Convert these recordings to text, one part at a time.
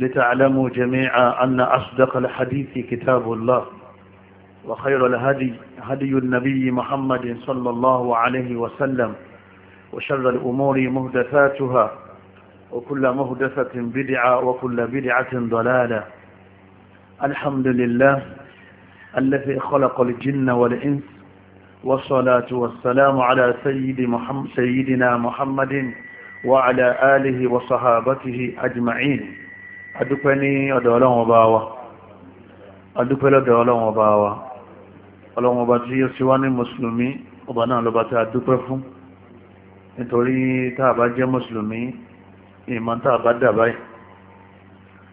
لتعلموا جميعا أن أصدق الحديث كتاب الله وخير الهدي هدي النبي محمد صلى الله عليه وسلم وشر الأمور مهدثاتها وكل مهدثة بدعة وكل بدعة ضلالة الحمد لله الذي خلق الجن والإنس والصلاة والسلام على سيد محمد سيدنا محمد وعلى آله وصحابته أجمعين adúpẹ́ ní ọ̀dọ̀ ọlọ́run ọba wa adúpẹ́ lọ́dọ̀ ọlọ́run ọba wa ọlọ́run ọba tí ó sì wá ní mùsùlùmí ọba náà lọ́ba tí a dúpẹ́ fún nítorí tàbá jẹ́ mùsùlùmí ìmọ̀ tàbá dàbá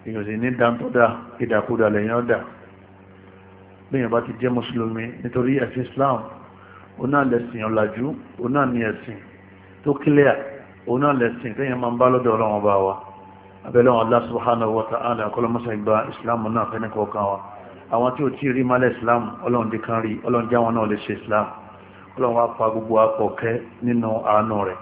èyàn ní dáńtọ́dá ìdàkúdà lẹ́yìn ọ̀dà lẹ́yìn bá ti jẹ́ mùsùlùmí nítorí ẹ̀sìn Islam òun náà lẹ̀sìn ọ̀làjú òun náà ní ẹ̀sìn tó kílẹ̀ òun náà lẹ̀sìn tẹ́yìn máa ń bá lọ́dọ̀ ọlọ́run ọba wa abẹ́lẹ́ Allah subhanahu wa ta'ala kọlọmọ́sá ìgbà islam náà fẹ́ni kọ̀ọ̀kan wa àwọn tí ó tí rí málẹ̀ islam ọlọ́run dé kan rí ọlọ́run jáwọn náà lè ṣe islam ọlọ́run wá pa gbogbo akọ̀kẹ́ nínú àánú rẹ̀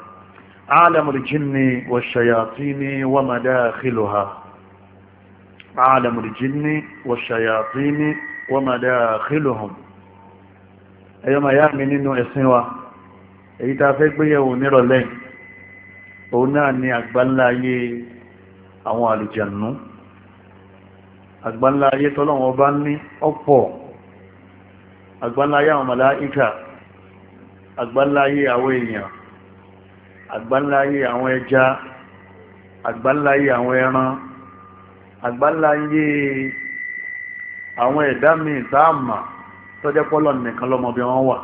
alamul jinni ni àgbáńlá àwọn àlùjànú àgbáńlá ayé tọ́lọ́wọ́n bá ní ọ̀pọ̀ àgbáńlá ayé àwọn màláíkà àgbáńlá ayé àwọn èèyàn àgbáńlá ayé àwọn ẹja àgbáńlá ayé àwọn ẹran àgbáńlá ayé àwọn ẹ̀dá míì táàmà tọ́jẹ́ pọ́lọ̀ nìkan lọ́mọbí wọn wà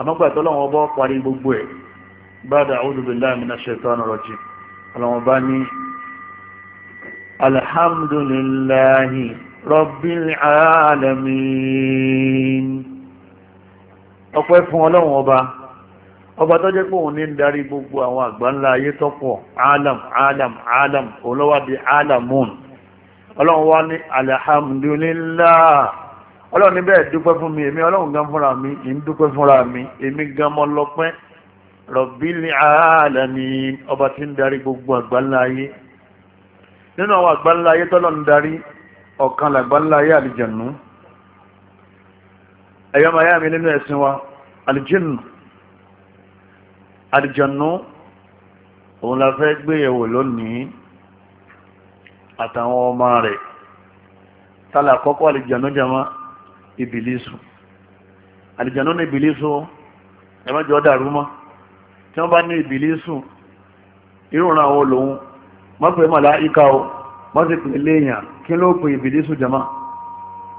àmọ́gbà tọ́lọ́wọ́n bọ́ parí gbogbo ẹ̀ bá da'udhu billahi minash shaitani rajim ọlọ́wọ́n bá ní alhamdulillahi rabbil alamin ọpẹ́ fún ọlọ́run ọba ọba tó jẹ́ pé òun ní darí gbogbo àwọn àgbà ńlá ayé tọ́pọ̀ alam alam alam olówádìí alamun ọlọ́run wá ní alhamdulillah ọlọ́run níbẹ̀ dúpẹ́ fún mi èmi ọlọ́run gan fúnra mi ì ń dúpẹ́ fúnra mi èmi gan mọ́ lọ́pẹ́ Rabbil alamin ọba tí ń darí gbogbo àgbáńlá ayé nínú àwọn àgbáńlá ayé tọ́lọ̀ ń darí ọ̀kan làgbáńlá ayé àlìjẹ̀nú ẹ̀yọ́ máa yá mi nínú ẹ̀sìn wa àlìjẹ̀nú àlìjẹ̀nú òun la fẹ́ gbéyẹ̀wò lónìí àtàwọn ọmọ rẹ̀ tálà àkọ́kọ́ àlìjẹ̀nú jama ìbìlísù àlìjẹ̀nú ní ìbìlísù ẹ̀mẹ́jọ dàrú mọ́ tí wọ́n bá ní ìbìlísù irú àwọn olóhun mọ́pẹ̀ màláíkà o mọ́sí pè léèyàn kí ló pè ìbìlísù jama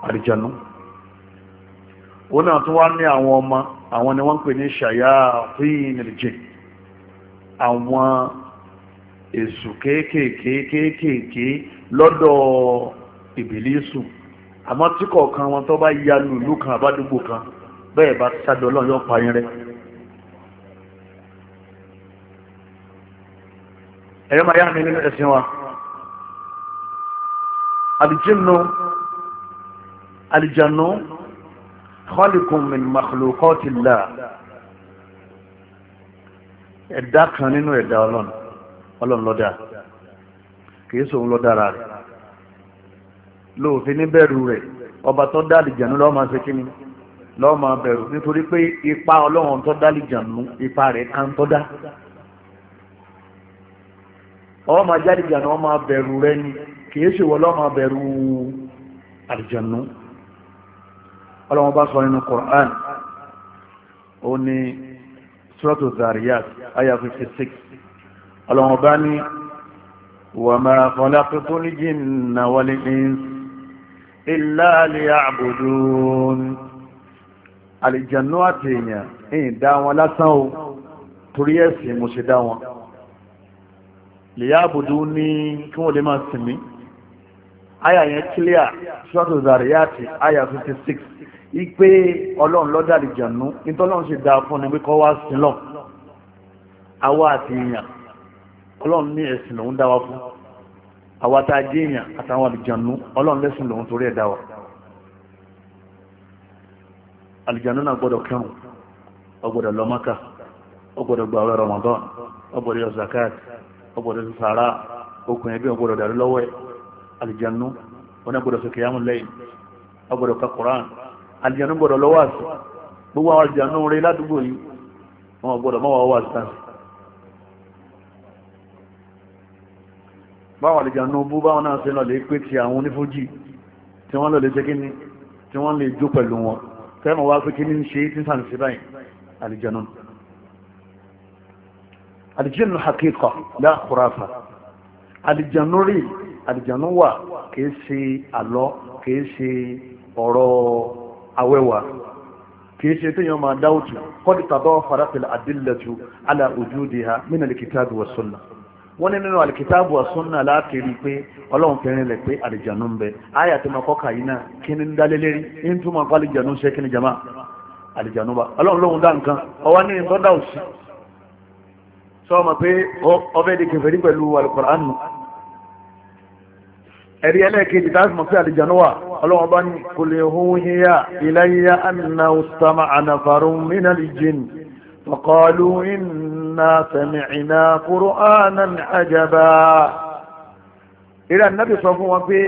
àrìjànú ó náà tún wá ní àwọn ọmọ àwọn ni wọ́n pè ní ṣàyà fíìnìlìjìn àwọn èsù kéékèèkéékèèké lọ́dọ̀ ìbìlísù àmọ́ tí kọ̀ọ̀kan wọn tó bá yalù ìlú kan àbádúgbò kan bẹ́ẹ̀ bá sádọ́ ọlọ́run pa yín rẹ́ ẹ̀yọ́ máa yá mi nínú ẹ̀sìn wa alìjínú alìjànú kọ́lìkùn min makhlukọ́tìlá ẹ̀dá kan nínú ẹ̀dá ọlọ́run ọlọ́run lọ́dà kìí sóun lọ́dà ara rẹ̀ lóòfin níbẹ̀rù rẹ̀ ọba tó dá àlìjànú lọ́ọ́ máa ṣe kí ni lọ́ọ́ máa bẹ̀rù nítorí pé ipa ọlọ́run tó dá àlìjànú ipa rẹ̀ kan tó dá ọwọ́ máa jáde jàǹdà wọ́n máa bẹ̀rù rẹ ni kìí ṣe wọ́n lọ́ọ́ máa bẹ̀rù àlìjànú ọlọ́wọ́n bá sọ nínú Qur'an ó ní suratu Zariyat aya 56 ọlọ́wọ́n bá ní wa ma khalaqtul jinna wal insa illa liya'budun àlìjànú àti èèyàn èyí dá wọn lásán o torí ẹ̀sìn mo ṣe dá lèyà àbùdú ní kí wọ́n lè máa sinmi a yẹn clear ṣọ́tò zariyati aya 56 ipe ọlọ́run nítọ́lọ́run ṣe dáa fún pé kọ́ wá sí lọ àwa àti èèyàn ọlọ́run ní ẹ̀sìn lòun dá fún àwa tá èèyàn àtàwọn àlìjànú ọlọ́run lẹ́sìn lòun torí ẹ̀ dá náà lọ ọgbọ́dọ̀ ọgbọ̀dọ̀ ti sàárà okùn ẹbí ọgbọ̀dọ̀ dàrú lọ́wọ́ ẹ̀ alìjẹnú wọn gbọdọ̀ sọ kìyàmù lẹ́yìn ọgbọ̀dọ̀ ka koran alìjẹnú gbọdọ̀ lọ́wọ́ àti gbogbo àwọn alìjẹnú rẹ ládùúgbò yìí wọn gbọdọ̀ mọ́wọ́ wà sáà báwọn alìjẹnú bú báwọn náà ṣe lọ lè pé ti àwọn onífújì tí wọ́n lọ lè jẹ́ tí wọ́n lè jó pẹ̀lú wọn tẹ́mọ̀ wá pé kí ní ṣe tí sàn báyìí alìjẹnú àlìjẹ́nu hakika láàkúráfà àlìjẹ́nu rí àlìjẹ́nu wà kìí ṣe àlọ́ kìí ṣe ọ̀rọ̀ awẹ́wà kìí ṣe tíyàn máa dáwùtù kọ́dí tàbá faratìl àdílẹ̀tù ala wujudiha min alkitabu wa sunna wọ́n ní nínú alkitabu wa sunna láti rí pé ọlọ́run fẹ́rin lẹ̀ pé àlìjẹ́nu ń bẹ áyà tí máa kọ́kà yìí náà kí ní dálélérí ń túmọ̀ pálíjẹ́nu ṣe kí ní jama àlìjẹ́nu bá ọlọ́run lóhun dá nǹkan ọwọ́ ní ìtọ́dá òsì sọ ma pé ọbẹ̀ di kẹfẹ̀rí pẹ̀lú alukọ̀ránù ẹ̀rí ẹlẹ́ẹ̀kejì láti mọ̀ sí àdìjànúwà ọlọ́wọ́n bá ní kò lè hún híyà ilayya anna ustama anafarun min aljin faqalu inna sami'na qur'anan ajaba ìrẹ́ ànábì sọ fún wọn pé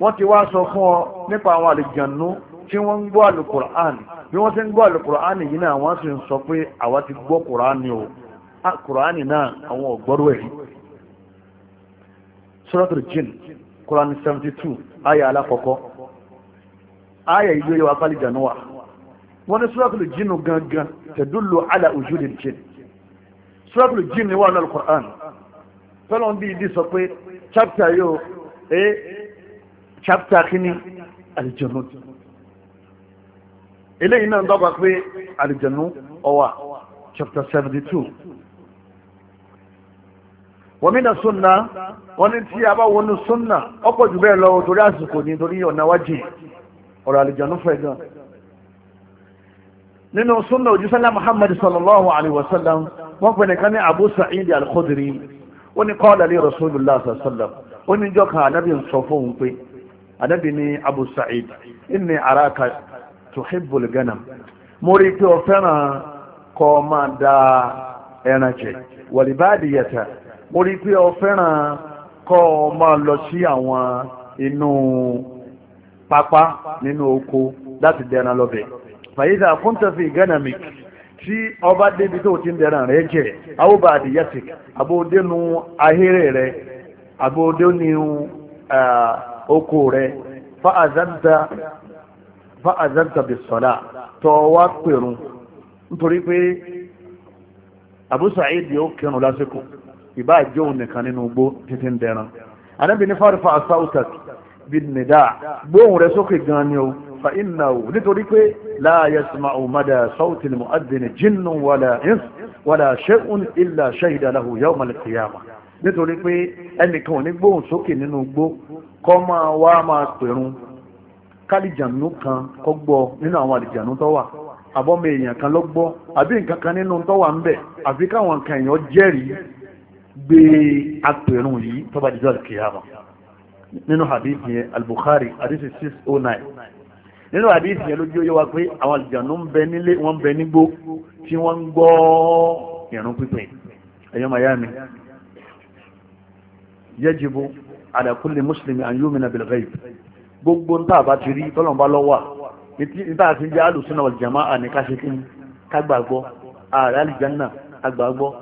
wọ́n ti wá sọ fún ọ nípa àwọn àlìjànú tí wọ́n ń gbọ́ alukọ̀ránù bí wọ́n ti ń gbọ́ alukọ̀ránù yìí náà wọ́n sì ń sọ pé àwa ti gbọ́ kọ̀ránù o kùránì náà àwọn ọ̀gbọ́rú ẹ̀rí suratul jinn kùránì 72 ayà alákọ̀ọ́kọ́ ayà ìlú yẹwà pálíjà níwà wọ́n ní suratul jinn gangan tẹ̀dúlù ala ujudil jinn suratul jinn ni wà ní alkùránì fẹ́lọ́n bí ìdí sọ pé chapter yóò eh chapter kínní àlìjẹ̀nù eléyìí náà dọ́gba pé àlìjẹ̀nù ó chapter 72 wọ́n mìíràn súnà wọ́n ní tí a bá wọnú súnà ọ̀pọ̀ jù bẹ́ẹ̀ lọ torí àsìkò ní torí ọ̀nà wájì ọ̀rọ̀ àlùjànnú fẹ́ gan. nínú súnà òjísọ́lá Muhammad sallallahu alayhi wa sallam wọ́n pè nìkan ní Abu Sa'id al-Khudri ó ní qala li Rasulullah sallam ó ní jọ́ka anábì ń sọ fóun pé anábì ní Abu Sa'id inni araka tuhibbul ganam mo rí i pé ọ fẹ́ràn kọ́ máa da ẹran jẹ wàlíbáàdì yẹta mo rí pé o fẹ́ràn kọ́ ọ máa lọ sí àwọn inú pápá nínú oko láti dẹran lọ́bẹ̀ fàyíṣà kúntàfì gánàmì tí ọba débi tó ti ń dẹran rẹ̀ jẹ́ àwòbá àdìyàtìk àbòdénu ahéré rẹ̀ àbòdénu oko rẹ̀ fa'azanta fa'azanta bisọ́lá tọ́ wá pèrún nítorí pé Abu Sa'id ó kírun lásìkò ìbá àjọ nìkan nínú gbó títí ń dẹran anábì ní fárífà asautak bid nida gbóhùn rẹ̀ sókè gan ni o fa inna o nítorí pé la yasma'u mada sauti al mu'adhdhin jinnun wala ins wala shay'un illa shahida lahu yawm al qiyamah nítorí pé ẹnìkan ò ní gbóhùn sókè nínú gbó kọ́ máa wá máa pèrún kálíjànú kan kọ́ gbọ́ nínú àwọn àlìjànú tó wà àbọ́mọ èèyàn kan ló gbọ́ àbí nǹkan kan nínú tó wà ń bẹ̀ àfi káwọn kan èèyàn jẹ́rìí gbé apẹ̀rún yìí tó bá dijọ́ kìyàmà nínú hadith yẹn al-Bukhari hadith six oh nine nínú hadith yẹn lójú yẹ wa pé àwọn àlùjànnú ń bẹ nílé wọ́n ń bẹ nígbó tí wọ́n ń gbọ́ ìrún pípẹ́ ẹ̀yọ́ miami yajibu ala kulli muslimi an yumina bil ghaib gbogbo ń tàbá ti rí tọ́lọ̀ bá lọ́wà níta àti jẹ́ alùsùnà wal jama'a ní káṣe kí ní kágbàgbọ́ ààrẹ alìjánà àgbàgbọ́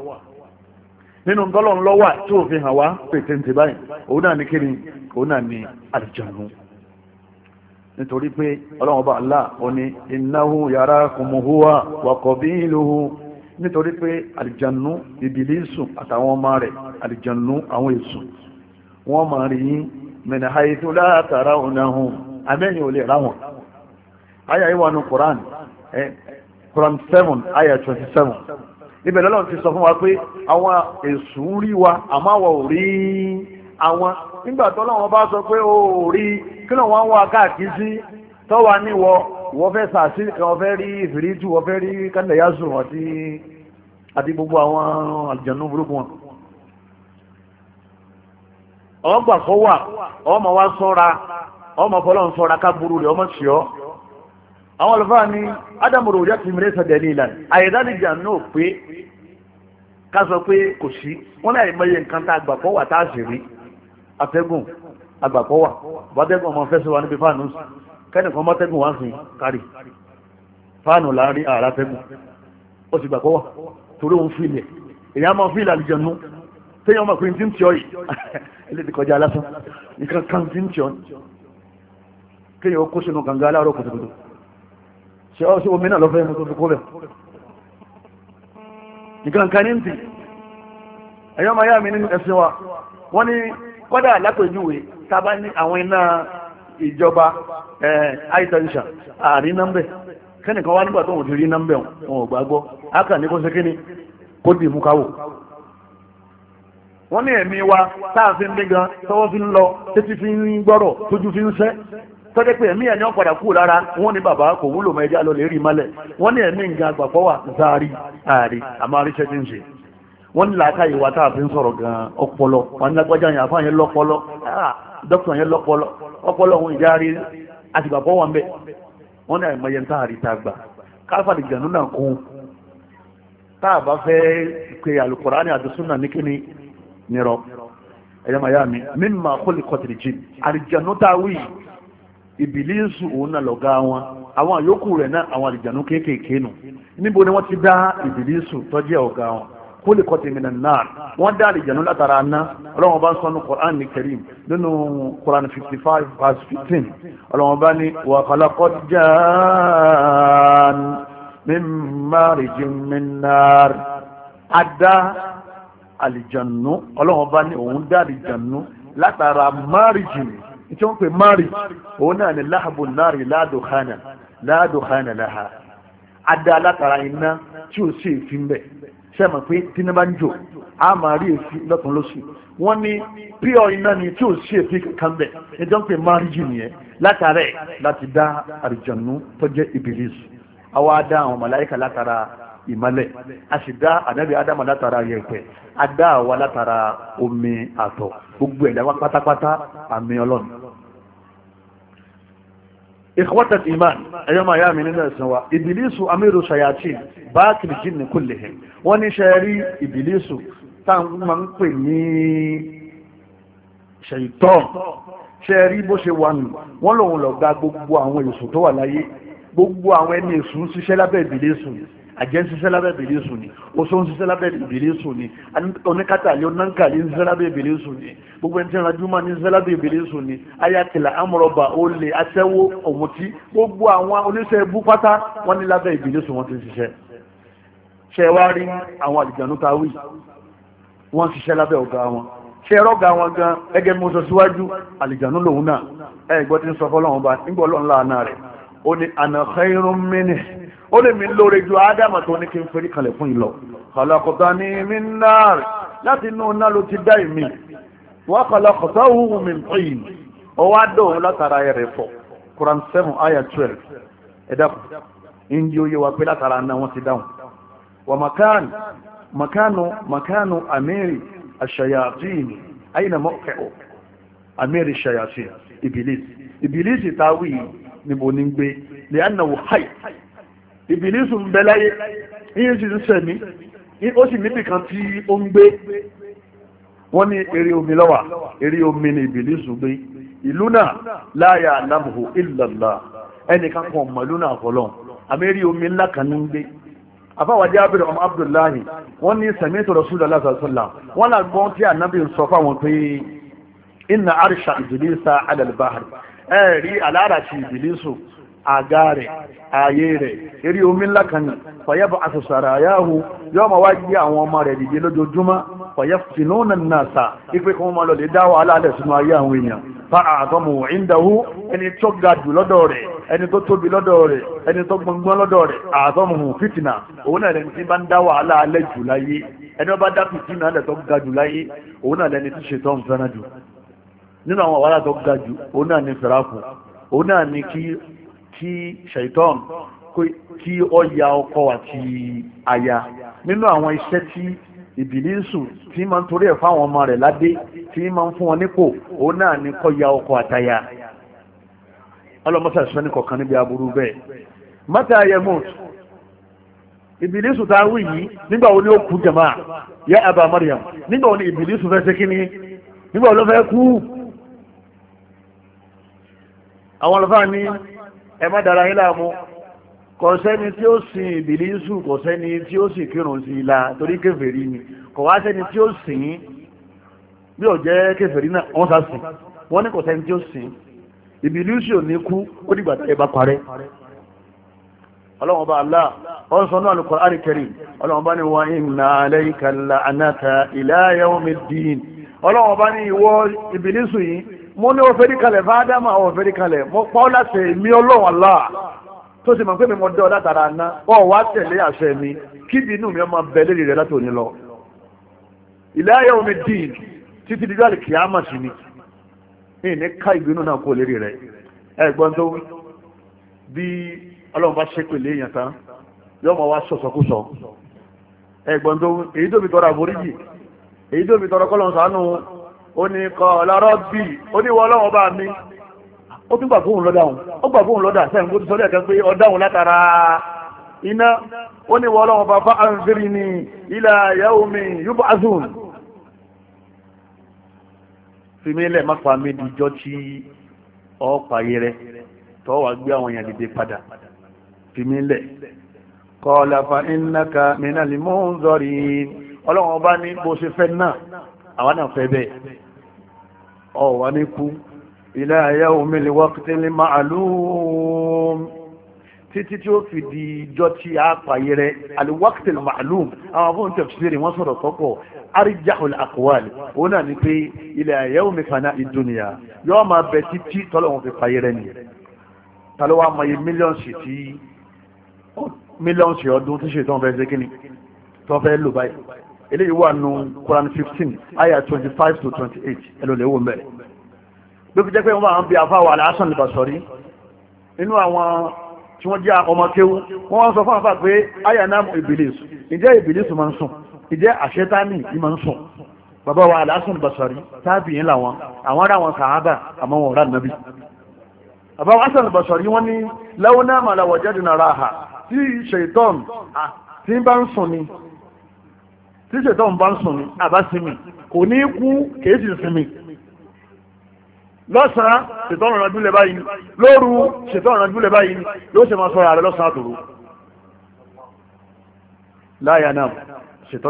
nínú tọ́lọ̀ ńlọ́wà tí ò fi hàn wá pètè ń ti báyìí òun náà ní kíni òun náà ní àlìjànú nítorí pé ọlọ́run bá Allah ó ní innahu yarakum huwa wa qabiluhu nítorí pé àlìjànú ìbílísù àtàwọn ọmọ rẹ̀ àlìjànú àwọn èṣù wọ́n máa rí yín min haythu la tarawnahum amẹ́yìn ò lè ráwọn ayà ìwà nu Quran eh, Quran 7 ayà 27 níbẹ̀ lọ́lọ́run ti sọ fún wa pé àwọn èṣù ń rí wa àmọ́ àwọ̀ ò rí àwọn nígbà tó lọ́wọ́ bá sọ pé ó rí kí lọ́wọ́ ń wá káàkiri sí tọ́wà níwọ̀ wọ́n fẹ́ sàásì wọ́n fẹ́ rí ìfìrìtù wọ́n fẹ́ rí kánìyàsù àti àti gbogbo àwọn àlùjànnú burúkú wọn. ọgbà kọ́ wà ọmọ wa sọ́ra ọmọ fọlọ́run sọ́ra ká burú rẹ̀ ọmọ sí ọ́ àwọn olùfáà ní ádámù rògbòdì àti mìíràn sọ dẹ̀lí ìlànà àyẹ̀dálìjà náà pé ká sọ pé kò sí wọn láì mọye nǹkan tá àgbàpọ̀ wà tá a sì rí atẹ́gùn àgbàpọ̀ wà bàtẹ́gùn ọmọ fẹ́ sọ wa níbi fáànù kẹ́nìkan mọ́tẹ́gùn wá sí kárì fáànù là ń rí ààrá tẹ́gùn ó sì gbàgbọ́ wà torí òun fi ilẹ̀ èyí á máa fi ilẹ̀ àlùjọ nú téèyàn máa pín tí ń tíọ́ yìí ilé ti kọjá lásán nǹkan kan tí ń tíọ́ kéèyàn ó kó sínú kànga aláàárọ̀ kùtùkùtù ṣe ọ́ ṣe omi náà lọ́fẹ́ mú tó fi kó bẹ̀ nìkan kan ní ti ẹ̀yọ́ máa yá mi nínú ẹ̀sìn wa wọ́n ní kọ́dà lápèjúwe ní àwọn iná ìjọba àárín eh, nọ́mbẹ̀ kẹ́nìkan wá nígbà tó wọ́n ti rí nọ́mbẹ̀ wọn ò gbàgbọ́ ní kó ṣe kó dì mú káwò wọ́n wa fi gan fi ń lọ títí fi ń gbọ́rọ̀ fi ń tọ́jẹ́ pé ẹ̀mí ẹ̀ní ọ̀padà kú lára wọ́n ní bàbá kò wúlò mọ́ ẹjá lọ lè rí mọ́lẹ̀ wọ́n ní ẹ̀mí nǹkan àgbàpọ̀ wà sáárì ààrí àmàríṣẹ́ tí ń ṣe wọ́n ní làákà ìwà tá a fi ń sọ̀rọ̀ gan-an ọpọlọ wọn ní lágbájá yẹn àfáà yẹn lọ́pọlọ ah, dókítà yẹn lọ́pọlọ ọpọlọ òun ìjà rí àtìgbàpọ̀ wọn bẹ́ẹ̀ ìbílísù òun náà lọ̀gá wọn àwọn àyókù rẹ̀ náà àwọn àlìjànú kéékèèké nù níbo ni wọ́n ti dá ìbílísù tọ́jú ọ̀gá wọn kólé kọ́tì mi náà náà wọ́n dá àlìjànú látara aná ọlọ́wọ́n bá ń sọ́nu Qur'an ní Karim nínú Qur'an fifty five verse fifteen ọlọ́wọ́n bá ní wa khalaqad jann min marijin min nar adá àlìjànú ọlọ́wọ́n bá ní òun dá àlìjànú látara márijin tí wọ́n pè mari òun náà ni láàbù náàrí ládùhánà ládùhánà láha adá látara iná tí ò sí èéfín bẹ̀ sẹ́mà pé tíná bá ń jò á máa rí èéfín lọ́tún lóṣù wọ́n ní píọ̀ iná ni tí ò sí èéfín kankan bẹ̀ ni tí wọ́n pè mari jù nìyẹn látara ẹ̀ láti dá àrìjànú tó jẹ́ ibilis àwa dá àwọn màláìka látara ìmọ́lẹ̀ a sì dá ànábì ádámà látara yẹ̀pẹ̀ a dá àwa látara omi àtọ̀ gbogbo ẹ̀dá wa pátápátá àmì ọlọ́run ikhwata iman ẹ̀yọ́ máa yá mi nínú ẹ̀sìn wa ìbìlísù amíru shayatin báàkìlì jinn kullihim wọ́n ní ṣe rí ìbìlísù táwọn máa ń pè ní ṣèyítọ́n ṣe rí bó ṣe wà nù wọ́n lòun lọ̀gá gbogbo àwọn èṣù tó wà láyé gbogbo àwọn ẹni èṣù ń ṣiṣẹ́ lábẹ́ ìbìlísù àjẹ́ ń ṣiṣẹ́ lábẹ́ ìbílísù ni oṣó ń ṣiṣẹ́ lábẹ́ ìbílísù ni oníkátàlẹ́ onáńkàlẹ́ ń ṣiṣẹ́ lábẹ́ ìbílísù ni gbogbo ẹni tí ń rajú máa ń ṣiṣẹ́ lábẹ́ ìbílísù ni ayatollah amúrọ̀bà olè aṣẹ́wó ọ̀mùtí gbogbo àwọn oníṣẹ́ ibú pátá wọ́n ní lábẹ́ ìbílísù wọ́n ti ń ṣiṣẹ́ ṣe wá rí àwọn àlìjànú ta wí wọ́n ṣiṣẹ́ lábẹ́ ọ̀gá wọn ṣe rọ́gà wọn gan gẹ́gẹ́ mo sọ síwájú àlìjànú lòun náà ẹ̀ gbọ́ ti ń sọ fọ́lọ́run bá nígbọ́ ọlọ́run láàánú rẹ̀ ó ní ànàkẹ́ irun mẹ́nìí ó lè mi lóore ju ádámà tó ní kí n fẹ́rí kalẹ̀ fún ìlọ kọlọkọta ní mí náà láti inú náà ló ti dá ìmí wọ́n kọlọkọta òhun mi pè é ọwọ́ adó òun látara ẹ̀rẹ̀ fọ Quran seven ayah twelve ẹ̀dá kù ìdí oyè wa pé látara náà wọ́n ti dáhùn wà makán makánù makánù amiri aṣayàtìní àyìnà mọ́kẹ́ọ̀ amiri aṣayàtìní Iblis Iblis ìtawí níbo ní gbé lẹ́yìn náà wò háì ìbìlísù ń bẹ láyé yíyí sì ń sẹ̀mí ó sì níbì kan tí ó ń gbé wọ́n ní eré omi lọ́wà eré omi ni ìbìlísù gbé ìlú náà láyà alámùhù ìlàlá ẹnìkan kan mọ̀ ìlú náà fọlọ́n àmì eré omi ńlá kan ní ń gbé afáwàdí abẹ́rẹ́ ọmọ abdullahi wọ́n ní sẹ̀mí tó rasulullah sallallahu alaihi wasallam wọ́n là gbọ́n tí ànábì ń sọ fáwọn pé inna arsha ìbìlísà alal bahri ẹ̀rí aláràṣì àga rẹ̀ ààyè rẹ̀ eré omi ńlá kan ní fàyẹ́bù àṣàṣàrà àyáhù yóò máa wá jí àwọn ọmọ rẹ̀ dìde lójoojúmọ́ fàyẹ́bù tìǹnà náà sà ipe kí wọ́n máa lọ lè sínú ayé àwọn èèyàn fa àtọ́mù ìndàhù ẹni tó ga jù lọ́dọ̀ rẹ̀ ẹni tó tóbi lọ́dọ̀ rẹ̀ ẹni tó gbọngbọ́n lọ́dọ̀ rẹ̀ àtọ́mù fìtìnà òun náà lẹni tí bá ń dá wàhálà alẹ́ jù láyé ẹni wọ́n bá dá fìtìnà alẹ́ tó ga jù láyé òun náà lẹni tí ṣètọ́ ń jù nínú àwọn wàhálà tó ga jù òun náà ni fẹ́ràn kù òun náà ni kí kí shaitan kí ó ya ọkọ àti aya nínú àwọn iṣẹ́ tí ìbìlísù tí máa ń torí ẹ̀ fáwọn ọmọ rẹ̀ ládé tí máa ń fún wọn nípò òun náà ni kó ya ọkọ àtaya ọlọ́mọsà sọ́ni kọ̀ọ̀kan níbi aburú bẹ́ẹ̀ mata yemut ìbìlísù tá a wí yìí nígbà wo ni ó kú jama ya aba Maryam nígbà wo ni ìbìlísù fẹ́ ṣe kíni nígbà wo ló fẹ́ kú àwọn ọlọ́fà ni ẹ má dára yín láàmú kò sẹ́ni tí ó sìn ìbìlísù kò sẹ́ni tí ó sì kírun sí ilá torí kèfèrí ni kò wá sẹ́ni tí ó sìn bí ò jẹ́ kèfèrí náà wọ́n sá sìn wọ́n ní kò sẹ́ni tí ó sìn ìbìlísù ò ní kú ó mo ní o fẹ́rí kalẹ̀ fáádámà o fẹ́rí kalẹ̀ mo pa ọ́ láti èmi ọlọ́run Allah tó sì mọ̀ pé mi mo dọ́ látara ná ọ wá tẹ̀lé àṣẹ mi kíbi inú mi ọmọ bẹ lérí rẹ láti òní lọ ilé ayé omi dín títí dídá lè kí á mà sí ni ní ní ká ìgbínú náà kó lérí rẹ ẹ̀gbọ́n tó bí ọlọ́run bá ṣépè léèyàn tán yóò mọ̀ wá sọ̀sọ̀kúsọ ẹ̀gbọ́n tó èyí tó fi tọrọ àforíjì èyí tó fi tọrọ kọ́lọ́n ó ní qala rabbi ó ní wọ́n ọlọ́run bá mi ó tún gbà fóun lọ́dà òun ó gbà fóun lọ́dà sẹ́yìn kó tún sọ́dọ̀ ẹ̀kan pé ọ̀dà òun látara iná ó ní wọ́n ọlọ́run bá fa anzirni ila yawmi yub'athun fimi lẹ̀ má fa mi dijọ́ tí ọ̀ pààyè rẹ̀ tọ́ wà gbé àwọn èèyàn dìde padà fimi lẹ̀ qala fa innaka minal munzarin ọlọ́run ọba ní bó ṣe fẹ́ náà àwa náà fẹ́ bẹ́ẹ̀ ọ̀wà ní kú ila yawmil waqtil ma'lum títí tí ó fi di ìjọ tí a pààyè rẹ̀ al-waqtil ma'lum àwọn afọ́n tafsiri wọ́n sọ̀rọ̀ tọ́pọ̀ arjahul aqwal òun náà ni pé ila yawmi fana'id dunya yóò máa bẹ títí tọ́lọ́wọ́n fi pààyè rẹ̀ nìyẹn tàló wá mọ̀ iye mílíọ̀nsì tí mílíọ̀nsì ọdún tí ṣètò ọ̀fẹ́ ṣe kíni tó fẹ́ lò báyìí eléyìí wà nù Quran fifteen ayah twenty five to twenty eight ẹ lọ lè wò mbẹ. ló fi jẹ́ pé wọ́n máa ń bi àfa wà lásán nípa sọ̀rí nínú àwọn tí wọ́n jẹ́ ọmọ kéwú wọ́n wá sọ fún àfa pé ayah náà Iblis ìjẹ́ Iblis máa ń sùn ìjẹ́ àṣetánì yìí máa ń sùn bàbá wa Al-Hasan al-Basri tábìyìn làwọn àwọn ará wọn sàábà àmọ́ wọn rà nàbí bàbá wa Al-Hasan al wọ́n ní lawna ma lawajadna raha tí ṣètò ń bá ń sùn mí kò ní kú kìí sinmi lọ́sàn-án ṣètò ọ̀rọ̀ ìdúlẹ̀ báyìí ni lóru ṣètò ọ̀rọ̀ ìdúlẹ̀ báyìí ni ló ṣe máa sọ ààrẹ lọ́sàn àtòrò láyà náà ṣètò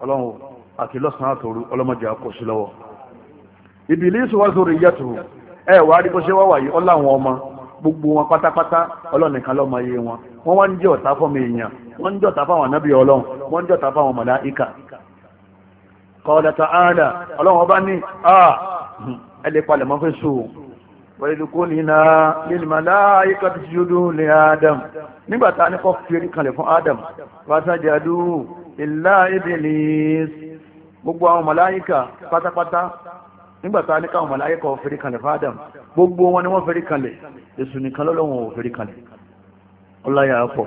ọlọ́run àti lọ́sàn àtòrò ọlọ́mọdé àkọsí ẹ wà á rí bó ṣe wá ọláwọn ọmọ gbogbo wọn pátápátá ọlọ́nìkan lọ́mọ iye wọn wọ́n wá ń jẹ́ ọ̀tá fọ́mọ wọ́n ń jọ́ta fáwọn ànábì ọlọ́run wọ́n ń jọ́ta fáwọn màláíkà qala ta'ala ọlọ́run ọba ní àà ẹlẹ́ palẹ̀ mọ́ fẹ́ so wọ́n ìlú kó nínú lil malaikati sujudu li Adam nígbà tá a ní kọ́ fèrè kalẹ̀ fún Adam fasajadu illa Iblis gbogbo àwọn màláíkà pátápátá nígbà tá a ní káwọn màláíkà ò fèrè kalẹ̀ fún Adam gbogbo wọn ni wọ́n fèrè kalẹ̀ Èṣù nìkan lọ́lọ́wọ́n ò fèrè kalẹ̀ ọláyà pọ̀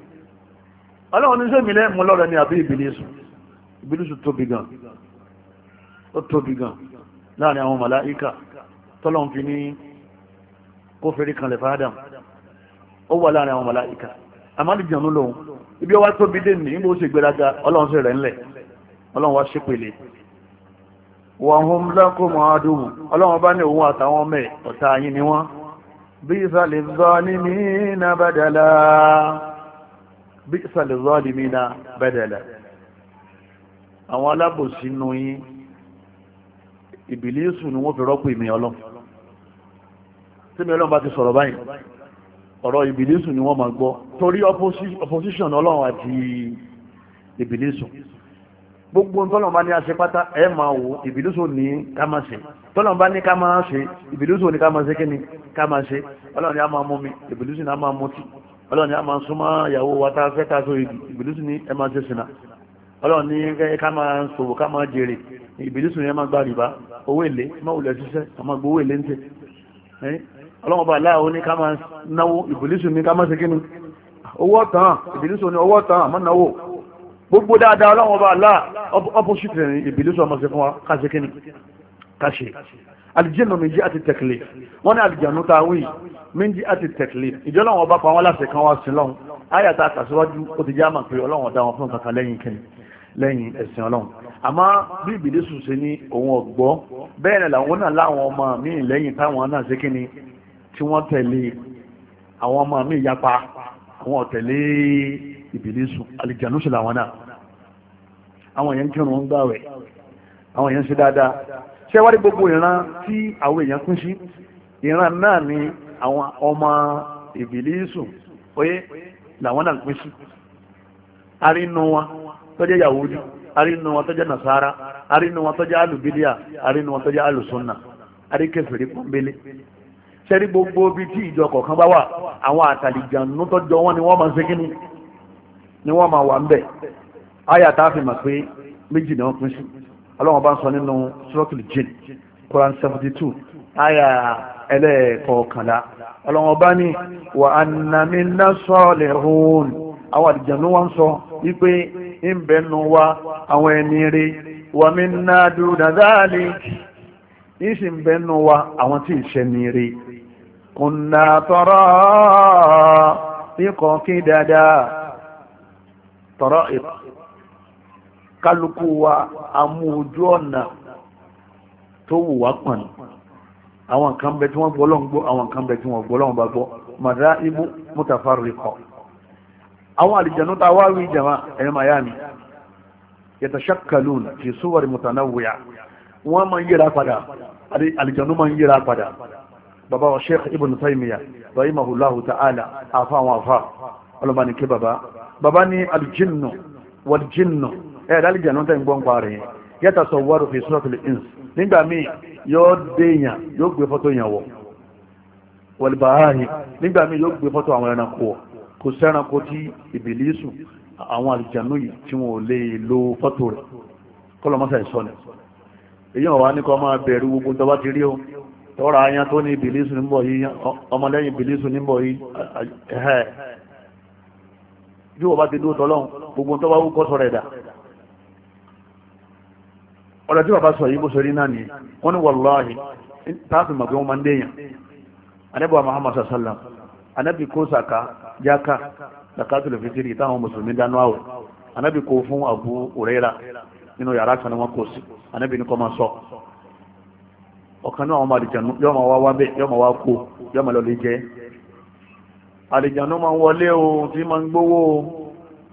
ọlọ́run ní sẹ́mi lẹ́ mú lọ́rọ̀ ni àbí ìbílísù ìbílísù tóbi gan ó tóbi gan láàrin àwọn màláíkà tọ́lọ́run fi ní kó fèrè kanlẹ̀ fáadàm ó wà láàrin àwọn màláíkà àmàlìjànú lòun ibi ọwá tóbi dé ní nígbà sì gbéraga ọlọ́run sì rẹ̀ ńlẹ̀ ọlọ́run wá ṣépele wàhùn lákòmọ adùn ọlọ́run bá ní òun àtàwọn ọmọ ẹ̀ ọ̀tá yín ni wọ́n bí ìsàlẹ̀ zọ ní mí náà bíkísà lè rọ́ọ̀lì mi na bẹ́dẹ̀lẹ̀ àwọn alábòsí nù yín ìbìlísù ni wọ́n fi rọ́pò ìmì ọlọ́m tí mi ọlọ́m bá ti sọ̀rọ̀ báyìí ọ̀rọ̀ ìbìlísù ni wọ́n máa gbọ́ torí opposition ọlọ́run àti ìbìlísù gbogbo tọ́lọ̀n bá ní àṣẹ pátá ẹ máa wo ìbìlísù ní ká máa ṣe tọ́lọ̀n bá ní ká máa ṣe ìbìlísù ní ká máa ṣe kí ni ká máa ṣe ọlọ́run ni a máa mú mi ìbìlísù ni a máa mú tí ọlọ́run ni a máa súnmọ́ ìyàwó wa tá a fẹ́ ká so ìbìlísù ní ẹ máa ṣe sìnà ọlọ́run ni ká máa ṣòwò ká máa jèrè ìbìlísù ní ẹ máa gba rìbá owó èlé máa wùlẹ̀ ṣiṣẹ́ a máa gbowó èlé ń tẹ̀ ọlọ́run ọba aláwo ní ká máa náwó ìbìlísù ní ká máa ṣe kíni owó ọ̀tàn ìbìlísù ní owó ọ̀tàn àmọ́ náwó gbogbo dáadáa ọlọ́run ọba alá opposite ní mi jẹ́ àti tẹ̀kìlẹ̀ wọ́n ní alìjẹ́nu ta wí méjì àti tẹ̀klif ìjọ lọ́wọ́ bá pa wọn láti kan wá sí lọ́hùn ayàtà àtàsíwájú ó ti já mà pé ọlọ́wọ́ dá wọn fún kankan lẹ́yìn kẹ́ni lẹ́yìn ẹ̀sìn ọlọ́run àmọ́ bí ìbílísù ṣe ní òun ọ̀gbọ́ bẹ́ẹ̀ ni làwọn náà láwọn ọmọ mi lẹ́yìn táwọn náà ṣe kíni tí wọ́n tẹ̀lé àwọn ọmọ mi yapa àwọn ọ̀tẹ̀lé ìbílísù àlìjànú sí làwọn náà àwọn èèyàn kírun ń àwọn ọmọ ìbìlísù oyé làwọn náà pín sí arínú wọn tó jẹ́ yahudi arínú tó jẹ́ nasara arínú tó jẹ́ alubidia tó jẹ́ alusunna sẹ́rí gbogbo bí tí ìjọ kọ̀ọ̀kan bá wà àwọn àtàlìjànú tó jọ wọn ni wọ́n máa ń ṣe ni wọ́n máa wà ń bẹ̀ ayà tá a fi mà pé méjì ni wọ́n pín ẹlẹ́ẹ̀kọ̀ọ̀kànlá ọlọ́wọ́n bá ní wà ànàmínà sọ́ọ̀lẹ̀ hóun àwọn àdìjànú wọn sọ wípé ń bẹnu wa àwọn ẹni rí wà mí ná dúdà dáàlì yìí sì ń wa àwọn tí ìṣẹ́ ni rí kùnà tọrọ ikọ̀ kí dáadáa tọrọ ikọ̀ kálukú wa amú ojú ọ̀nà tó wù wá pọ̀nù àwọn nǹkan bẹ tí wọ́n gbọ́ lọ́n gbọ́ àwọn nǹkan bẹ tí wọ́n gbọ́ lọ́n bá gbọ́ màdá ibú mutafarriqa àwọn àlìjẹ̀nú tá a wá wí jama ẹ̀rọ miami yatashakkalun fi suwar mutanawwi'a wọ́n máa ń yíra padà àlìjẹ̀nú máa ń yíra padà bàbá wa sheikh ibn taymiya rahimahullahu ta'ala afa àwọn afa ọlọ́mọ ní kí bàbá bàbá ní alìjìnnù wàlìjìnnù ẹ̀ẹ́dá àlìjẹ̀nú tẹ̀ ń gbọ́n pa rẹ̀ yàtọ̀ sọ̀wọ́rù fi suratul ins nígbà míì yóò dé èèyàn yóò gbé fọ́tò èèyàn wọ̀ wọ̀lìbáhàhì nígbà míì yóò gbé fọ́tò àwọn ẹranko ti kò sẹ́ranko tí ìbìlísù àwọn àlìjànú yìí tí lè lo fọ́tò rẹ̀ kọ́lọ̀mọ́sà ìsọ́nà èyàn wà ní kọ́ máa bẹ̀rù gbogbo ti rí o tọ́ra ayan tó ní ìbìlísù níbọ̀ yìí ọmọlẹ́yìn ìbìlísù níbọ̀ yìí ẹ̀hẹ́ bí wọ́n bá ti dúró tọ́lọ́hún gbogbo tó wú ọ̀rọ̀ tí bàbá sọ yìí bó ṣe rí náà ni wọ́n ní wàláhì táàfin mọ̀ pé máa ń dèèyàn anábì Muhammad sallam anábì kó sàkà jáka zakatul fitiri táwọn mùsùlùmí dánú àwẹ̀ anábì kó fún Abu Huraira nínú yàrá kan wọn kò sí anábì ní kọ́ máa sọ ọ̀kan náà wọn máa dìjànú yọ́ máa wá wá bẹ́ẹ̀ yọ́ máa wá kó yọ́ máa lọ lè jẹ́ àlìjànú máa ń wọlé o tí máa ń gbówó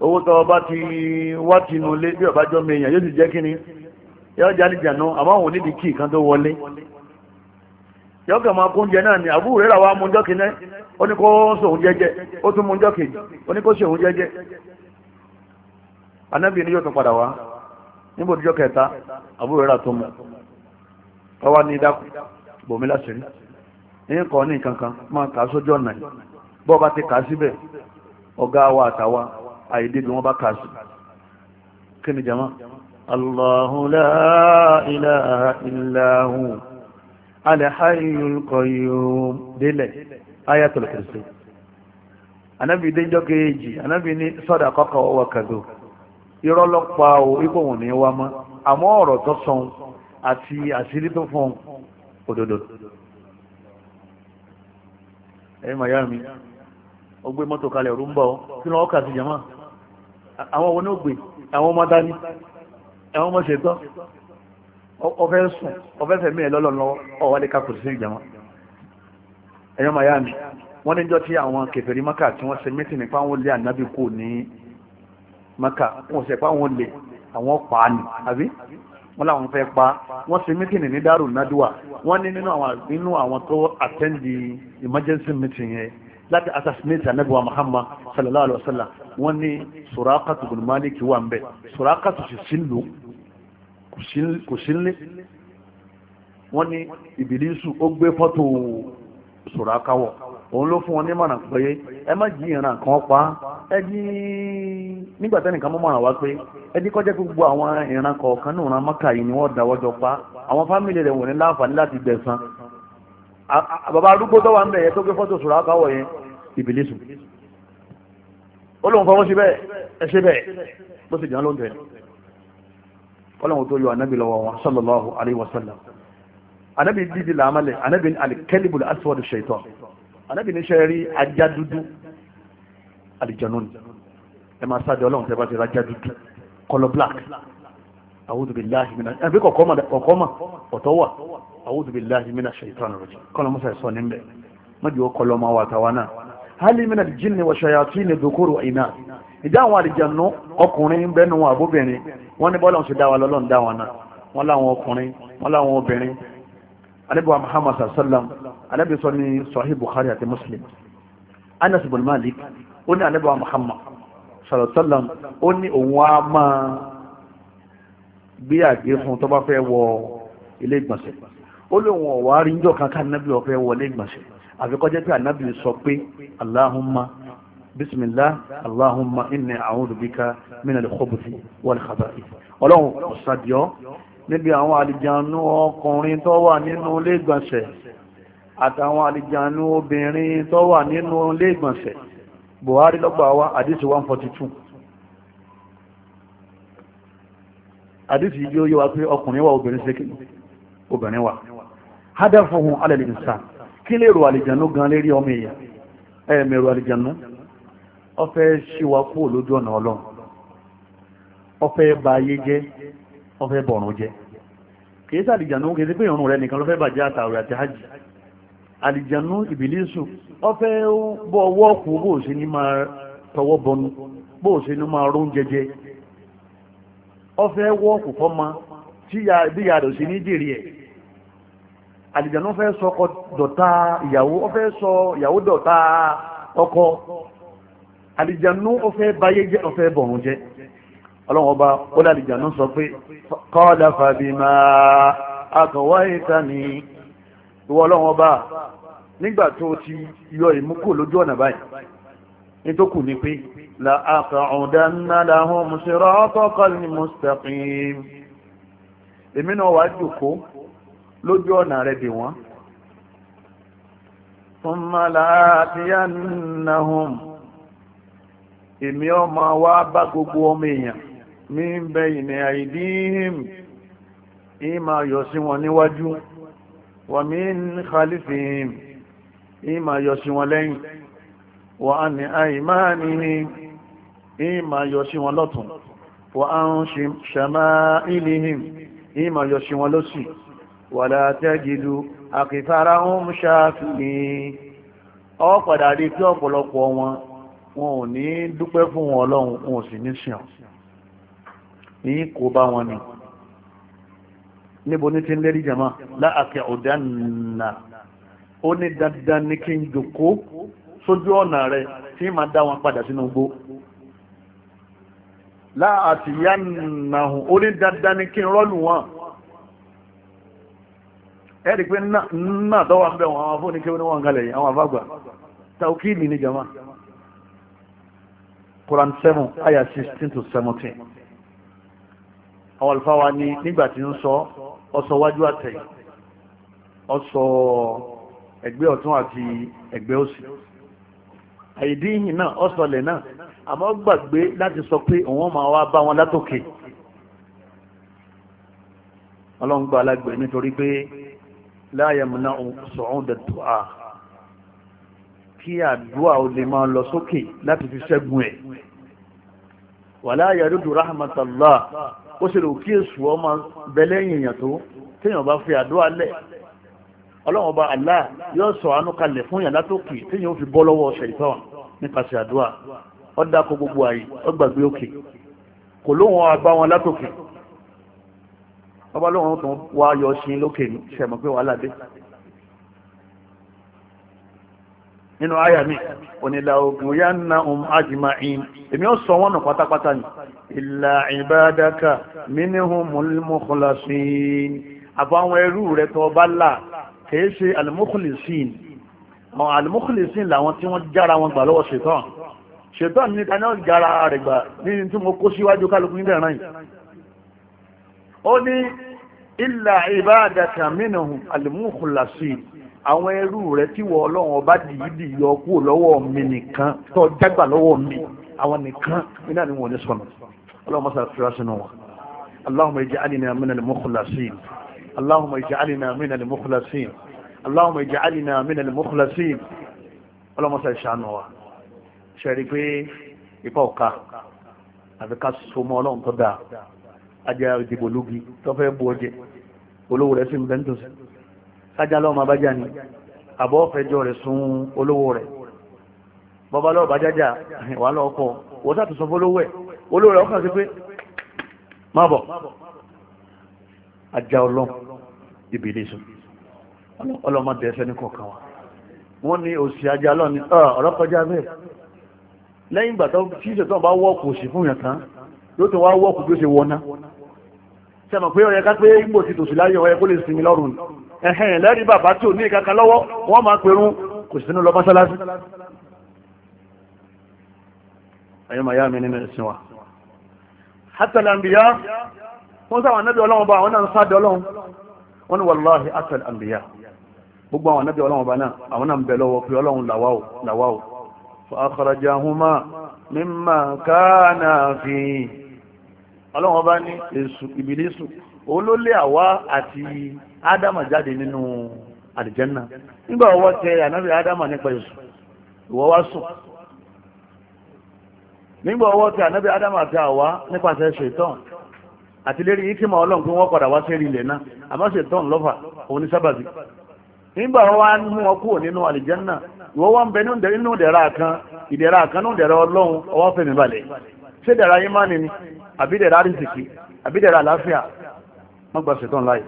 owó tọ́ bá ti wá tinú lé bí ọ̀bájọ́ mi èèyàn yóò sì jẹ́ kí ni yóò jẹ́ àlìjànú àmọ́ òun nídìí kí nǹkan tó wọlé yóò máa kún jẹ náà ni àbúrò rẹ̀ làwọn amúnjọ́ kìíní ó ní kó sòun jẹ́jẹ́ ó tún múnjọ́ kìíní ó ní kó sòun jẹ́jẹ́ anábì ni yóò tún padà wá níbo ìjọ kẹta àbúrò rẹ̀ tó mú ọwá ní dákù bòmí láṣìírí ní kọ́ ní kankan máa kà á sójú ọ̀nà yìí bọ́ bá ti kà á síbẹ̀ ọ̀gá wa àtàwa àìdí bí wọ́n bá jama الله لا إله إلا هو الحي القيوم دلي آية الكرسي anábì déjọ́ kejì anábì ní sọ́dà kọ́kọ́ ọwọ́ kàdó irọ́ ló pa o ipò wọn ní wá mọ́ àmọ́ ọ̀rọ̀ tó sọun àti àṣírí tó fún òdodo ẹ màá yá mi ó gbé mọ́tò kalẹ̀ òru ń bọ̀ kí ló ọkà sí jama àwọn wo ni ó gbé àwọn ọmọ dání ẹ̀wọ́n mọ́ ṣètọ́ ọfẹ́ sùn ọfẹ́ fẹ̀mí ẹ̀ lọ́lọ́ lọ́wọ́ lè ká sí ìjàmọ́ ẹ̀yọ́ miami wọ́n níjọ́ tí àwọn kèfèrí maka tí wọ́n ṣe mítì nípa wọn lé ànábì kò ní maka wọ́n ṣe pa wọn lè àwọn pa á nì àbí wọ́n làwọn fẹ́ pa wọ́n ṣe mítì ní dárò nádùá wọ́n ní nínú àwọn nínú àwọn tó emergency meeting yẹn láti assassinate anabiwa muhammad sallallahu alaihi wasallam wọ́n suraka surakatu bin malik wà ń bẹ̀ surakatu sì sílù kò sílé wọ́n ní ìbílísù ó gbé fọ́tò surakawọ̀ òun ló fún wọn ní mọ̀nà pé ẹ má jí ìran kan pa ẹ jí nígbà tẹ́nìkan mọ́ mọ̀ràn wá pé ẹ jí kọjá gbogbo àwọn ìran kọ̀ọ̀kan náà ràn mọ́kà ni wọ́n dáwọ́jọ pa àwọn fámìlì rẹ̀ wò láǹfààní láti gbẹ̀san bàbá arúgbó tó wà ń bẹ̀yẹ tó gbé fọ́tò sùrà káwọ̀ yẹn ìbílísù ó lóun fọwọ́ sí bẹ́ẹ̀ ẹ ṣe bẹ́ẹ̀ bó sì jẹun ló ń tẹ̀ tó yọ anábì lọ́wọ́ wọn sallallahu alaihi wasallam anábì dídì làmàlẹ̀ anábì alikẹ́lìbùlù aswadu shaitan anábì níṣẹ́ rí ajá dúdú alìjẹ̀nù ni ẹ máa sáde ọlọ́run tẹ́ bá ti rájá dúdú color black a'udhu billahi minash àbí kọ̀kọ́ mà ọ̀tọ̀ wà a'udhu billahi mina shaitan rajim kọ́nà musa sọ níbẹ̀ mọ́jú ó kọlọ́ máa wà tàwa náà hali mina jinni wa shayatin dhukuru wa inas ìjà àwọn àlìjànú ọkùnrin bẹ́nu àbóbìnrin wọ́n ní bọ́lá ń ṣe dá wa lọ́lọ́ ń dá wa náà wọ́n láwọn ọkùnrin wọ́n láwọn obìnrin alẹ́bùwà muhammad sallam alẹ́bì sọ ní sahih bukhari àti muslim anas ibn malik ó ní alẹ́bùwà muhammad sallam ó ní òun á máa gbé àgbé fún tó bá fẹ́ wọ ilé ìgbọ̀nsẹ̀ ó lè wọ̀n wá rí njọ́ kankan nábì ọ̀fẹ́ wọlé ìgbọ̀nsẹ̀ àfikọ́jẹ́ pé ànábì sọ pé aláhùnmá bísmìlá aláhùnmá ìnẹ̀ àwọn olùbíkà mìíràn lè kọ́bùtì wọlé kàbà ọlọ́run ọ̀sàdìọ́ níbi àwọn àlìjànú ọkùnrin tó wà nínú ilé ìgbọ̀nsẹ̀ àtàwọn àlìjànú obìnrin tó wà nínú ilé ìgbọ̀nsẹ̀ Buhari lọ́gbà wa àdísì 142 àdísì yóò yíwa pé ọkùnrin wà obìnrin sékìlì obìnrin wà hadafuhun alẹ́lẹ́sà kí lè rò àlìjànú gan lérí ọmọ èèyàn ẹ̀ẹ̀mẹ̀rọ àlìjànú ọfẹ́ ṣíwá kú lójú ọ̀nà ọlọ́run ọfẹ́ bà ayé jẹ́ ọfẹ́ bọ̀rùn jẹ́ kìí sí àlìjànú kìí pé ìrùn rẹ nìkan ló bàjẹ́ àtàwẹ̀ àti hajj àlìjànú ìbílísù ọfẹ́ bọ́ ọwọ́ kú bó ṣe ní máa tọwọ́ bọnu bó ṣe ní máa rún jẹjẹ àlìjànú fẹ́ sọ ọkọ dọ̀tá ìyàwó ó fẹ́ sọ ìyàwó dọ̀tá ọkọ àlìjànú ó fẹ́ báyé jẹ́ ó fẹ́ bọ̀rùn jẹ́ ọlọ́run ọba ó dá àlìjànú sọ pé qala fabima aghwaytani ìwọ ọlọ́run ọba nígbà tó ti yọ ìmúkò lójú ọ̀nà báyìí nítòkù ni pé la aq'udanna lahum siratakal mustaqim èmi náà wàá jòkó lójú ọ̀nà rẹ̀ dè wọ́n thumma la'atiyannahum èmi ọmọ wa bá gbogbo ọmọ èèyàn mi ń bẹ ìnà àìdíhìm ìmà yọ sí wọn níwájú wa min khalifihim ìmà yọ sí wọn lẹ́yìn wa an aymanihim ìmà yọ sí wọn lọ́tún wa an shamalihim ìmà yọ sí wọn lọ́sì wàlá tẹ́jìdú àkìfàrà ń ṣàfihì ọ̀pàdà rí pé ọ̀pọ̀lọpọ̀ wọn wọn ò ní dúpẹ́ fún wọn ọlọ́run wọn ò sì ní sìn ní kò bá wọn ni níbo ní ti ń lérí jama láàkẹ́ ọ̀dánà ó ní dandan ní kí n jòkó sójú ọ̀nà rẹ̀ tí ma dá wọn padà sínú gbó láàtìyánà ó ní dandan ní kí n rọ́lù wọn ẹ̀rì pé náà tọ́wà ń bẹ̀ wọn àwọn afọ́ni kí wọ́n kalẹ̀ yìí àwọn àfágbà taukili ní jama Quran 7 aya 16 to 17 àwọn alfáwa ni nígbà tí ń sọ ọsọ wájú àtẹ̀ ọsọ ẹgbẹ́ ọ̀tún àti ẹgbẹ́ òsì àìdíyìn náà ọsọlẹ̀ náà àmọ́ gbàgbé láti sọ pé òun máa wá bá wọn látòkè ọlọ́run gba alágbè nítorí pé láyé múná sọ̀hún dẹ̀tọ̀ à kí àdúrà ó lè máa lọ sókè láti fi ṣẹ́gun ẹ̀ wà láyé rúdù rahmatullah ó sì rò kí èsù ọmọ bẹlẹ́yìn èèyàn tó téèyàn bá fi àdúrà lẹ̀ ọlọ́run ọba Allah yóò sọ àánú kalẹ̀ fún yàn látòkè téèyàn ó fi bọ́ lọ́wọ́ ṣẹ̀tọ́n nípasẹ̀ àdúrà ó dákọ̀ gbogbo àyè ó òkè kò lóhun àbá wọn látòkè ọba lóhun tó wá yọ ṣin lókè ní ṣẹ̀mọ̀ pé wàhálà dé nínú àyà mi onílà ogun yá ń na ohun ajima in èmi ó sọ wọ́n nù pátápátá ni ìlà ìbádákà mínihun mọ́lẹ́mọ́kànlásìn àbáwọn ẹrú rẹ̀ tó bá là kìí ṣe alimọ́kànlásìn àwọn alimọ́kànlásìn làwọn tí wọ́n jára wọn gbà lọ́wọ́ ṣètàn ṣètàn ní kanáà jára rẹ̀ gbà ní tí mo kó síwájú kálukú níbẹ̀ rán yìí ó ní illa ibadaka minhum al-mukhlasin àwọn ẹrú rẹ tí wọ ọlọ́run ọba dìídì yọ kú lọ́wọ́ mi nìkan tó jágbà lọ́wọ́ mi àwọn nìkan iná ni wọn ní sọnù ọlọ́run mọ́sá fira sínú wọn allahumma ij'alna min al-mukhlasin allahumma ij'alna min al-mukhlasin allahumma ij'alna min al-mukhlasin ọlọ́run mọ́sá ìṣàánú wa ṣe pé ipa ọ̀ka àbíká sọmọ ọlọ́run tó dáa ajá ìdìbò lógi tó fẹ́ bu ọjẹ́ olówó rẹ̀ sí ń bẹ́ntòsí sájá lọ́mọ abájá ni àbọ̀ rẹ̀ sun olówó rẹ̀ bọ́bá lọ́ọ̀ bájájá wà lọ́ọ̀kọ́ wọ́n sàtò sọ fólówó ẹ̀ olówó rẹ̀ ọkàn sí pé má bọ̀ ajá ni ọ̀rọ̀ kọjá bẹ́ẹ̀ lẹ́yìn ìgbà tó tí ìṣẹ̀tọ́ bá wọ́ kò sí fún yàn tán yóò tún wá wọ́ọ̀kù bí ó ṣe wọ́ná sẹ́mọ̀ pé ọ̀yẹ́ ká pé ìgbò ti tòṣì láyé ọ̀yẹ́ kó lè sinmi lọ́rùn ẹ̀hẹ̀n lẹ́rìí bàbá tí ò ní ìkankan lọ́wọ́ wọ́n máa perun kò sí sínú lọ mọ́sálásí gbogbo àwọn anábì ọlọ́wọ́n bá náà àwọn náà ń bẹ lọ́wọ́ pé ọlọ́wọ́n làwáwò fa akhrajahuma mimma kana fi ọlọ́run bá ní èṣù ìbílísù olólè àti ádámà jáde nínú àlìjẹ́nà nígbà ọwọ́ tẹ ànábì ádámà nípa èṣù ìwọ wá sùn nígbà ọwọ́ tẹ ànábì ádámà àti àwa nípasẹ̀ ṣètọ́n àti lérí ikima ọlọ́run pé wọ́n padà wá sí ilẹ̀ náà àmọ́ ṣètọ́n lọ́fà òun ní sábàbí nígbà mú wọn kúrò nínú wá ń bẹ nínú kan kan nínú ọlọ́run ọwọ́ fẹ̀mí àbídẹ̀rẹ̀ àrísìkí àbídẹ̀rẹ̀ àláfíà wọ́n gbà ṣetán láì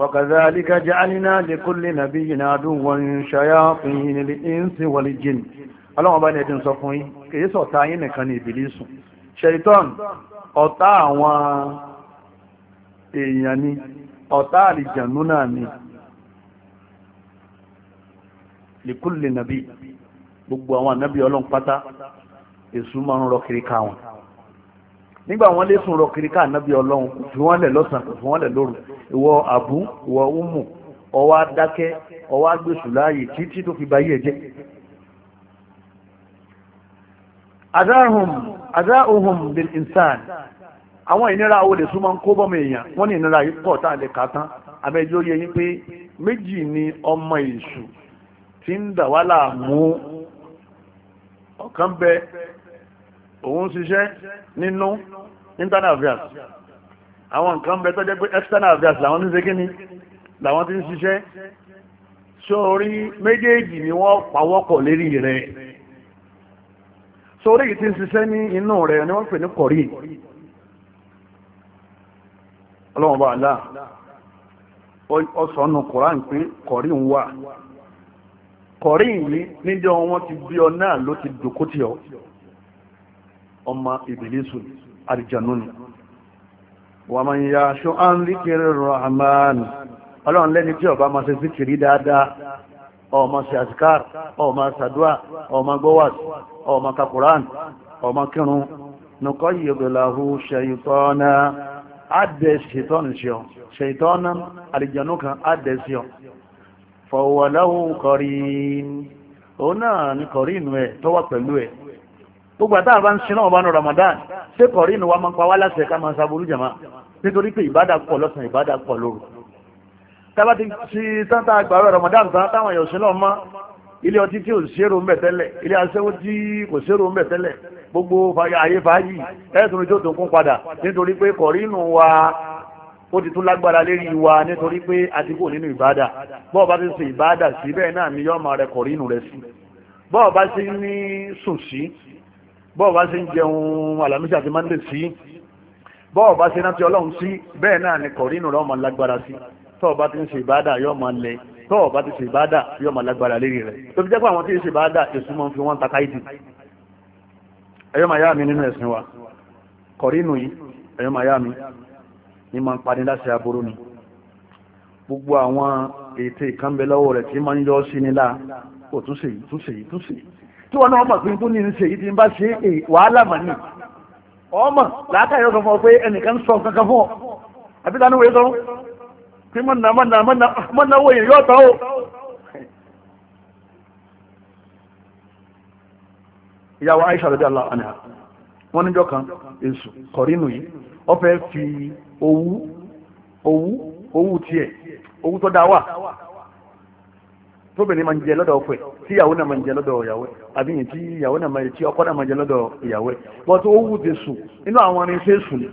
وكذلك جعلنا لكل نبي عدوا شياطين الإنس والجن ọlọ́wọ́n bá ní ẹ̀dùn sọ fún yín kìí ṣọ̀tá yín nìkan ní ìbìlísù ṣẹ̀rìtọ́n ọ̀tá àwọn èèyàn ni ọ̀tá nàbí gbogbo àwọn ànábì ọlọ́run pátá èṣù máa ń rọ kiri ká nígbà wọn lé sùn rọ kiri ká ànábì ọlọ́run fi wọ́n lẹ̀ lọ́sàn fi wọ́n lẹ̀ lóru ìwọ àbú ìwọ umu ọwọ́ adákẹ́ ọwọ́ agbésù láàyè títí tó fi ba yí ẹ̀jẹ̀. adáhùn adáhùn bil insan àwọn ìnira àwọn olè súnmọ́ ń kó bọ́mọ èèyàn wọ́n ní ìnira yìí pọ̀ tá à lè kà tán abẹ́jọ́ yẹ yín pé méjì ni ọmọ èṣù tí ń dà wá láàmú ọ̀kan bẹ òun ṣiṣẹ́ nínú internal affairs àwọn nǹkan bẹ tó jẹ́ pé external affairs làwọn ti ṣe kí ni làwọn ti ń ṣiṣẹ́ sórí méjèèjì ni wọ́n pawọ́pọ̀ lérí rẹ̀ sórí yìí ti ń ṣiṣẹ́ ní inú rẹ̀ ni wọ́n pè ní kọ̀rí ọlọ́run bá àlá koran pé kọ̀rí ń wà kọ̀rí yìí níjọ́ wọn ti bí ọ náà ló ti dòkó ọmọ ìbìlísù àdìjànú ni wà máa ń ya ṣọ́ á ń zikiri rahman ọlọ́run lẹ́ni tí ọba máa ṣe zikiri dáadáa ọmọ ṣe àzikar ọmọ ṣàdúà ọmọ gbọ́wàs ọmọ kakuran ọmọ kírun nùkọ́ yìí gbẹ̀láhù ṣèyítọ́nà àdẹ ṣètọ́nù ṣeun ṣèyítọ́nà àdìjànú kan àdẹ ṣeun fọwọ́láhù kọrin òun náà ni kọrin ẹ̀ tó wà pẹ̀lú ẹ̀ gbogbo àtàwọn bá ń sin náà bá ní Ramadan ṣé kọ̀rí inú wa máa ń pa wá láṣẹ ká máa ṣàbúrú jàmá nítorí pé ìbádà pọ̀ lọ́sàn ìbádà pọ̀ lóru tábà ti ṣe tántà àgbàrọ̀ Ramadan tán táwọn èèyàn sin náà mọ́ ilé ọtí tí ò ṣèrò ń bẹ̀ tẹ́lẹ̀ ilé aṣẹ́wó tí kò ṣèrò ń bẹ̀ tẹ́lẹ̀ gbogbo àyè fàájì ẹ̀sùn ojú tó kún padà nítorí pé kọ̀rí inú wa ó ti tún lágbára lérí wa nítorí pé a ti kò nínú ìbádà bọ́ọ̀ bá ti ṣe ìbádà sí náà ni yọ́ bọ́ọ̀ bá ṣe ń jẹun alamisa àti mande sí bọ́ọ̀ bá ṣe rántí ọlọ́run sí bẹ́ẹ̀ náà ni kọ̀rínù rẹ̀ ọmọ lágbára sí tọ́ọ̀ bá ti ń ṣe ìbáàdà yóò máa lẹ tọ́ọ̀ bá ti ṣe ìbáàdà yóò máa lágbára lérí rẹ̀ tó fi jẹ́ pé àwọn tí ń ṣe ìbáàdà èṣù máa ń fi wọ́n taká ìdì ẹ̀yọ́ máa yá mi nínú ẹ̀sìn wa kọ̀rínù yìí ẹ̀yọ́ máa yá mi ní máa ń pani láṣẹ aburú ni gbogbo àwọn ète ìkànbẹ lọ́wọ́ rẹ̀ tí máa ń yọ sí nílá òtúnṣe yìí túnṣe yìí túnṣe yìí tí wọn náà mọ̀ pé tó ní ṣe yìí ti ń bá ṣe é wàhálà mà ní ọmọ làákàyè ọkọ̀ fún ọ pé ẹnìkan sọ kankan fún ọ àbí tani wòye sọ pé mọ̀nà mọ̀nà mọ̀nà wòye yóò tọ́ o. ìyàwó Aisha rẹ̀ bí aláwọ̀ àná wọ́n níjọ́ kan èṣù kọ̀rínù yìí ọ fẹ́ fi owú owú owú tiẹ̀ owú tó dá wà tóbìnrin máa ń jẹ lọ́dọ̀ ọkọ ẹ̀ tí ìyàwó náà máa ń jẹ lọ́dọ̀ ìyàwó ẹ̀ àbí yẹn tí ìyàwó náà máa jẹ tí ọkọ náà máa jẹ lọ́dọ̀ ìyàwó ẹ̀ but ó wù ti sùn inú àwọn arin ṣe sùn ni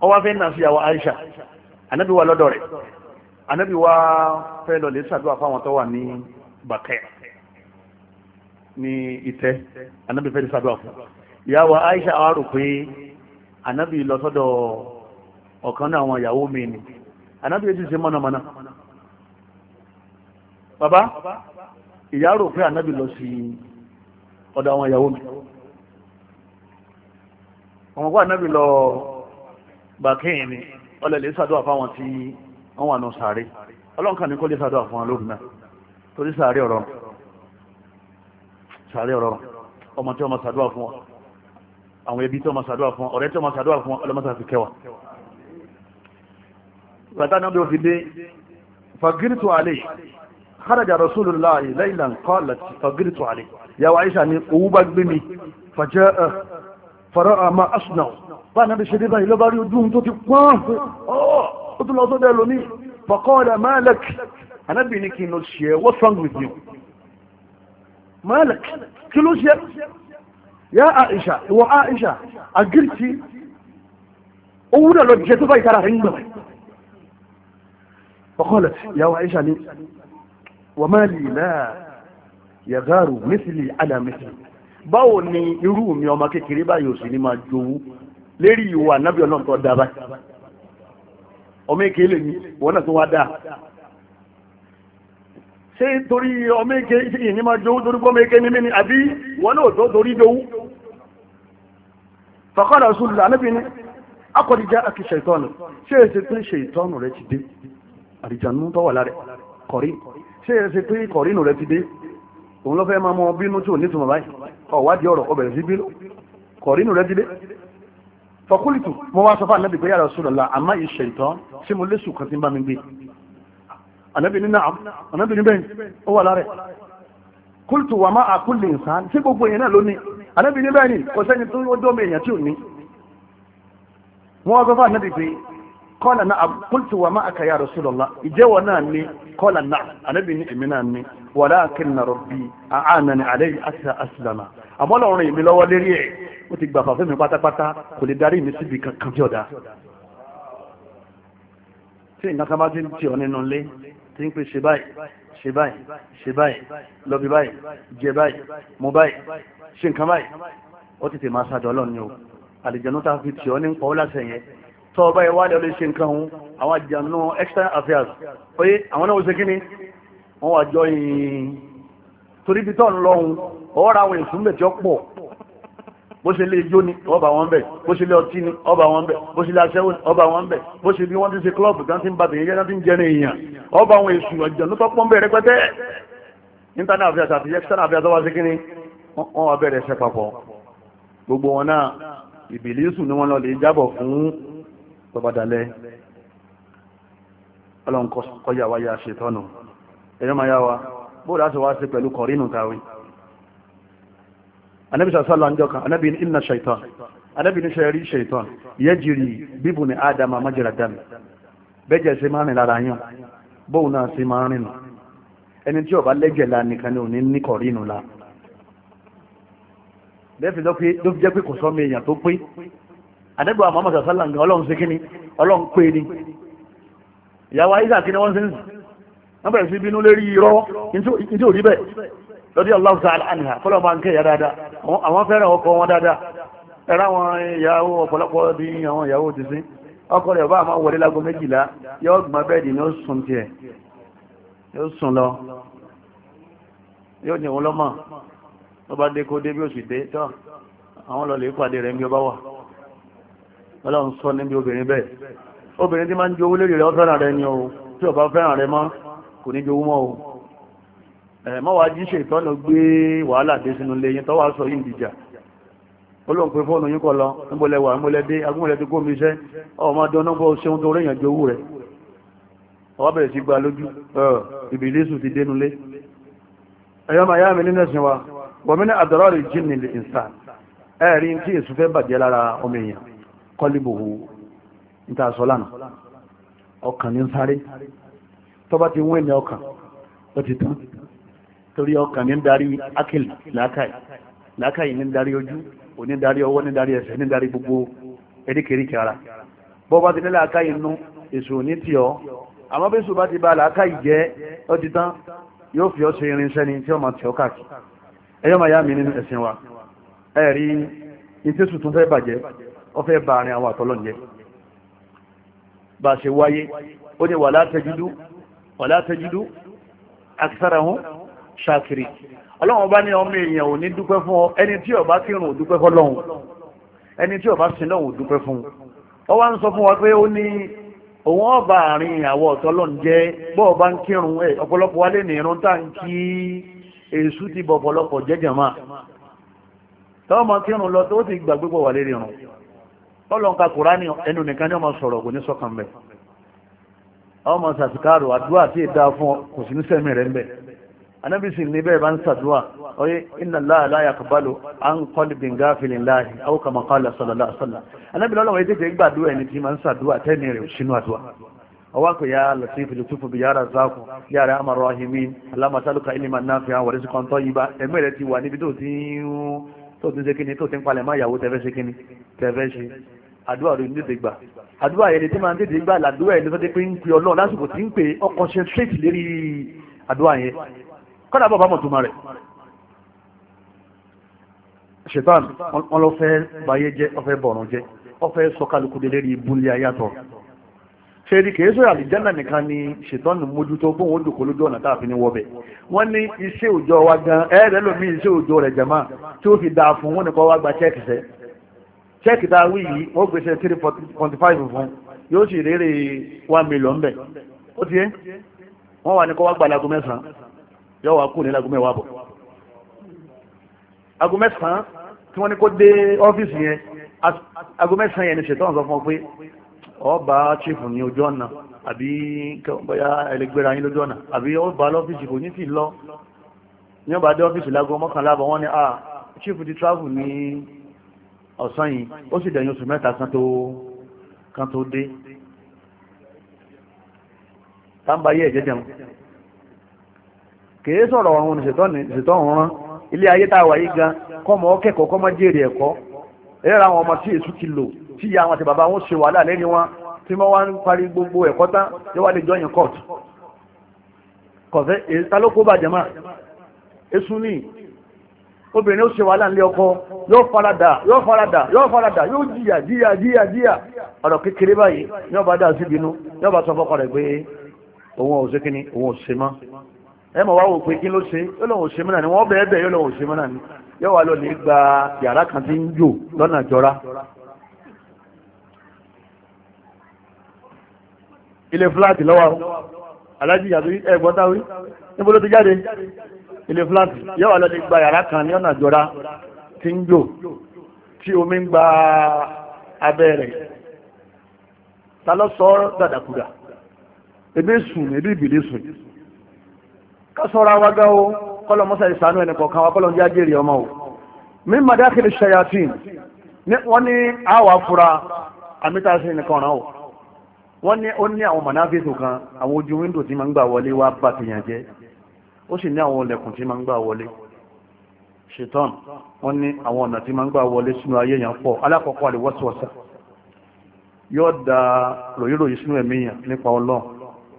ó wá fẹ́ nà sí ìyàwó Aisha anabi wa lọ́dọ̀ rẹ̀ anabi wa fẹ́ lọ lè ṣàdúrà fáwọn tó wà ní bàkẹ́ ní ìtẹ́ anabi fẹ́ lè ṣàdúrà fún ìyàwó Aisha wa rò pé anabi lọ sọ́dọ̀ ọ̀kan náà àwọn ìyàwó mi ni anabi yẹn ti bàbá ìyá rò pé ànábì lọ sí ọ̀dọ̀ àwọn ìyàwó mi àwọn kó ànábì lọ bàkíyìn ni ọlẹ̀ lè sàdúrà fáwọn tí wọ́n wà náà sàárè ọlọ́nkà ní kó lè sàdúrà fún wọn lórí náà torí sàárè ọ̀rọ̀ sàárè ọ̀rọ̀ ọmọ tí wọ́n máa sàdúrà fún wọn àwọn ẹbí tí wọ́n máa sàdúrà fún wọn ọ̀rẹ́ tí wọ́n máa sàdúrà fún wọn ọlọ́mọta fi kẹwà bàtà náà bí ó fi dé fagiritu alẹ́ خرج رسول الله ليلا قالت فقلت عليه يا وعيش أن أوبك بمي فجاء فرأى ما أصنع فأنا بشريبا إلى باري ودوم توتي قواه آه، قلت له صدى لني فقال ما لك أنا بينك نوشي what's wrong with ما لك كل شيء يا عائشة وعائشة أقرتي أولا لو جيت بايك راح فقالت يا عائشة wàmá lè náà yàgàrù mísìlì àdàmísì báwo ni irú mi ọmọ kékeré báyìí ò sì ní máa jowú lérí ìwà nábì ọlọ́run tó dá báyìí ọmọ èké lè ní wọn náà tó wá dáa ṣé torí ọmọ èké yìí ní máa jowú torí kọ́ ọmọ èké ní mí àbí wọn náà tó torí jowú fàkọ́dà ṣùlù ànábì ni akọ̀dìjà àti ṣètọ́nù ṣé èsì pé ṣètọ́nù rẹ ti dé àdìjànú tó lára kọ̀rí ṣé ẹ ṣe pé kọ̀rínù rẹ ti dé òun lọ́fẹ́ máa mọ bínú tí ò ní túnmọ̀ báyìí ọ̀wádìí ọ̀rọ̀ ọbẹ̀rẹ̀ sí bínú kọ̀rínù rẹ ti dé fọkúlìtù mo wá sọ fún anábì pé ya Rasulullah àmọ́ ìṣẹ̀ ìtàn tí mo léṣù kan ti ń bá mi gbé anábì ní náà anábì ní bẹ́ẹ̀ ó wà lára kúlìtù wà má àkúlì ìsàn tí gbogbo èèyàn náà lónìí anábì ní bẹ́ẹ̀ ni kò sẹ́ni tó dọ́mọ èèyàn tí ò ní wọ́n wá sọ fún anábì pé kọ́là náà qultu wa ma'aka ya Rasulullah ìjẹ́wọ̀ náà ni kọ́là náà ànábì ní èmi náà ni walakinna rabbi a'anani alayhi àti aslama àmọ́ lọ́rùn èmi lọ́wọ́ lérí ẹ̀ ó ti gbà fàfẹ́ mi pátápátá kò lè darí mi síbi kankan tí ọ̀dà tí nǹkan kan bá ti ń tì ọ́ nínú ilé tí ń pè ṣe báyìí ṣe báyìí ṣe báyìí lọ́bi báyìí jẹ báyìí mu báyìí ṣe nǹkan báyìí ó tètè máa ṣàdọ̀ ọlọ́run ni o àlìjẹ̀nú tá a fi tì ọ́ ní ń ó láṣẹ yẹn tọ́ ọba ìwádìí ọlẹ́ ṣe nǹkan ohun àwọn àjànú external affairs oye àwọn náà ṣe kíni wọ́n wà jọ yìnyín torí bí tọ́ọ̀nù lọ́hun ọ̀ọ́ra àwọn èsùn bẹ̀ tí ó pọ̀ bó ṣe lé ijó ni ọba wọn bẹ̀ bó ṣe lé ọtí ni ọba wọn bẹ̀ bó ṣe lé aṣẹ́wó ni ọba wọn bẹ̀ bó ṣe bí wọ́n ti ṣe klọ́ọ̀bù tí wọ́n ti ń ba tèyí jẹ́ tí ń jẹ́ ní èèyàn ọba àwọn èsù ọ̀jọ̀nú tó pọ́n bẹ̀rẹ̀ pẹ́tẹ́ internet affairs àti external affairs wá sí kíni wọ́n wá bẹ̀rẹ̀ ṣe papọ̀ gbogbo wọn náà ìbìlísù ni wọ́n lọ lè jábọ̀ fún tọba dalẹ́ ọlọ́run kọjá wa ya ṣètọ́nù ẹ̀yọ́ máa yá wa bó láti wá sí pẹ̀lú kọ̀rínù tàwí anábi sàṣọ́lá ń jọka anábi inna ṣaitan anábi ní ṣe rí ṣaitan yajri bíbù ní ádámà májèlá dámì bẹ́jẹ̀ sí máa rìn lára yàn bóun náà sí máa rìn nù ẹni tí ọba lẹ́jẹ̀ la nìkan ni ò ní ní kọ̀rínù la lẹ́fì lọ́pẹ́ ló fi jẹ́ pé kò sọ́mọ èèyàn tó pé àdẹ́gbà Muhammad sàlá nǹkan ọlọ́run sí kíní ọlọ́run pé ni ìyàwó àyíṣà kí ni wọ́n sí ń sìn wọ́n bẹ̀rẹ̀ sí bínú lérí irọ́ ní òrí bẹ́ẹ̀ lọ́dí Allah ta'ala anha fọ́lọ́ máa ń kẹ́ ìyá dáadáa àwọn fẹ́ràn ọkọ wọn dáadáa ẹ̀rọ àwọn ìyàwó ọ̀pọ̀lọpọ̀ bí àwọn ìyàwó ti sí ọkọ rẹ̀ bá àmọ́ wọlé lágo méjìlá yóò gbọ́n bẹ́ẹ̀dì ni ó sùn tiẹ̀ yóò sùn lọ yóò ní òun lọ́mọ tó bá dé kó dé bí ó sì dé tán àwọn lọ lè pàdé rẹ̀ ń bí ọ bá wà ọlọ́run sọ níbi obìnrin bẹ́ẹ̀ obìnrin tí máa ń jowó lérí rẹ̀ ọ fẹ́ràn rẹ̀ ni o tí ọba fẹ́ràn rẹ̀ mọ́ kò ní jowó mọ́ o mọ́wàá jí ṣe ìtọ́nà gbé wàhálà dé sínú ilé yín tọ́wà sọ yìí dìjà olóhùn pé fóònù yín kọ lọ níbọlẹ̀ wà níbọlẹ̀ dé agúnmọ̀lẹ̀ tó gómi iṣẹ́ ọmọ dọ́nà bọ́ ṣeun tó rẹ̀yàn jowó wa wọ́n mi ní àdọ́rọ̀ rẹ̀ jí nílé ìsàn ẹ̀rí tí èsù fẹ́ bàjẹ́ lára ọmọ èèyàn kọ́líbòhù níta sọ lánà ọkàn ní sáré tó bá ti wọ́n ní ọkàn ó ti tán torí ọkàn ní darí akil làákàyè làákàyè ní darí ojú òní darí ọwọ́ ní darí ẹsẹ̀ ní darí gbogbo eríkèríkè ara bọ́ bá ti ní làákàyè nú èso ní tì ọ́ àmọ́ bí èso bá ti ba làákàyè jẹ́ ó ti tán yóò fi ọ́ ṣe irinṣẹ́ ni tí ó máa tì ọ́ káàkiri ẹ̀yọ́ máa yá mi nínú ẹ̀sìn wa ẹ̀rí ní tí tún fẹ́ bàjẹ́ ó fẹ́ bá àárín àwọn àtọ́lọ́n jẹ́ bá ṣe wáyé ó ní wàlá tẹjúdú wàlá tẹjúdú akisarahun ṣàkiri ọlọ́run bá ní ọmọ èèyàn ò ní dúpẹ́ fún ọ ẹni tí ó bá kírun ò dúpẹ́ fọ́lọ́run ẹni tí ó bá sin lọ́run ò dúpẹ́ fún ọ wá ń sọ fún wa pé ó ní òun ọba àárín àwọ̀ ọ̀tọ́lọ́n jẹ́ bọ́ọ̀ bá ń kírun ẹ̀ ọ̀pọ̀lọpọ̀ wálé ní irun tá ń kí èṣù ti bọ̀ ọ̀pọ̀lọpọ̀ jẹ́jẹ̀ máa tọ́ọ̀mọ kírun lọ tó ti gbàgbé pọ̀ wà lérí irun ọlọ́nka kùránì ẹnu nìkan ní ọmọ sọ̀rọ̀ kò ní sọ́kàn bẹ̀ ọmọ sàtìkárò àdúrà tí ìdá fún kò sí ní sẹ́mi rẹ̀ ń bẹ̀ anábìsì ní bẹ́ẹ̀ bá ń sàdúrà ọyẹ iná láàlá yàkùbálò à ń kọ́lì bìngá fìlìn láàyè àwòkàmọ̀ kọ́lá sọ̀lá sọ̀lá anábìlẹ̀ ọlọ́wọ́ ètò ìgbà àdúrà ẹni tí máa ń sàdúrà tẹ́ni rẹ̀ sínú àdúrà ọwá kò yá lọ́sífì lè túnfù bí yára zákù yára àmàrọ̀ ahìmí ti ń tó ti ń tó ti ń palẹ̀ máa yàwó tẹ́fẹ́ ṣe kíni tẹ́fẹ́ ṣe àdúrà rẹ̀ ní tètè gbà àdúrà yẹn tí máa ń tètè gbà làdúrà yẹn ló fẹ́ pé ń pe ọlọ́run lásìkò tí ń pe ọ concentrate lérí àdúrà yẹn kọ́dà bọ̀ bá mọ̀ tó máa rẹ̀ ṣètàn wọn lọ fẹ́ bayé jẹ́ ọfẹ́ bọ̀rùn jẹ́ ọfẹ́ sọkàlùkù lérí ibùlé ayàtọ̀ ṣèrí kìí sọ àlìjánà nìkan ni ṣètàn ní mójútó fún òun dùkú lójú ọ̀nà tá a fi Check that a wí yìí wọ́n gbèsè three point five fún yóò sì rèrè one million bẹ̀ ó ti yẹ wọ́n wà ní kọ́ wá gba lago mẹ́sàn-án yóò wá kù ní lago mẹ́wàá bọ̀ ago mẹ́sàn-án tí wọ́n ní kó dé ọ́fíìsì yẹn ago mẹ́sàn-án yẹn ni ṣètọ́n sọ fún ọ pé ọba chief ní ojú ọ̀nà àbí bóyá ẹlẹgbẹ́ra yín lójú ọ̀nà àbí ọba lọ́fíìsì kò ní ti lọ ní ọba dé ọ́fíìsì lago mọ́kànlá bọ̀ wọ́n ní ah chief ti travel ní ọ̀sán yìí ó sì dẹ̀yìn oṣù mẹ́ta kan tó dé tàbáyé ẹ̀jẹ́jẹun kìí sọ̀rọ̀ àwọn ìṣètọ́ ọ̀rán ilé ayé tàwà yìí gan kọmọ ọkẹ́kọ̀ọ́ kọmọ jèrè ẹ̀kọ́ ẹ̀rọ àwọn ọmọ tí èsù ti lò tí ìyá àwọn àti bàbá wọn ṣe wàhálà lẹ́ni wọn tí wọ́n wá ń parí gbogbo ẹ̀kọ́ tán yóò wá lè jọ yìn kọ́ọ̀tù kọ̀fẹ́ ta ló kó bàjẹ́ máa èsù ní obìnrin ó ṣe wà láńlé ọkọ yóò farada yóò farada yóò farada yóò jìyà jìyà jìyà jìyà ọ̀rọ̀ kékeré báyìí yóò bá dáa síbi inú yóò bá sọ fọ́kọ rẹ̀ pé òun ò ṣe kí ni òun ò ṣe mọ́ ẹ mọ̀ wá wò pé kí ló ṣe yóò lòun ò ṣe mọ́ náà wọ́n bẹ́ẹ̀ bẹ́ẹ̀ yóò lòun ṣe mọ́ náà yóò wá lọ gba yàrá kan tí ń jò lọ́nà jọra ilé fúláàtì lọ́wọ́ alájì yàtọ̀ ẹ̀gbọ́n táwí níbo ló ti jáde ilé fúláàtì yóò wà lọ́dẹ gba yàrá kan ní ọ̀nà ìjọra tí ń jò tí omi ń gba abẹ́ rẹ̀ ta lọ sọ dàdàkudà ebi sùn ebi ìbìlì sùn ká sọ́ra gá o kọ́lọ̀ mọ́sá ìsànú ẹnì kọ̀ọ̀kan wa kọ́lọ̀ ń jáde rí ọmọ o mi madakiri shayatin wọ́n ní àwà fura àmìtàsí nìkan ọ̀ràn o wọ́n ní ó ní àwọn mọ̀náfíìsì kan àwọn ojú wíńdò tí máa ń gbà wọlé wá bá tèèyàn ó sì ní àwọn ọlẹ̀kùn tí ma ń gbà wọlé ṣetán wọ́n ní àwọn ọ̀nà tí ma ń gbà wọlé sínú ayé yẹn pọ̀ alákọ̀ọ́kọ́ àlewọ́sọ̀ọ̀sà yóò da ròyìnròyìn sínú ẹ̀mí yẹn nípa ọlọ́run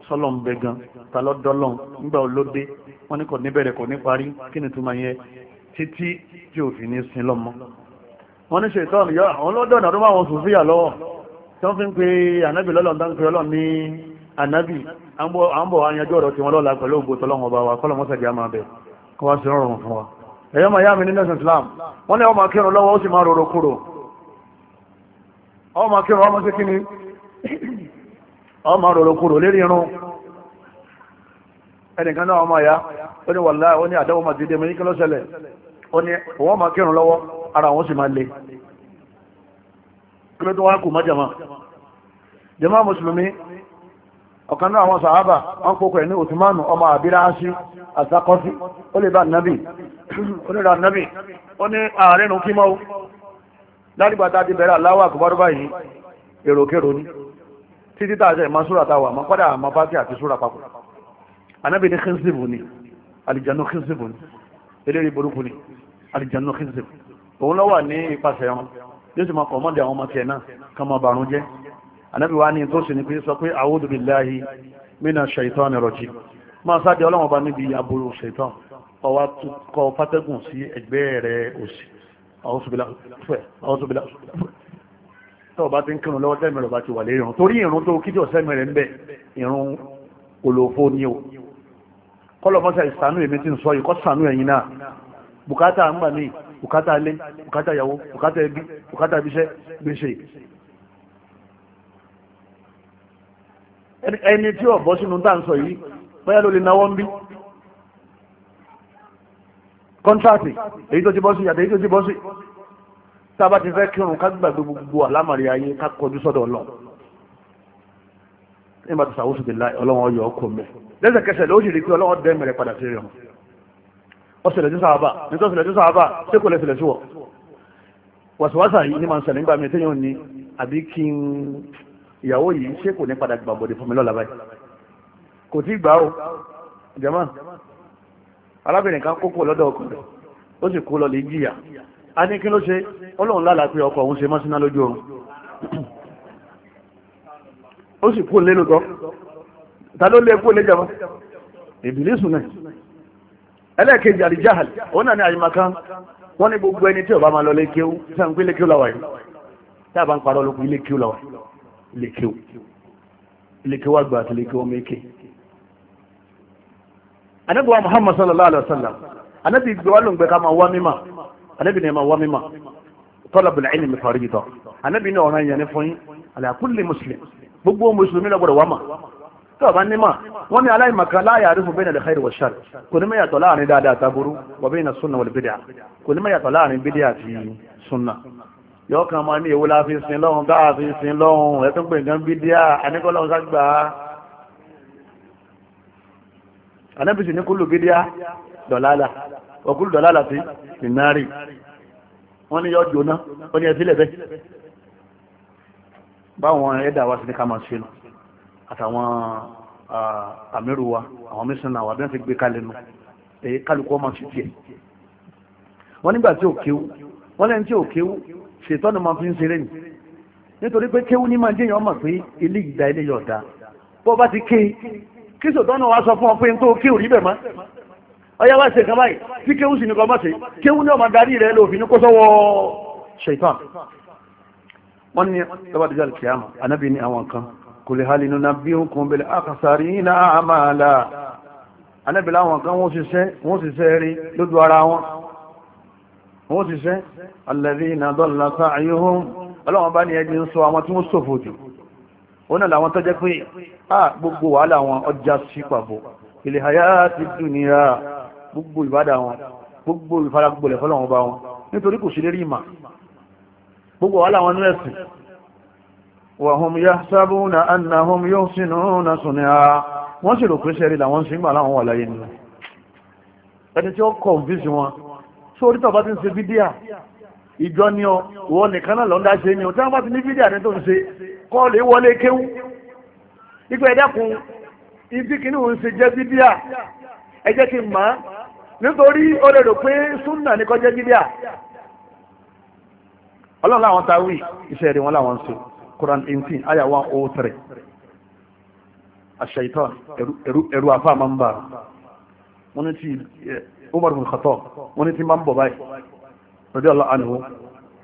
sọ́lọ́n bẹ gan ta lọ́dọ́lọ́n nígbà olóde wọ́n ní kò ní bẹ̀rẹ̀ kò ní parí kí ni tó máa yẹ títí tí òfin ní sin lọ́mọ wọ́n ní ṣetán yọ àwọn lọ́dọ̀nà tó máa wọn sùn síyà lọ́wọ́ tí wọ́n fi ń pe ànábì lọ́lọ́ àmbọ̀ àyànjọ́ ọ̀rọ̀ tí wọ́n lọ́la pẹ̀lú ògbò tọ́lọ́wọ́ bá wa kọ́lọ̀ a àmà bẹ̀ kọ́ wá sí rọrùn fún wa ẹ̀yọ́ ma yá mi ní nẹ́sìn Islam wọ́n ní ọmọ akírun lọ́wọ́ ó sì máa rọrọ kúrò ọmọ akírun ọmọ sí kíni ọmọ rọrọ kúrò lérí irun ẹnìkan náà ọmọ ya ó ní wàlá ó ní àdáwọ̀ máa dìde mi kí ló ṣẹlẹ̀ ó ní òun ọmọ akírun lọ́wọ́ ara òun sì máa le kí ló tó wá kù má jàmá jàmá ọ̀kan náà àwọn sàhábà wọ́n kókò ẹ̀ ní òtùmánù ọmọ àbíráṣí àsakọ́sí ó lè bá nàbì ó lè ra nàbì ó ní ààrẹ nù kí mọ́wó ládìgbà tá a ti bẹ̀rẹ̀ aláwọ̀ àkùbárú báyìí èròkèrò ní títí tá a súra táwà mọ́ padà àmọ́ bá àti súra papọ̀ anábì ní kínsìbù ni àlìjànú kínsìbù ni eléré burúkú ni àlìjànú kínsìbù òun lọ́wọ́ ní ipasẹ̀ wọn yóò sì máa kọ̀ mọ́dé àwọn ọmọ tiẹ̀ náà kàn máa bàrún jẹ́ anábì wa ní tó sì ní pé sọ pé a'udhu billahi mina shaitan rajim máa sáde ọlọ́run ọba níbi aburú shaitan ọwá kọ fátẹ́gùn sí ẹgbẹ́ rẹ òsì àwọsùbìlà tó bá ti ń kírun lọ́wọ́ sẹ́mi rẹ̀ bá ti wà lé irun torí irun tó kíjọ sẹ́mi rẹ̀ ń bẹ̀ irun olófó ni o kọ́lọ̀ mọ́sá ìsànú ẹni tí ọ̀bọ̀ sínú tá ń sọ yìí bóyá ló lè náwó ń bí kọ́ńtráàtì èyí tó ti bọ́ sí àti èyí tó ti bọ́ sí tá a bá ti fẹ́ kírun ká gbàgbé gbogbo àlámàrí ayé ká kọjú sọ́dọ̀ ọlọ́ ní bá ti sàwọ́sù ti láì ọlọ́wọ́n yọ ọkọ̀ mẹ́ lẹ́sẹ̀kẹsẹ̀ ló sì rí pé ọlọ́wọ́n dẹ́ mẹ́rẹ̀ padà sí rẹ̀ hàn ọ̀sẹ̀lẹ̀ tí sàábà nítorí ọ̀sẹ̀lẹ̀ tí sàábà tí kò lẹ́sẹ̀lẹ̀ sí wọ̀ wàsíwàsà yìí ní màá sẹ̀lẹ̀ nígbà mi téèyàn ní àbí kí n ìyàwó yìí ṣé kò ní padà gbà bọ̀dẹ̀ fún mi lọ́la báyìí kò tí gbà ó jẹ́mọ́ arábìnrin kan kókó lọ́dọ̀ ọkọ rẹ̀ ó sì kó lọ lè jìyà a ní kí ló ṣe ọlọ́run lálàá pé ọkọ òun ṣe mọ́síná lójú oorun ó sì kó lé lóòótọ́ ta ló lé e kó lé jẹmọ́ ìbílísù náà ẹlẹ́ẹ̀kejì àdìjáhàl òun náà ní àyèmàkan wọ́n ní gbogbo ẹni tí ó bá máa lọ lé kéwú tí a ń pè lé kéwú làwà tí a bá ń parọ́ lókun lé kéwú làwà yìí lékèw lékèw àgbà àti lékèw mékè anabiwa muhammad sallallahu alaihi wa sallam anabi gbẹwàá ló ń gbẹ ká máa wá mímà anabi ní ma wá mímà tọ́lá bẹ̀rẹ̀ ẹni mi fari yìí tọ́ anabi ní ọ̀ràn yẹn ní fún yín àlàkùnlé mùsùlùmí gbogbo mùsùlùmí ló gbọdọ̀ wá mà tó o bá ní mà wọ́n ní aláìmọ̀kan láàyè àrífò bẹ́ẹ̀ nàlẹ́ xayiri wàṣàrì kò ní mẹ́yàtọ̀ láàrin dáadáa tábúrú wà bẹ́ẹ̀ nà sunna wal bid'ah kò ní mẹ́yàtọ̀ láàrin bídíà àti sunna yọ́ kan ma ní èwo la fi sin lọ́hun dáa fi sin lọ́hun ẹ̀tún pè nǹkan bí díà aníkọ́lọ́hun ságbà anẹ́bìsì ní kúlù bí díà dọ̀lálà ọkùlù dọ̀lálà sí ìnárì wọ́n ní yọ́ jóná ó ní ẹ̀sílẹ̀ bẹ́ báwọn ẹ̀dà wa sí ní ká máa ṣe lọ àtàwọn àmírù wa àwọn mísìnà wa bí wọ́n ti gbé kalẹ̀ nù kálukú ọmọ sí tiẹ̀ wọ́n nígbà tí ò kéwú wọ́n lẹ́ni tí ò kéwú ṣètọ́nù máa fi ń ṣeré nì nítorí pé kéwú ní máa jẹ́yàn mọ̀ pé ilé ìdá ilé yọ̀dá bó bá ti ké kí ṣètọ́nù wa sọ fún ọ pé n tó kéwú rí bẹ̀ mọ́ ọyá wá ṣe kan báyìí tí kéwú sì nìkan mọ̀ sí kéwú ní ọmọ darí rẹ lòfin ní kó sọ́wọ́ ṣètọ́n wọ́n ní lọ́bàdíjà kìámù anábì ní àwọn kan kò lè halinu na bí ó kún bẹ̀lẹ̀ àkàsàrí iná àmàlà anábì láwọn kan wọ́n ṣiṣẹ́ wọ́n ṣiṣẹ́ rí lójú ara wọn wọ́n ti ṣẹ́ alẹ́rí ìnàdọ́lá sáàyóhùn ọlọ́wọ́n bá ní ẹni ń sọ àwọn tí wọ́n sòfò jù ó náà làwọn tọ́jẹ́ pé à gbogbo wàhálà wọn ọjà sí pàbò ilẹ̀ àyà ti dùnìyà gbogbo ìbádà wọn gbogbo ìfaragbọ̀lẹ̀ fọ́lọ́wọ́n bá wọn nítorí kò sí lérí ìmà gbogbo wàhálà wọn ní ẹ̀sìn wà hum wọn sórí tó bá ti ń ṣe fídíà ìjọ ni ọ ìwọ nìkan náà lọ́ndà ṣe ni ọ tí wọ́n bá ti ní fídíà ní tó ń ṣe kọ́ọ̀lù ìwọlé kéwú nígbà ẹ̀dá kun ibi kìíní òun ṣe jẹ́ fídíà ẹ jẹ́ kí n mọ̀ á nítorí ó lè rò pé súnà ní kọjá fídíà ọlọ́run láwọn ta wí iṣẹ́ rẹ̀ wọn láwọn ṣe Quran eighteen aya one oh three aṣ-ṣaitan ẹ̀rù ẹ̀rù àfa máa ń bà wọ́n ní Umar bin Khattab wọ́n ní tí máa ń bọ̀ báyìí radiyallahu anhu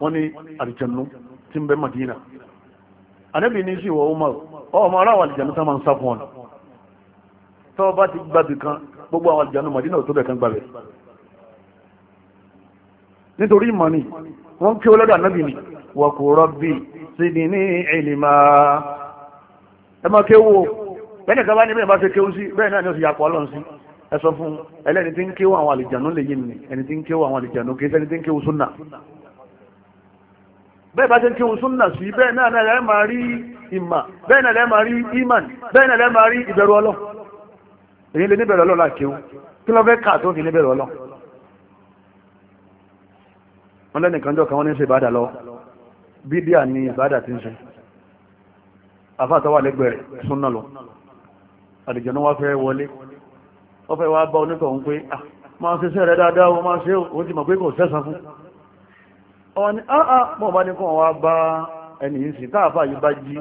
wọ́n ní àlìjẹ̀nú tí ń bẹ Madina Ànábì ní sí ìwọ̀ Umar ọmọ aráwọ̀ àlìjẹ̀nú tá máa ń sá fún wọn tọ́ bá ti gbàbì kan gbogbo àwọn àlìjẹ̀nú Madina ò tó bẹ̀ kan gbàbẹ̀ nítorí ìmọ̀ ni wọ́n kí ó lọ́dọ̀ ni wà kò rọ́bì sídi ní ìlìmà ẹ máa kéwò bẹ́ẹ̀ nìkan bá ní bẹ́ẹ̀ bá ṣe kéwú sí bẹ́ẹ̀ náà ni ó sì yàpọ̀ ẹ sọ fún ẹlẹ́ni tí ń kéwò àwọn àlìjànú lè yé mi ẹni tí ń kéwò àwọn àlìjànú kì í ṣẹni tí ń kéwò súnà bẹ́ẹ̀ bá ṣe ń kéwò súnà sí bẹ́ẹ̀ náà náà lẹ́ẹ̀ máa rí ìmà bẹ́ẹ̀ náà lẹ́ẹ̀ máa rí ìmàn bẹ́ẹ̀ náà lẹ́ẹ̀ máa rí ìbẹ̀rù ọlọ́ èyí lè ní bẹ̀rù ọlọ́ la kéwò kí ló fẹ́ kà tó fi ní bẹ̀rù ọlọ́ wọn lẹ́nu ìkànjọ́ kan wọ́n ní ṣe ìbádà lọ ó fẹ́ wá bá onítọ̀ ń pé ah máa ṣe sẹ́rẹ̀ dáadáa wọ́n máa ṣe ó ti mọ̀ pé kò sẹ́sàn fún ọwọ́ ni áà mọ̀ bá ní kọ́ wá bá ẹni yìí sí táàfà yìí bá jí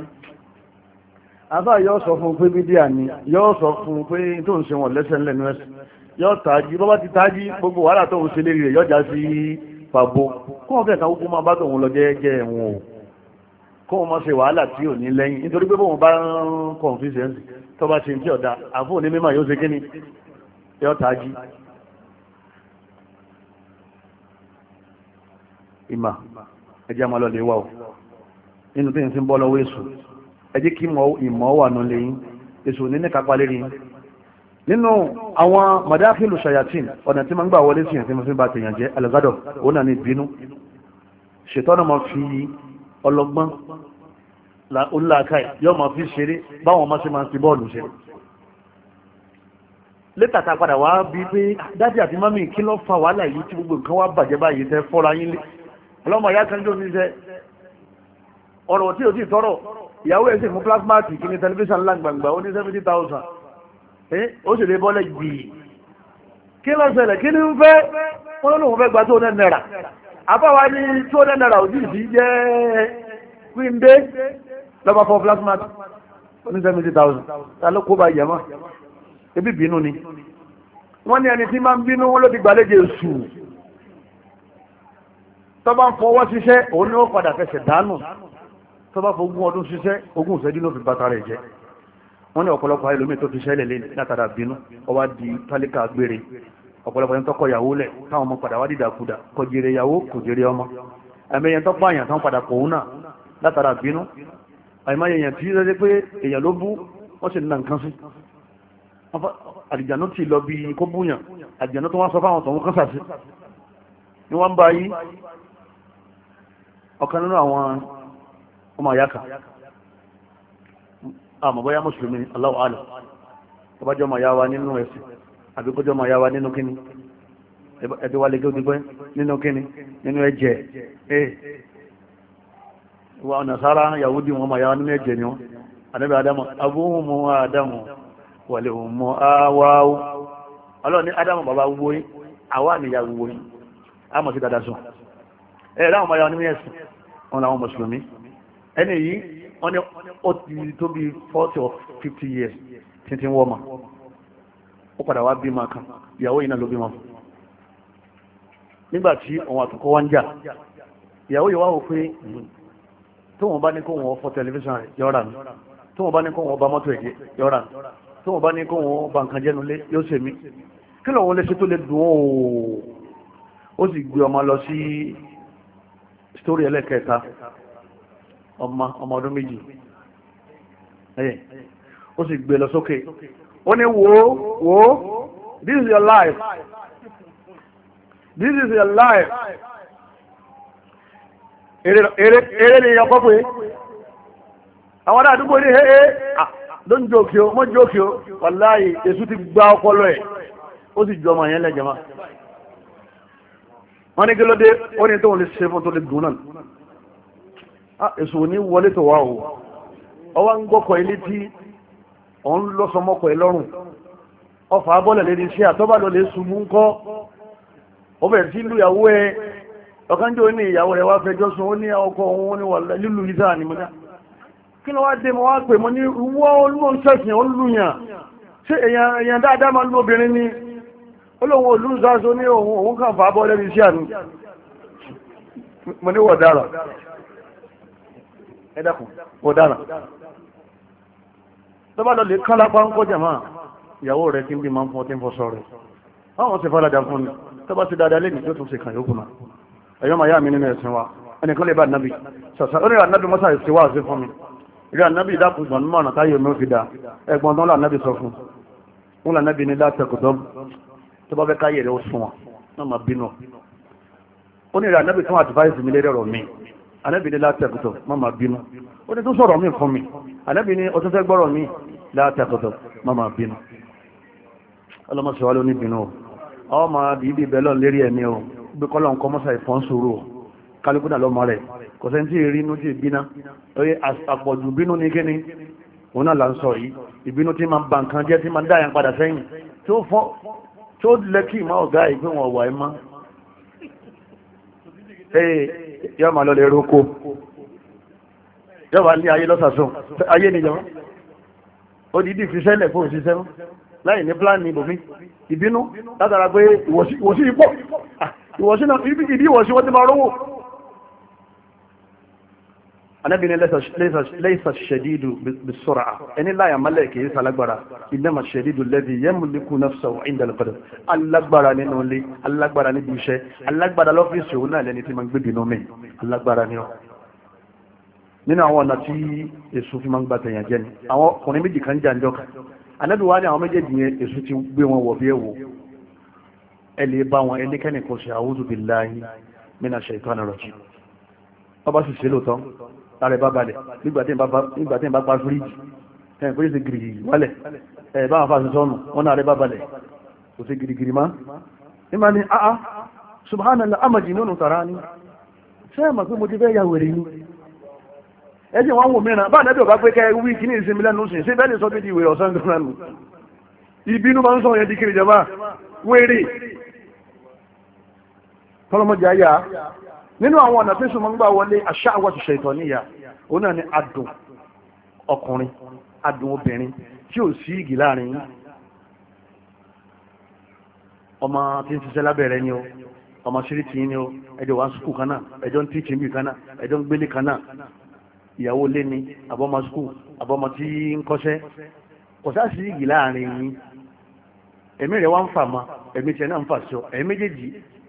afá yóò sọ fún pé bídíà ni yóò sọ fún pé tó ń se wọn lẹ́sẹ̀ ńlẹ̀ nọ́ẹ̀sì yóò tàájí bọ́ bá ti tàájí gbogbo wàhálà tó ń ṣe lérí rẹ̀ yóò já sí pàbó kọ́ fẹ́ kan kúkú máa bá tòun lọ o kọ́ wọn máa ṣe wàhálà tí ò ní lẹ́yìn nítorí pé bóun bá ń yọ́ tají ìmà ẹjẹ́ àmàlọ́ lè wà ó nínú tí n sí ń bọ́ lọ́wọ́ èṣù ẹjẹ́ kí ìmọ̀ wà nù lẹ́yìn èṣù ní ní kápá lérí nínú àwọn madáfílù shayatin ọ̀nà tí ma ń gbà wọlé sí ẹ̀sìn fún bá tèèyàn jẹ́ alẹ́gádọ̀ ó náà ní ìbínú ṣètọ́nà ma fi ọlọ́gbọ́n ńlá káì yọ́ ma fi ṣeré báwọn ọmọ sí ma fi bọ́ọ̀lù ṣeré létà tá a padà wá bí pé dádì àti mami kí ló fa wàhálà yìí tí gbogbo nǹkan wá bàjẹ́ báyìí tẹ fọ́ra yín lé ọlọ́mọ ìyá kan jó mi sẹ ọ̀rọ̀ tí o ti tọrọ ìyàwó ẹ̀ sì fún plasmati kí ni tẹlifíṣàn ńlá gbàngbà ó ní seventy thousand ó sì lè bọ́lẹ̀ gbìyì kí ló ṣẹlẹ̀ kí ni ń fẹ́ wọ́n ló ń fẹ́ gba tó nẹ́ náírà àbáwá ní tó nẹ́ náírà òjì ìdí jẹ́ wíńdé lọ́ba fọ́ plasmati ó ní seventy thousand ba yẹ̀ ebi bínú ni wọ́n ní ẹni tí máa ń bínú wọn ló ti gbàlejò èṣù tó bá ń fọwọ́ ṣiṣẹ́ òun ni ó padà fẹsẹ̀ dánù tó bá fogún ọdún ṣiṣẹ́ ogún ìṣẹ́jú ló fi bàtà rẹ̀ jẹ́ wọ́n ní ọ̀pọ̀lọpọ̀ ayé lómi tó ti ṣẹlẹ̀ lé látara bínú ọwá di tálíkà gbére ọ̀pọ̀lọpọ̀ yẹn tọkọ ìyàwó lẹ̀ táwọn ọmọ padà wá dìdàkudà kọjèrè ìyàwó kò jèrè ọmọ ẹ̀mẹ́ yẹn tọ́pọ̀ àyàn táwọn padà kòun náà látara bínú àyèmáyé yẹn tí ó ṣe pé èèyàn ló bú wọ́n sì nà nǹkan sí àdìjànú ti lọ bí kó búyàn àdìjànú tó wá sọ fáwọn tọ̀hún kọ́sàsí ni wọ́n ń bá yí ọ̀kan nínú àwọn ọmọ àyáka àmọ́ bóyá mùsùlùmí aláwọ̀ àlọ́ tó bá jọmọ̀ yá wa nínú ẹ̀sìn àbí kó jọmọ̀ yá wa nínú kíní ẹbí wa lè gé odigbẹ́ nínú kíní nínú ẹ̀jẹ̀ ee wa ọ̀nà sára Yahudi wọn mọ̀ yá wa nínú ẹ̀jẹ̀ ni wọn àdẹ́bẹ̀ Adamu abúhùn mu Adamu wọ̀lẹ̀ òmọ àwáwó ọlọ́ni adamu bàbá wúwo yí àwa àmìyà wúwo yí sí dada sùn ẹ̀ láwọn ọmọdé ní ẹ̀sìn wọn làwọn mùsùlùmí ẹni yìí wọ́n ní ó ti tó bí forty or fifty years títí wọ́n mọ̀ ó padà wá bímọ kan ìyàwó yìí náà ló bímọ nígbà tí òun àtúnkọ́ wá ń jà ìyàwó yìí wá wò pé tó wọn bá ní kó wọn tẹlifíṣàn yọ̀ọ́ra mi bá ní mọ́tò ẹ̀jẹ̀ tó wọ́n bá ní kó wọ́n bá nǹkan jẹ́nu lé yóò ṣe mí kí lọ́wọ́ lè ṣe tó lè dùn ó ó sì gbé ọmọ lọ sí sítórí ẹlẹ́kẹta ọmọ ọdún méjì ó sì gbé lọ sókè ó ní wo wo this is your life this is your life èrè èrè èrè ni ọkọ pé àwọn àdúgbò ní hẹ́ẹ́ ah, ló ń jókè ó mọ́ jókè ó wàláyé èsù ti gba ọpọlọ ẹ̀ ó sì ju ọmọ yẹn lẹ́jọ̀mọ́ wọ́n ní kí ló dé ó ní tóun lè ṣe fún tó lè dùn náà ah èsù ò ní wọlé tó wá o ọwọ́ ń gbọ́kọ̀ ilé tí òun lọ́sọmọkọ̀ ẹ̀ lọ́rùn ọfà abọ́lẹ̀ lè ní iṣẹ́ àtọ́bà lọ lè sùnmú ńkọ́ ó bẹ̀rẹ̀ sí ìlú ìyàwó ẹ ọ̀kanjọ́ ní ìyàwó rẹ̀ wá fẹjọ́ sùn ó ní ọkọ òun ó ní wà lílù yìí sáà ní mọ́ná kí ló wá dé mo wá pè mo ní wọ́ olúwo ń sẹ̀sìn olúyàn ṣé èèyàn dáadáa máa ń lo obìnrin ni olóhun olùsáso ní òun òun kàn fà bọ́ lẹ́nu iṣẹ́ àná mo ní wọ̀dára ẹ dákun wọ̀dára tó bá lọ lè kán lápá ń kọjá máa ìyàwó rẹ̀ tí ń bí máa ń fún ọtí ń fọ́sọ rẹ̀ àwọn ti fọ́lájà fún ni tó bá ti dáadáa lẹ́yìn tó tún ṣe kàn yókù náà ẹ̀yọ́ màá yá mi nínú ẹ̀sìn wa ẹnìkan lè bá nàbì sàṣà ó ní ànábì mọ́sà ìṣèwà sí fún mi rí ànábì ìdákùnjọ ní mọ̀nà táyé omi fi dá ẹgbọ́n tán lànábì sọ fún un lànábì ní látẹkùtọ́ tó bá fẹ́ káyé rẹ̀ ó sún wọn náà máa bínú ó ní rí ànábì fún àdìváìsì mi lérẹ̀ ọ̀rọ̀ mi ànábì ní látẹkùtọ́ má máa bínú ó ní tó sọ̀rọ̀ mi fún mi ànábì ní ọtún fẹ́ gbọ́rọ̀ mi látẹkùtọ́ má máa bínú ọlọ́mọṣẹ́wá ló ní bínú ọ máa bíbí bẹ́ẹ̀ lọ lérí ẹ̀mí o gbé kọ́lọ́ nǹkan mọ́sà ìfọ́nṣòro kálukú náà lọ́mọ rẹ̀ kò sẹ́ni tí èrí inú ti bínú oye àpọ̀jù bínú ní kíni òun náà là ń sọ yìí ìbínú tí máa ba nǹkan jẹ́ tí máa dáyà padà sẹ́yìn tí ó fọ́ tí ó lẹ́kì máa ọ̀gá yìí pé wọ́n wà ẹ́ má ee yóò máa lọlẹ̀ roko yóò wá ní ayé lọ́sàsùn ayé nìyẹn ó di ìdí fi sẹ́lẹ̀ fún òṣìṣẹ́ mọ́ láì ní pláàni ibòmí ìbínú látara pé ìwọ̀sí ipò ah, ìwọ̀sí náà ibi ìwọ̀sí wọ́n ti máa rówó anábì ní lẹ́sà ṣẹ̀dídù bisọ́ra ẹni láyà mọ́lẹ̀ kìí sálágbára ìnáma ṣẹ̀dídù lẹ́dí yẹ́mùlẹ́kù nafsahu ìndàlùkọ́dọ̀ alágbára nínú ilé alágbára níbi iṣẹ́ alágbára lọ́fíìsì òun náà lẹ́ni tí ma ń gbé bínú mi alágbára ni ọ nínú àwọn ọ̀nà tí èso fi máa ń gba tẹ̀yàn jẹ́ ni àwọn ọkùnrin méjì kan jà ń jọ kan anábì wá ní àwọn méjèèjì yẹn èso ti gbé wọn wọ̀ bí ẹ̀wò ẹ lè bá wọn ẹnikẹ́ni kò sí a'udhu billahi minash shaitani rajim ọba sì ṣe lóòótọ́ tààrẹ bá balẹ̀ nígbàtí bá pa fíríjì ẹ̀ kó yẹ́ sí gìrìgìrì wálẹ̀ ẹ̀ bá wà fásitì sọ́nù wọn náà rẹ bá balẹ̀ kò sí gìrìgìrì má ní ma ní àá subhanallah amàjì nínú tàrá ní ṣé ẹ̀ mọ̀ pé mo ti fẹ́ ya wèrè ní ẹ jẹ́ wọn wò mìíràn bá nẹ́bí ọba pé kẹ́ wí kí ní ìsinmi lẹ́nu sìn sí bẹ́ẹ̀ lè sọ pé di ìwé ọ̀sán gan lẹ́nu ìbínú máa ń sọ yẹn di kiri jẹba wèrè tọ́lọ́mọdé ayá nínú àwọn ọ̀nà tí súnmọ́ ń gbà wọlé aṣáwọ̀tí ṣètọ̀ níyà náà ni adùn ọkùnrin adùn obìnrin tí ò sí igi láàrin ọmọ tí ń ṣiṣẹ́ lábẹ́rẹ́ ni ó ọmọ ti ni o ẹjọ́ wá sùkúù kan ẹjọ́ ń tíìtì mí kan ẹjọ́ ń gbélé kan ìyàwó lé ni àbọ́mọ sùkúù àbọ́mọ tí ń kọ́ṣẹ́ kò sá igi láàrin ẹ̀mí rẹ̀ wá ń fà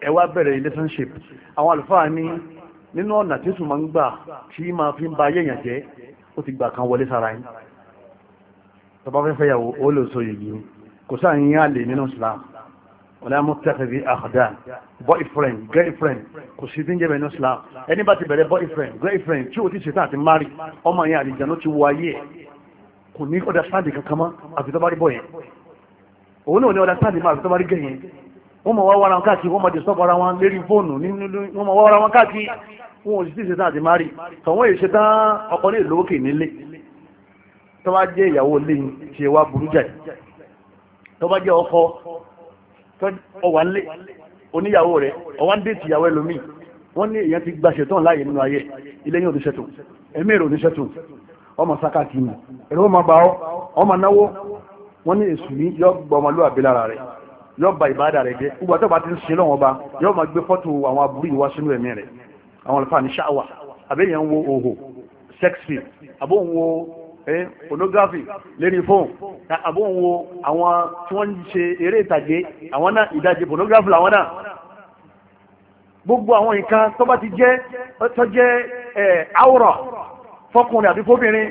ẹ wá bẹ̀rẹ̀ relationship àwọn àlùfáà ní nínú ọ̀nà tí sùn máa ń gbà tí máa fi ń ba ayé èèyàn jẹ́ ó ti gbà kan wọlé sára yín tó bá fẹ́ fẹ́ yàwó ó lè so yìí kò sáà yín àlè nínú Islam wọ́n mú tẹ́fẹ̀bí àkàdán boyfriend girlfriend kò sí díjẹ́ bẹ̀rẹ̀ ní Islam ẹni bá ti bẹ̀rẹ̀ boyfriend girlfriend tí ó ti ṣetán àti mari ọmọ yẹn àlìjànú ti wọ ayé kò ní ọ̀dà sáàdì kankan mọ́ àfi tó bá rí bọ̀ yẹn òun náà ní ọ̀dà sáàdì mọ́ àfi tó bá rí gẹ̀yìn wọ́n mọ̀ wá wára wọn káàkiri wọ́n mọ̀ dé sọ́pọ̀ ara wọn lérí fóònù wọ́n mọ̀ wá wára wọn káàkiri wọn ò sì tíì ṣetán àti mari tọ̀wọ́n èyí ṣetán ọkọ ní ìlówókè nílé tó bá jẹ́ ìyàwó ilé tí ẹ wá burú jáì tó bá jẹ́ ọkọ ọwà ńlé oníyàwó rẹ̀ ọwà ń déètì ìyàwó ẹlòmíì wọ́n ní èèyàn ti gba ṣetán láàyè nínú ayé ilé yóò oníṣẹ́tù ẹ̀mí èrò oníṣẹ́tù ọmọ saka kìí ẹ̀rọ ọmọ gbà ọ ọmọ náwó wọ́n ní èsù ní yọ gbọmọlúwàbí lára rẹ̀ yóò ba ìbáàdà rẹ̀ jẹ́ gbogbo àtọ́ba ti ń sin lọ́wọ́ ba yóò máa gbé fọ́tò àwọn aburú ìwá sínú ẹ̀mí rẹ̀ àwọn àlùfáà ní ṣáwà àbẹ́yẹn ń wo òhò sẹ́ksì àbóhùn wo pornography lérí fóònù àbóhùn wo àwọn tí wọ́n ń ṣe eré ìtàgé àwọn náà ìdajì pornography làwọn náà gbogbo àwọn nǹkan tó bá ti jẹ́ tó jẹ́ àwòrán fọkùnrin àti fóbìnrin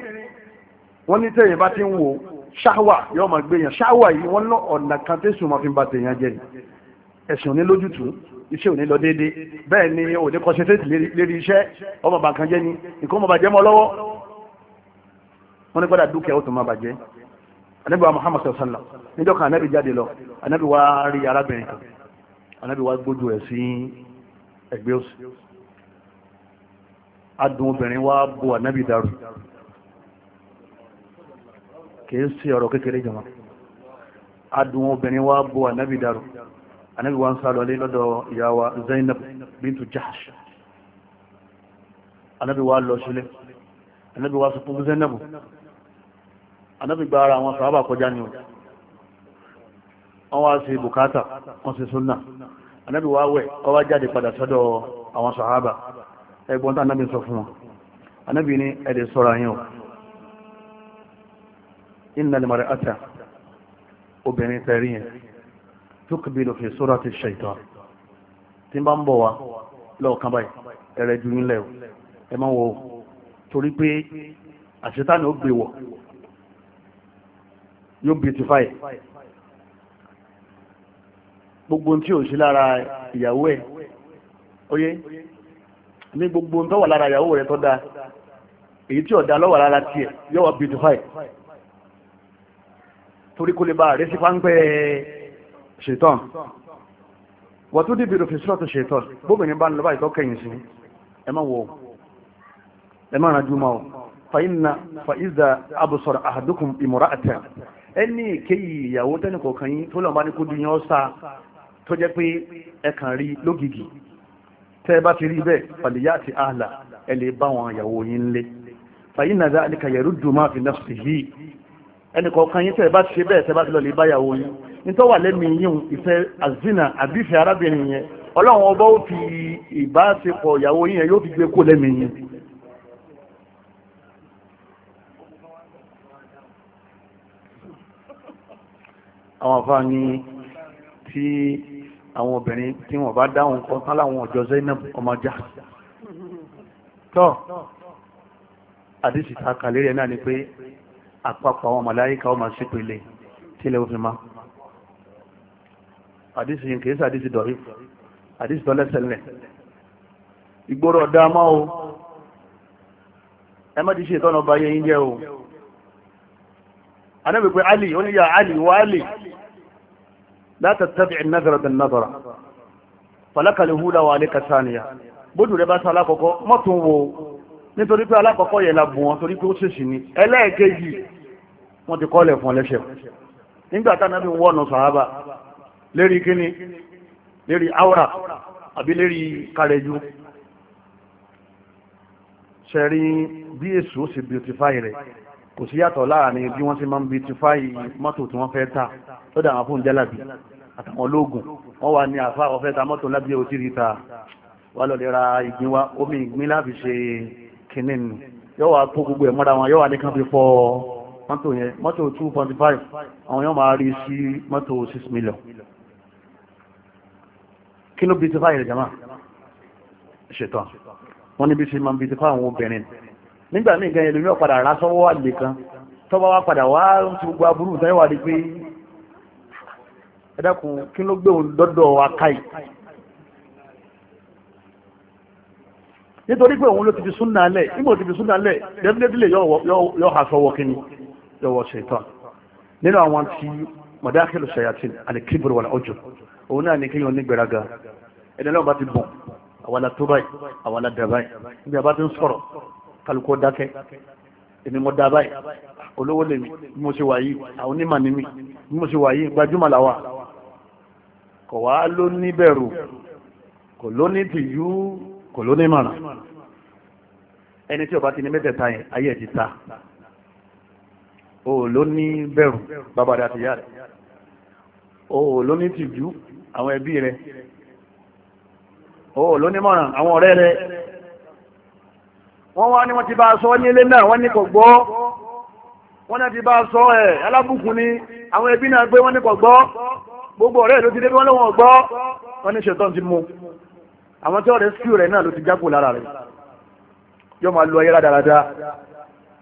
wọ́n ní tẹ̀yìn bá ti ń wò ṣáwà yóò máa gbé yàn ṣáwà yìí wọ́n lọ ọ̀nà kan tó sùn máa fi ba tèèyàn jẹ ẹ̀sìn òní lójútùú iṣẹ́ òní lọ déédéé bẹ́ẹ̀ ni òní kọ́ṣẹ́tẹ́tì lérí iṣẹ́ ọmọ bàkan jẹ́ ni nǹkan ọmọ bàjẹ́ mọ́ lọ́wọ́ wọ́n ní gbọ́dọ̀ dúkìá ó tún máa bàjẹ́ anabi wa muhammad sallam níjọ́ kan anabi jáde lọ anabi wa rí arábìnrin kan anabi wa gbójú ẹ̀ sí ẹgbẹ́ òsì adùn obìnrin wa bo anabi dàrú kìí sí ọ̀rọ̀ kékeré jọmọ́ adùn obìnrin wá bó ànábì dárò ànábì wá ń sá lọlé lọ́dọ̀ ìyàwó Zainab bintu Jahsh ànábì wá lọ sílé ànábì wá sọ fún Zainab ànábì gba ara àwọn sàábà kọjá ni wọ́n wá sí bùkátà wọ́n sí súnà ànábì wá wẹ̀ ó wá jáde padà sọ́dọ̀ àwọn sàábà ẹgbọ́n tó ànábì sọ fún wọn ànábì ní ẹ̀dẹ̀ sọ́ra yín o iná na mọ̀rẹ̀ ọ́tà tẹ̀rí yẹn tó fi sóra ti ṣètò tí bá ń bọ̀ wá lọ́ọ̀kan báyìí ẹ̀rẹ̀ ju nílẹ̀ o ẹ máa wọ torí pé ó gbé wọ̀ yóò beautify gbogbo tí ò sí lára ìyàwó ẹ̀ ní gbogbo tó wà lára ìyàwó rẹ̀ tó dáa èyí tí ò dá lọ́wọ́ lára tiẹ̀ yóò wá beautify. torí kó lè bá rẹ̀ sí fáńpẹ́ ṣètàn wọ́n tún dìbò ìròfin sílọ̀ tó ṣètàn bóbìnrin bá ń lọ báyìí tó kẹ̀yìn sí ẹ má wò ẹ má rànjú ma o fàyínà fàyíza abùsọ̀rọ̀ àdókùn ìmọ̀ra àtẹ ẹni kéyì ìyàwó tẹ́nì kọ̀ọ̀kan yín tó ẹnìkọ̀ọ̀kan yín tẹ́ bá ṣe bẹ́ẹ̀ tẹ́ bá ti lọ lè báyàwó yín nítọ́ wà lẹ́mìí yín ìfẹ́ azina àbí ìfẹ́ arábìnrin yẹn ọlọ́run ọba ó fi ìbáṣepọ̀ ìyàwó yín yẹn yóò fi gbé kó lẹ́mìí yín. àwọn afá ni tí àwọn obìnrin tí wọ́n bá dáhùn kan tán láwọn ọjọ́ Zainab ọmọjà tọ́ àdìsí ta kàlérí ẹ̀ náà ni pé àpapọ̀ àwọn màláíkà ọmọ sípele tí ilẹ̀ òfin ma àdísì yìí kìí sàdísì dọ̀rí àdísì tọ́lẹ́sẹ̀lẹ̀ ìgboro ọ̀dá máa o ẹ má ti ṣe ìtọ́nà ọba yẹ yín jẹ́ o anábì pé ali ó ní yà ali wà ali láti tẹ́bí ìnáfẹ́rẹ́ bẹ̀ náfẹ́rẹ́ fàlákàlẹ̀ húdà wà ní kàtàníyà bójú rẹ bá sá alákọ̀ọ́kọ́ mọ́tún wo nítorí pé alákọ̀ọ́kọ́ yẹn la bù wọn torí pé ó ṣèṣì ni ẹlẹ́ẹ̀kejì wọ́n ti kọ́lẹ̀ fún ọlẹ́ṣẹ̀ nígbà tánábì wọ́nà sàhábà lérí kíní lérí áwòrà àbí lérí kàrẹjú ṣẹ̀rí bí èsù ó sì beautify rẹ̀ kò sí yàtọ̀ láàrin bí wọ́n sì máa ń beautify mọ́tò tí wọ́n fẹ́ ta lọ́dọ̀ àwọn fún jálàbí àtàwọn ológun wọ́n wà ní àfá ọ̀fẹ́ ta mọ́tò lábí òtí rí ta wà lọ́lẹ́ ra ìgbín wa omi ìgbín láfi ṣe kìnnìún yọ́wà kó gbogbo ẹ̀ mọ́ra wọn yọ́wà ní kan fi fọ́ ọ mọ́tò yẹn mọ́tò 2.5 àwọn yóò máa rí sí mọ́tò 6 million kí ló beautify rẹ̀ jama ṣètò wọ́n níbi ṣe máa beautify àwọn obìnrin nígbà míì gan ẹlòmíọ̀ padà rà sọ́wọ́ àgbè kan tọ́ba wá padà wá ń ti gbogbo aburú ìtàn wà ní pé ẹ dákun kí ló gbé òun dọ́dọ̀ akáì nítorí pé òun ló ti fi súnnà lẹ̀ nígbà tí fi súnnà lẹ̀ definitely yóò hà sọ́wọ́ kínní lọ́wọ́ ṣètàn nínú àwọn tí mọ̀dákìlù ṣayatin alikibir wà lọ́jọ́ òun náà ní kéèyàn onígbèraga ẹni náà bá ti bọ̀ àwọn àtúbáyì àwọn àdàbáyì níbi àbá ti ń sọ̀rọ̀ kálukú dákẹ́ èmi mo dá báyìí olówó lèmi bí mo ṣe wà yìí àwọn onímọ̀ ni mí bí mo ṣe wà yìí gbajúmọ̀ làwà kò wá ló ní bẹ̀rù kò ló ní tìjú kò ló ní mọ̀ràn ẹni tí ó ti ní mẹ́tẹ̀ẹ̀ta yẹn ayé ẹ̀ ti ta o ló ní bẹ̀rù bàbá rẹ̀ àti ìyá rẹ̀ o ló ní tìjú àwọn ẹbí rẹ̀ o ló ní mọ̀ràn àwọn ọ̀rẹ́ rẹ̀ wọ́n wá ní wọ́n ti bá sọ ní ilé náà wọ́n ní kò gbọ́ wọ́n náà ti bá sọ ẹ̀ alábùkún ni àwọn ẹbí náà gbé wọ́n ní kò gbọ́ gbogbo ọ̀rẹ́ ló ti dé bí wọ́n lọ́wọ́ gbọ́ wọ́n ní ṣetán ti mú àwọn tí ọ̀rẹ́ sí rẹ̀ náà ló ti jápò lára rẹ̀ yóò máa lo ayé rádaràda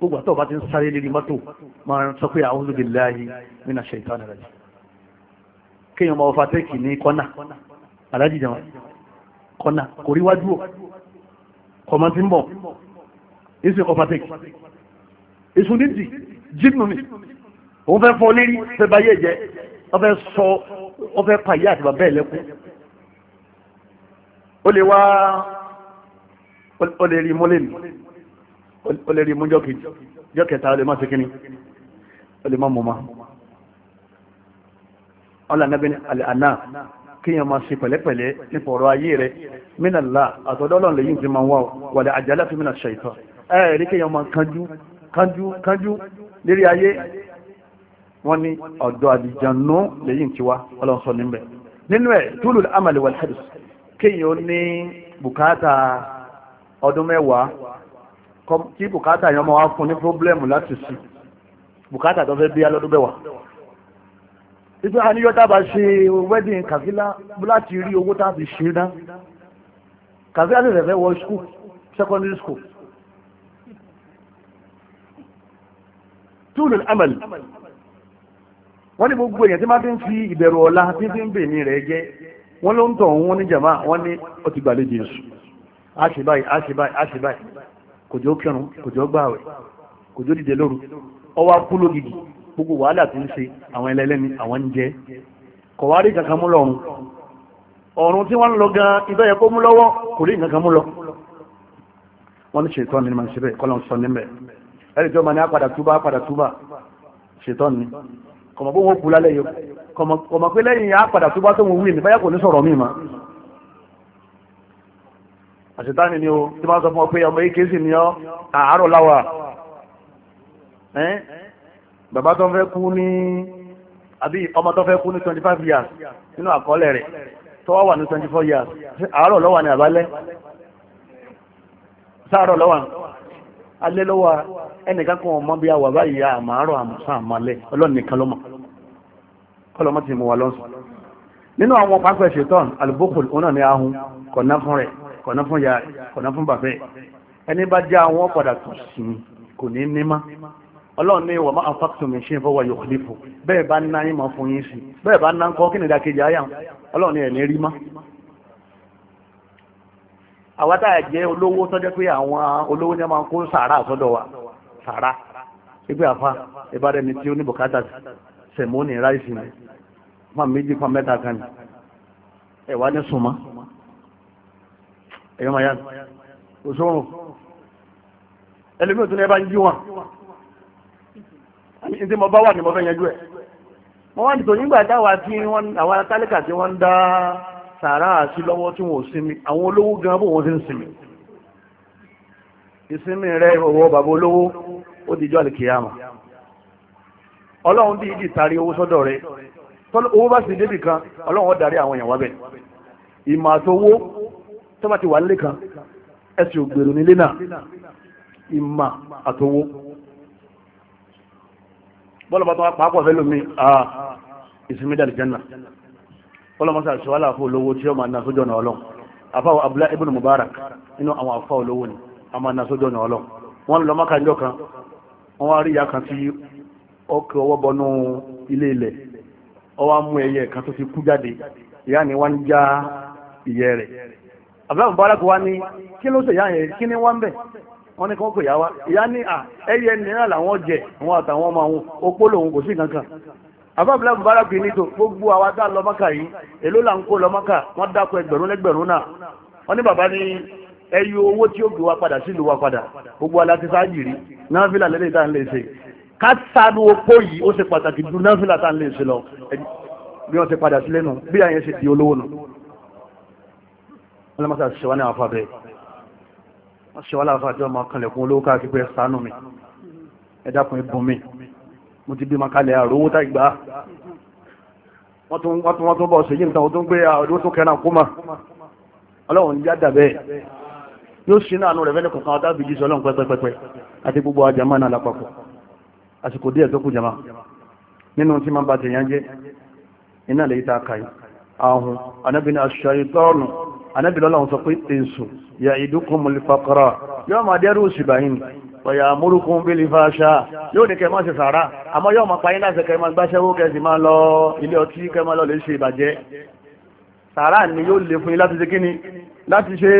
gbogbo àtọ́ bá ti ń sáré lérí mọ́tò máa sọ pé a'udhu billahi minash shaitani rajim kéèyàn máa ọfà tẹ́kì ní kọ́nà alájìjà wọn kọ́nà kò rí wájú ọ̀ kọ̀mọ́ ti ń bọ̀ ìsìn ọfà tẹ́kì ìsùn nídìí jíìpù mi òun fẹ́ fọ́ lérí fẹ́ bá yé jẹ́ ọfẹ́ sọ ọfẹ́ pàyé àti bàbá ẹ̀ lẹ́kún ó lè wá ó lè rí mọ́lẹ́mì ó lè rí mú jọ́kejì jọ́kẹta ó lè má ṣe kíní ó lè má mú ma ọlá nàbí àná kíyàn máa ṣe pẹ̀lẹ́pẹ̀lẹ́ nípa ọ̀rọ̀ ayé rẹ̀ mínàlá àtọ̀dọ́lọ́n lè yí ti máa wà wàlẹ̀ àjálá fi mínà ṣàìtọ̀ ẹ̀ẹ̀rí kíyàn máa kánjú kánjú kánjú lérí ayé wọ́n ní ọ̀dọ̀ àdìjànú lè yí ti wá ọlọ́sọ níbẹ̀ nínú ẹ̀ túlù amàlẹ̀ wàlẹ̀ kíyàn ní bùkátà ọdún mẹ́wàá kí bùkátà yẹn ọmọ wa fún ní pọ́blẹ́mù láti sí bùkátà tó fẹ́ bí alọ́dún bẹ́wà ibi àníyọ́ tábà ṣe wedding kàfílà láti rí owó tábì ṣe ná kàfílà lè fẹ́ wọ school secondary school túlù amẹ́lì wọ́n ní gbogbo èèyàn tí máa fi ń fi ìbẹ̀rù ọ̀la tí fi ń bè ní rẹ̀ jẹ́ wọ́n ló ń tọ̀ wọ́n ní jàmá wọ́n ní ó ti gbàlejò èṣù àṣìbáyì àṣìbáyì àṣìbáyì kò jọ kírun kò jọ gbààwẹ̀ kò jọ dìde lóru ọwọ́ akú lógìgì gbogbo wàhálà tó ń ṣe àwọn ẹlẹ́lẹ́ni àwọn ń jẹ́ kọ̀wárí kankan mú lọ́rùn ọ̀run tí wọ́n ń lọ gan ibẹ̀ yẹ kó mú lọ́wọ́ kò rí kankan mú lọ wọ́n ní ṣètọ́ ni màá ṣe bẹ́ẹ̀ kọ́lọ́n sọ níbẹ̀ ẹ̀rí tó ma ní apàdà túbà apàdà túbà ṣètọ́ ni kọ̀mọ̀ pé wọ́n kú lálẹ́ yìí kọ̀mọ̀ pé lẹ́yìn apàdà túbà tó ń wí ní báyà kò ní sọ̀rọ̀ mí ma àṣetáni ni o tí máa sọ fún ọ pé ọmọ èké sì ni ọ àárọ̀ láwà bàbá tó fẹ́ kú ní àbí ọmọ tó fẹ́ kú ní 25 years nínú àkọọ́lẹ̀ rẹ̀ tó wà ní 24 years àárọ̀ lọ́wà ní àbálẹ́ sáàrọ̀ lọ́wà alẹ́ lọ́wà ẹnìkan kan ọmọ bí àwà báyìí àmàárọ̀ àmùsàn àmàlẹ́ ọlọ́nìkan lọ́mọ kọlọmọ ti mú wa lọ́sùn nínú àwọn pápẹ́ ṣetán alùbókùn òun náà ni ahun kọ̀ná fún rẹ̀ kọ̀nà fún ya rẹ̀ kọ̀nà fún bàbẹ́ ẹni bá já wọn padà tó sí kò ní ní má ọlọ́run ní wàmọ́ àfàkùn mi ṣe ń fọwọ́ yòókù nípò bẹ́ẹ̀ bá ná yín fún yín sí bẹ́ẹ̀ bá ná kọ́ kí ni ìdákejì ayà ọlọ́run ní ẹ̀ní rí má. àwa tá a jẹ́ olówó tọ́jọ́ pé àwọn olówó ni wọ́n máa kó sàárà sọ́dọ̀ wa sàárà pípé àfa ìbára tí ó ní bùkátà sẹ̀mónì ráìsì mi fún àmì méjì fún àmẹ́ta kan ẹ̀wá ní sùnmọ́ ẹ̀yọ́ máa yá kò sórun ẹlẹ́mí òtún ẹbá ń jí wọn ní tí mo bá wà ní mo fẹ́ yanjú ẹ̀ mo wá nìtò nígbà táwa tí wọ́n àwọn tálíkà tí wọ́n ń dá sàárà sí lọ́wọ́ tí wọ́n ò sinmi àwọn olówó gan bó wọ́n ti ń sinmi ìsinmi rẹ̀ ọwọ́ bàbá olówó ó di jọ́ àlìkìyàmà ọlọ́run bí ìdí tari owó sọ́dọ̀ rẹ̀ owó bá sì débì kan ọlọ́run ó darí àwọn èèyàn ìmọ̀ àtowó tó bá ti wà nílé kan ẹsẹ̀ ògbèrò nílé náà ìmà àtòwó bọ́lá bá tó wá pàápọ̀ fẹ́ lómi ìsinmi dàlì jẹ́nà bọ́lá mọ́sá ìṣọ́wálà fún olówó tí ó máa ná sójọ́ náà ọlọ́ àfáwọ̀ abúlá ibn mubarak inú àwọn àfá olówó ni a máa ná sójọ́ náà ọlọ́ wọ́n lọ mọ́ka ìjọ kan wọ́n wá rí ìyá kan tí ọkọ̀ ọwọ́ bọnú ilé ilẹ̀ ọwọ́ mú ẹyẹ kan tó ti kú jáde ìyá ni wọ́n ń já ìyẹ́ rẹ̀ àbúrò mubarak wa ni kí ló ṣe ìyá yẹn kí ni wọ́n ń bẹ̀ wọ́n ní kọ́kọ́ ìyá wa ìyá ní à ah, ẹyẹ nìyà làwọn jẹ àwọn àtàwọn ọmọ àwọn opó lòun kò sí kankan àbúrò abúlé mubarak ní tó gbogbo àwa tá lọ mọ́kà yìí èló là ń kó lọ mọ́kà wọ́n dákọ̀ ẹgbẹ̀rún lẹ́gbẹ̀rún náà wọ́n ní bàbá ní ẹyọ owó tí ó gbé wa padà sílùú wa padà gbogbo aláti sáájì rí náfìlà lẹ́lẹ́ tá ń lè ṣe ká opó yìí ó ṣe pàtàkì ju náfìlà tá ń lè ṣe lọ bí wọ́n ṣe padà sílẹ̀ nù bí àyẹn ṣe di olówó nù ọlọ́mọ́sá ṣẹwà ní àfà bẹ́ẹ̀ wọ́n ṣẹwà láàfà tí ọmọ kanlẹ̀kún olówó káàkiri pé sánú mi ẹ̀dàkùn ibùn mi mo ti bí ma kalẹ̀ àrówó tá ìgbà wọ́n tún wọ́n tún bọ̀ ṣe yí nǹkan tó ń gbé ọdún tó kẹran kó mà ọlọ́run yá dàbẹ́ yóò ṣí náà nù rẹ̀ fẹ́lẹ̀ kọ̀ọ̀kan ọ̀tá bìjì sọ ọlọ́run pẹ́pẹ́pẹ́ àti gbogbo àjàmá náà lápapọ̀ àsìkò díẹ̀ tó kù jàmá nínú tí máa ń ba tèèyàn jẹ́ iná lè ta kàí ahùn anábìnrin aṣọ ìtọ́ọ̀nù anábì lọ́lọ́run sọ pé èso yà ìdúkùn mọ̀lẹ́fàkọ́rà yóò máa dẹ́rù òṣìbà yìí ọ̀yà amúrúkún bí lè fa aṣá yóò ní kẹmọ́ sí sàárà àmọ́ yóò máa payé láti kẹmọ́ gbáṣẹ́wó kẹsì máa lọ ilé ọtí kẹmọ́ lọ lè ṣe ìbàjẹ́ sàárà ni yóò lè fún yín láti ṣe kíni láti ṣe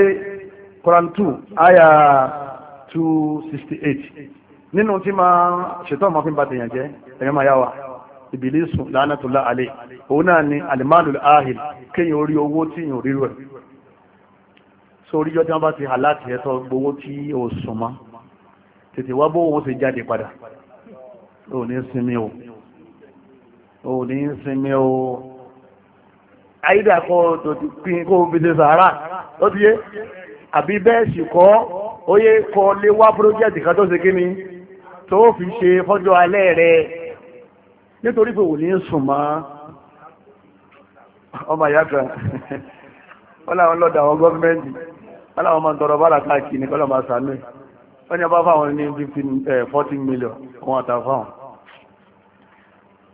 Quran 2 aya 268 nínú tí máa ṣètò ọmọ fún bàtẹ̀yàn jẹ́ ẹ̀yọ́ máa yá wa ìbílísù lánàtúlá àlè òun náà ni alimadul ahil kéèyàn orí owó tí yìí sórí yọ́ tí wọ́n bá ti hà láti ẹ̀tọ́ gbowó tí ó súnmọ́ tètè wá bó wọ́n ṣe jáde padà ò ní sinmi o ò ní sinmi o àyídà kọ́ tó ti pín kó fi ṣe sàárà ó ti yé àbí bẹ́ẹ̀ sì kọ́ ó yẹ kọ́ lé wá púrójẹ́tì kan tó ṣe kí ni tó fi ṣe fọ́jọ́ alẹ́ rẹ̀ nítorí pé ò ní sùn ọmọ ìyá kan wọ́n láwọn lọ́dọ̀ àwọn gọ́ọ̀mẹ́ntì káláwọn máa tọrọ bára káàkiri ní kọ́lọ̀ máa sàánú ẹ̀ wọ́n ní ọba fáwọn ní fifteen fourteen million òun àtàfáwọn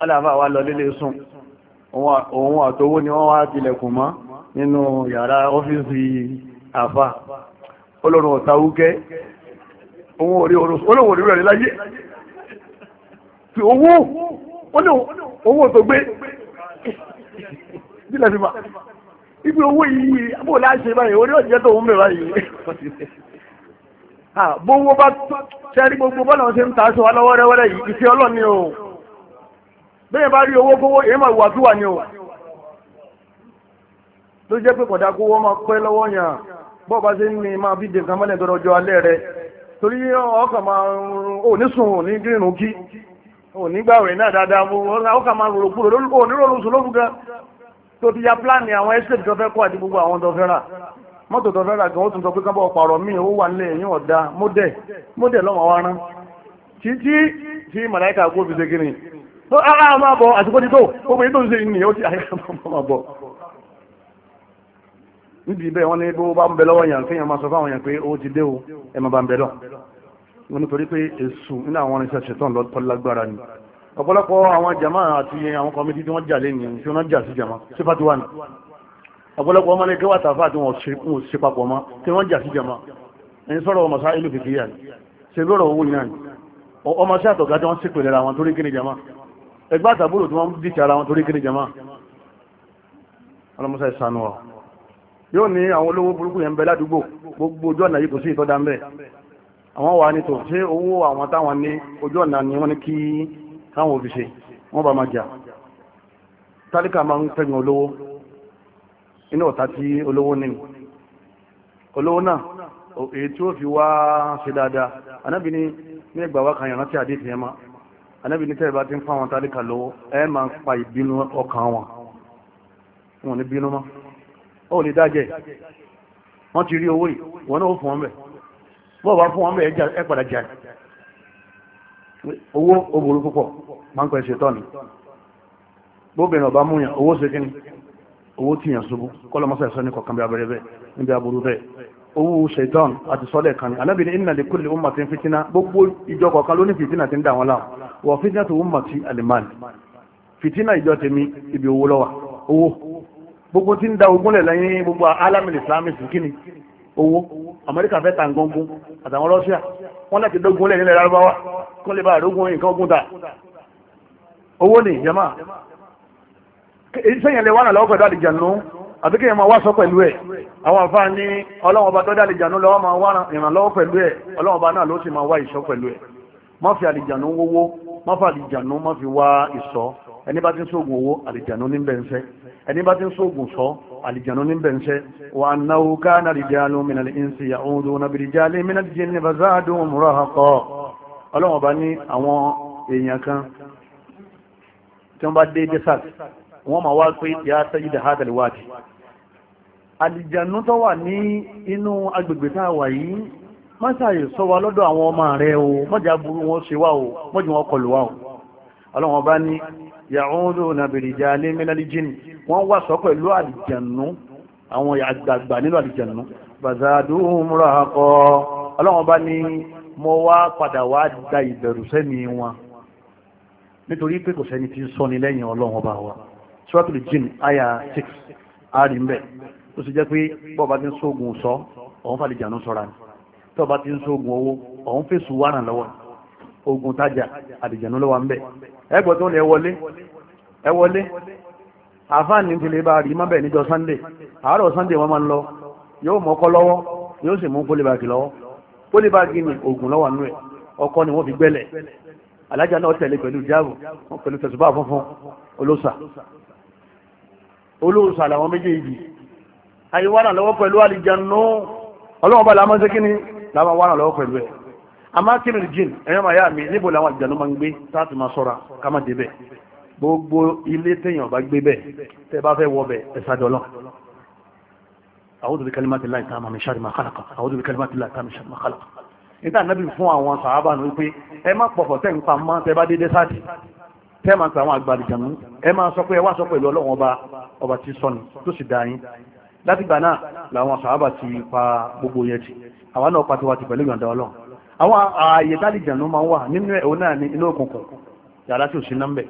aláàfà wa lọ lílé sùn òun àtowó ni wọ́n wá tilẹ̀kùn mọ́ nínú yàrá ọ́fíìsì àfà olórùn ọ̀tà wúkẹ́ òun òrí olóhùn láyé ti owó tó gbé ibi owó yìí bó láṣẹ báyìí orí ọ̀jẹ́ tó ń bẹ̀ báyìí gbogbo ah, bá sẹ́rí gbogbo bọ́lá ṣe ń ta aṣọ wa yìí ìfẹ́ ọlọ́ni o bẹ́ẹ̀ bá rí owó kówó èyí máa wà kíwà ni o ló jẹ́ pé kọ̀dá kó wọ́n máa pẹ́ lọ́wọ́ yàn bọ́ọ̀ bá ṣe ń ní máa mọ́lẹ̀ alẹ́ rẹ torí ọkàn máa tó ti ya pláàni àwọn estate tó fẹ́ kọ́ àti gbogbo àwọn tó fẹ́ rà mọ́tò tó fẹ́ rà gan ó tún sọ pé kábọ̀ pààrọ̀ míì ó wà nílé ẹ̀yìn ọ̀dà mọ́dẹ̀ mọ́dẹ̀ lọ́mọ wa rán títí tí màláìka kó fi ṣe kí ni tó ara máa bọ̀ àsìkò ti tó gbogbo yìí tó ń ṣe ni ó ti àyè máa bọ̀. níbi bẹ́ẹ̀ wọ́n ní bó bá ń bẹ lọ́wọ́ yàn kéèyàn máa sọ fáwọn yàn pé ó ti dé o ẹ̀ máa bá ń bẹ lọ. wọ́n nítorí pé èṣù nínú àwọn irinṣẹ́ ṣetán lọ́tọ́ lágbára ni ọ̀pọ̀lọpọ̀ àwọn jama àti àwọn kọmítí tí wọ́n jà lé nìyàn tí wọ́n jà sí jama sífàtí wà ní ọ̀pọ̀lọpọ̀ ọmọ ilé kẹwàá tàfà tí wọ́n ṣe papọ̀ mọ́ tí wọ́n jà sí jama ẹni sọ̀rọ̀ ọmọ sáà ìlú kìkì yà ní ṣe lọ́rọ̀ owó yìí náà ọmọ sí àtọ̀gá tí wọ́n sì pèlè àwọn torí kíni jama ẹgbẹ́ àtàbúrò tí wọ́n dì tara wọn torí kíni jama ọlọmọsá ìsànù ọ yóò ní àwọn olówó burúkú yẹn ń bẹ ládùúgbò gbogbo ojú ọ̀nà yìí kò sí ìtọ́jà ń bẹ àwọn wà ní tò ṣé owó àwọn táwọn ní ojú ọ̀nà ni wọ́n ní kí táwọn òbí ṣe wọ́n bá máa jà tálíkà máa ń tẹ́gbọ̀n olówó inú ọ̀tá tí olówó ní olówó náà èyí tí ó fi wá ṣe dáadáa anábì ní ẹgbà wá kan yàrántí àdéhìí ẹmá ní tẹ́ẹ̀bá ti ń fún tálíkà lówó ẹ máa pa ìbínú ọkàn wọn wọn bínú mọ́ ó ní dájẹ́ wọ́n ti rí owó yìí wọ́n náà fún wọn bẹ̀ bọ́ọ̀ bá fún wọn bẹ̀ ẹ padà owó obùrú púpọ̀ máa ń pẹ́ ṣetọ́ ni gbóbìnrin ọba múyàn owó ṣe kí ni owó tíyàn ṣubú kọ́lọ́mọ́sá ẹ̀sọ́ ní kọ̀kan bí abẹ́rẹ́ bẹ́ẹ̀ níbi aburú bẹ́ẹ̀ owó ṣetán àti sọ́lẹ̀ kan ni anábìrin inna li kulli ummatin fitina gbogbo ìjọ kọ̀ọ̀kan ló ní fitina ti ń dà wọn láà wọ fitina tó ummati al-mal fitina ìjọ tèmi ibi owó lọ́wà owó gbogbo tí ń da ogúnlẹ̀ lẹ́yìn gbogbo alámìlì islamist kí ni owó amẹ́ríkà fẹ́ ta nǹkan àtàwọn rọ́ṣíà wọ́n láti dógún lẹ̀ nílẹ̀ lárúbáwá kó lè bá àdógún nǹkan ogun ta owó ni ìjẹ́mà iṣẹ́ yẹn lè wà náà lọ́wọ́ pẹ̀lú àlìjànú àbí kí yẹn máa wá sọ pẹ̀lú ẹ̀ àwọn àfáà ní ọlọ́wọ́n ọba tọ́jú àlìjànú lọ́wọ́ máa wá ìrànlọ́wọ́ pẹ̀lú ẹ̀ ọlọ́wọ́n ọba náà ló sì máa wá ìṣọ́ pẹ̀lú ẹ̀ má fi àlìjànú wówó má fi àlìjànú má fi wá ìṣọ́ ẹni bá ti ń sóògùn owó àlìjànú ní bẹ́ẹ̀ ń fẹ́ ẹni bá ti ń àlìjànú níbẹ̀ ń ṣẹ́ wà náwó káàna rìjálù mìnàlì ìǹsì àwọn òdòwòna bìrìjálì mìnàlì jẹ́ ní bazádù múra ọkọ̀ ọlọ́wọ̀n bá ní àwọn èèyàn kan tí wọ́n bá dé desert wọ́n ma wá pé ya sẹ́yí da hadal wadi àlìjànú tó wà ní inú agbègbè tá a wà yìí má ṣàyè sọ wa lọ́dọ̀ àwọn ọmọ rẹ̀ o mọ́jà burú wọn ṣe wá o mọ́jà wọn kọlù wá o ọlọ́wọ̀n bá ní ya'uduna bi rijalin minal jinn wọ́n wà sọ pẹ̀lú àlìjànú àwọn àgbààgbà nínú àlìjànú bazaduhum rahaqa ọlọ́wọ́n bá ní mo wá padà wá da ìbẹ̀rù sẹ́mi wọn nítorí pé kò sẹ́ni tí ń sọ́ni lẹ́yìn ọlọ́wọ́n bá wa aya 6 àrí mbẹ́ tó sì jẹ́ pé bọ́ọ̀bá ti ń sóògùn sọ ọ̀hún fàlìjànú sọ́ra ni tọ́ọ̀bá ti ogun tajà àdìjànú ló wà ń bẹ̀ ẹgbẹ́ tó lè wọlé ẹ wọlé àfáàní ti lè bá rí má bẹ̀ níjọ sunday àárọ̀ sunday wọ́n máa ń lọ yóò mọ́kọ́ lọ́wọ́ yóò sì mú pólíbàgì lọ́wọ́ pólíbàgì ni oògùn lọ́wọ́ nú ẹ̀ ọkọ ni wọ́n fi gbẹ́lẹ̀ alájà náà tẹ̀lé pẹ̀lú jáàbù pẹ̀lú tẹ̀sùbá funfun olóòsà olóòsà làwọn méjèèjì àyíwá náà lọ́wọ́ pẹ̀lú àlìjànú ọlọ́wọ́n bá làwọn ṣe kíni làwọn wá amákìrì jìn ẹ̀yọ́ máa yá mi níbo làwọn àjànú máa ń gbé táàtì máa sọ́ra ká má débẹ̀ gbogbo ilé téèyàn bá gbé bẹ̀ tẹ́ bá fẹ́ wọ bẹ̀ ẹ̀sà dọ́lọ́ a'udhu bi kalimati llahi ta'ama min sharri ma khalaqa a'udhu bi kalimati llahi ta'ama min sharri ma khalaqa nígbà nábì fún àwọn sàábà ní wípé ẹ má pọ̀fọ̀ tẹ́ ń pa náà làwọn sàábà ti pa gbogbo yẹn ti àwa náà pa tiwa pẹ̀lú ìyọ̀ǹda ọlọ́run àwọn ààyè tálìjànú máa wà nínú ẹ̀ òun náà ní inú òkùnkùn yàrá tí ò sí nọ́mbẹ̀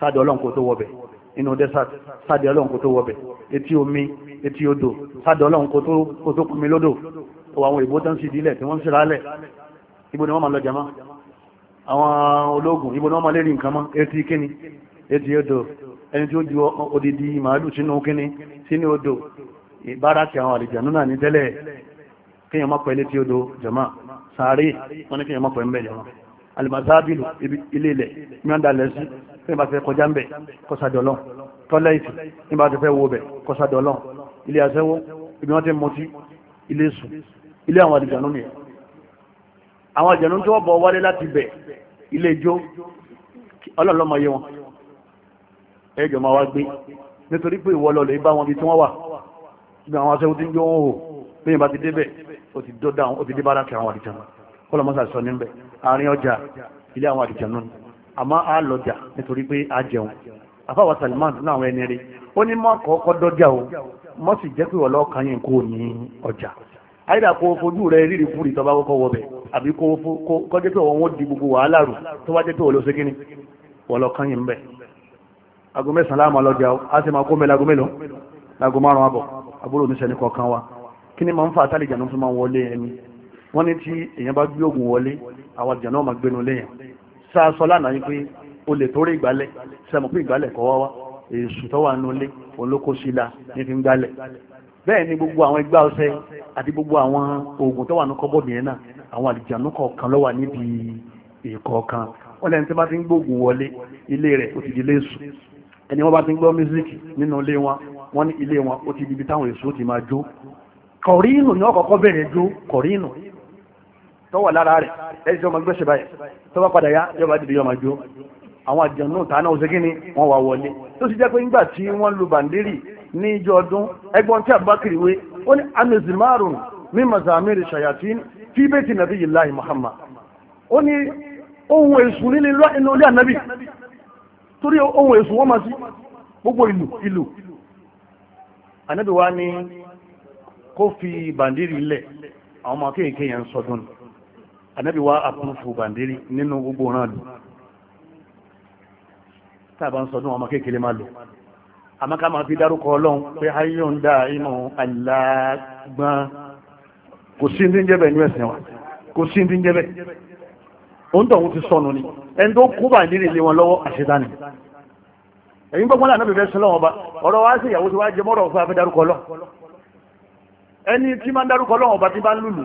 sáàdì ọlọ́nkò tó wọbẹ̀ inú desert sáàdì ọlọ́nkò tó wọbẹ̀ etí omi etí odò sáàdì ọlọ́nkò tó kúmi lódò ọwọ́ àwọn ìbò tó ń sì dílẹ̀ tí wọ́n ń sèrálẹ̀ ibo ni wọ́n máa lọ jama àwọn ológun ibo ni wọ́n máa lè rí nǹkan mọ́ etí kíni etí odò ẹni tí ó ju odidi màálù sínú kíni sínú odò ìbára ti àwọn àlìjànú náà ní tẹ́lẹ̀ kéèyàn má pẹ́ létí odò jama sàárè wọn ní kí ẹmọ pẹ̀ ń bẹ̀lẹ̀ wọn alìmọ̀sáàbìlù ilé ilẹ̀ mìíràn dalẹ̀ sí ní bá ti fẹ́ kọjá ń bẹ̀ kọsàdọ̀lọ́ tọ́lẹ́ìtì ní bá ti fẹ́ wo bẹ̀ kọsàdọ̀lọ́ ilé àṣẹwó ibi wọ́n ti mọtí ilé sùn ilé àwọn àdìjànú nìyẹn àwọn àdìjànú tó bọ̀ wálé láti bẹ̀ ilé ijó ọlọ́lọ́mọ yé wọn ẹjọ́ máa wá gbé nítorí pé ìwọ bá wọn bí tí wọ́n wà ibi àwọn aṣẹ́wó ti ń jó wọn hò bí ìbá ti débẹ̀ ó ti dọ́dá ó ti dé bára kí àwọn àdìjànú kọ́lọ́mọ́sà sọ níbẹ̀ àárín ọjà ilé àwọn àdìjànú ni àmọ́ a lọ́jà nítorí pé a jẹun àfáwà Salman náà àwọn ẹni rí ó ní mọ́ àkọ́kọ́ dọ́jà o mọ́ sì jẹ́ pé wọ́n lọ́ọ̀kan yẹn kò ní ọjà àyídà kó o fojú rẹ rírì fúri tó bá kọ́kọ́ wọbẹ̀ àbí kó o kọ́ jẹ́ pé wọ́n wọ́n di gbogbo wàhálà rù tó bá jẹ́ pé wọ́n lọ sí án láàmú ọlọ́jà o a sì máa kó mẹ́lẹ̀ ago mélòó láago márùn-ún àbúrò oníṣẹ́ ní kọ̀ọ̀kan wa kí ni máa ń fa àtàlẹ̀ ìjànà fún máa ń wọlé ẹni wọ́n ní tí èèyàn bá gbé ògùn wọlé àwọn ìjànà ọmọ gbénu léyàn sáà sọ lánàá yìí pé o lè torí ìgbálẹ̀ sẹ́mu pé ìgbálẹ̀ kọ́ wá wá èsù tó wà nulẹ̀ olókòsílà ní fi ń gbálẹ̀ bẹ́ẹ̀ ni gbogbo àwọn igbá ọṣẹ àti gbogbo àwọn oògùn tó wà ní kọ́bọ̀dù yẹn náà àwọn àlìjànú kọ̀ọ̀kan ló wà níbi ìkọ̀ọ̀kan wọ́n lẹ́nu tí wọ́n bá ti ń gbóògùn wọlé ilé rẹ̀ ó ti di léṣù ẹni wọ́n bá ti ń gbọ́ mísíkì nínú ilé wọn wọ́n ní ilé wọn ó ti di ibi táwọn èso ti máa jó kọ̀rínù ni ọkọkọ bẹ̀rẹ̀ ju kọ̀rínù tó wà lára rẹ̀ ẹ̀sì tí wọ́n máa gbẹ́sẹ̀ báyìí tó bá padà yá yọba dìde yọma jó àwọn tàánà kí ni wọ́n wà wọlé tó sì jẹ́ pé nígbà tí wọ́n lu bàndírì ní ìjọ ọdún ẹgbọ́n tí wé ó ní ní muhammad ó ní ohun inú ilé ànábì torí ohun wọ́n sí kó fi bàndírì lẹ̀ àwọn ọmọ kéèké yẹn ń sọdún ni anábì wá àpọ́nfù bàndírì nínú gbogbo náà lò tàbá ń sọdún ọmọ kéèké lè máa lò àmọ́ ká máa fi dárúkọ ọlọ́run pé ayé ń dá inú alágbọ́n kò sí ní jẹ́bẹ̀ ní ẹ̀sìn wa kò sí ní jẹ́bẹ̀ òun tọ̀hún ti sọnù ni ẹni tó kú bàndírì lé wọn lọ́wọ́ àṣetánì ẹ̀yin gbọ́gbọ́n lànà bẹ̀rẹ̀ sọlọ́wọ́n ọba ọ̀rọ̀ wa sí ìyàwó tí wàá jẹ mọ́rọ̀ fún afẹ́dárúkọ ọlọ́run ẹni tí máa ń dárúkọ lọ́wọ́ ọba tí bá ń lùlù